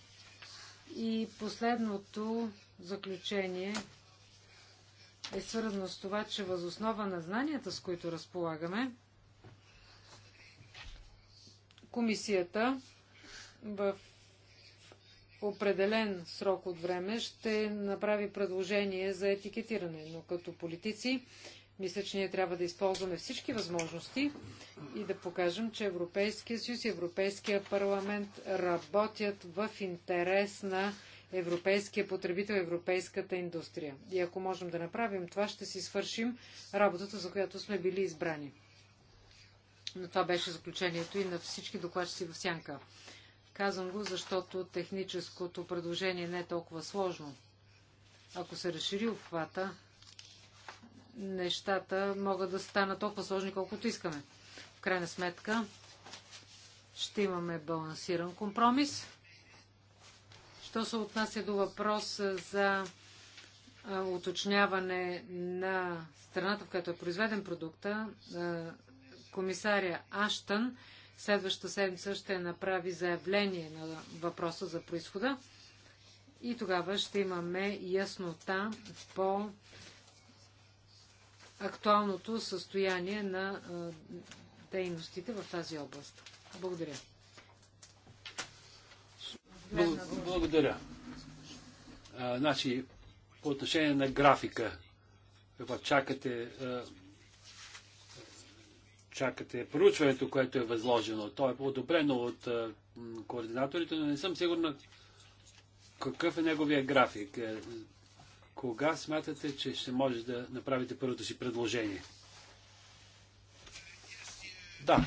И последното заключение е свързано с това, че възоснова на знанията, с които разполагаме, комисията в определен срок от време ще направи предложение за етикетиране. Но като политици мисля, че ние трябва да използваме всички възможности и да покажем, че Европейския съюз и Европейския парламент работят в интерес на европейския потребител, европейската индустрия. И ако можем да направим това, ще си свършим работата, за която сме били избрани. Но това беше заключението и на всички докладчици в сянка. Казвам го, защото техническото предложение не е толкова сложно. Ако се разшири обхвата, нещата могат да станат толкова сложни, колкото искаме. В крайна сметка ще имаме балансиран компромис. Що се отнася до въпрос за уточняване на страната, в която е произведен продукта, комисаря Аштън следващата седмица ще направи заявление на въпроса за происхода и тогава ще имаме яснота по актуалното състояние на дейностите в тази област. Благодаря. Благодаря. А, значи, по отношение на графика, какво чакате, а, чакате проучването, което е възложено. То е одобрено от а, координаторите, но не съм сигурна какъв е неговия график. Е, кога смятате, че ще може да направите първото си предложение? Да.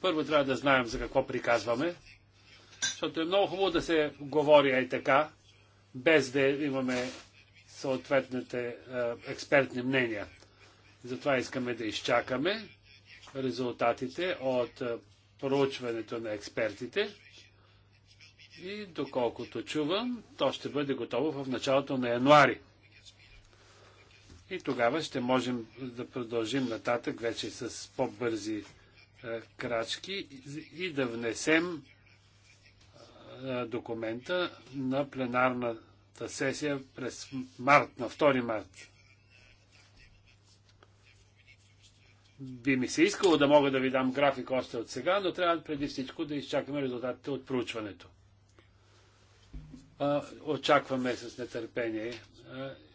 Първо трябва да знаем за какво приказваме, защото е много хубаво да се говори и така, без да имаме съответните експертни мнения. Затова искаме да изчакаме резултатите от проучването на експертите и доколкото чувам, то ще бъде готово в началото на януари. И тогава ще можем да продължим нататък вече с по-бързи е, крачки и да внесем е, документа на пленарната сесия през март, на 2 март. би ми се искало да мога да ви дам график още от сега, но трябва преди всичко да изчакаме резултатите от проучването очакваме с нетърпение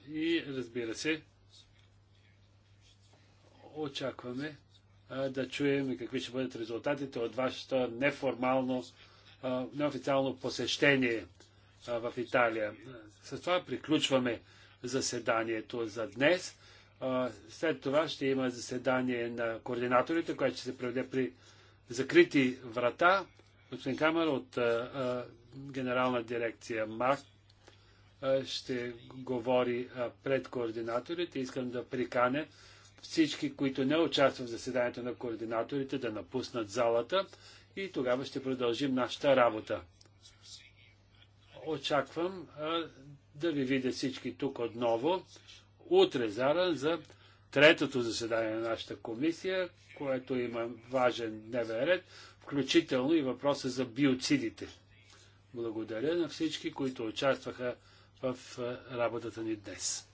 и разбира се, очакваме да чуем какви ще бъдат резултатите от вашето неформално, неофициално посещение в Италия. С това приключваме заседанието за днес. След това ще има заседание на координаторите, което ще се проведе при закрити врата. Господин Камер от а, а, Генерална дирекция МАК ще говори а, пред координаторите. Искам да приканя всички, които не участват в заседанието на координаторите, да напуснат залата и тогава ще продължим нашата работа. Очаквам а, да ви видя всички тук отново утре зара за третото заседание на нашата комисия, което има важен дневен ред включително и въпроса за биоцидите. Благодаря на всички, които участваха в работата ни днес.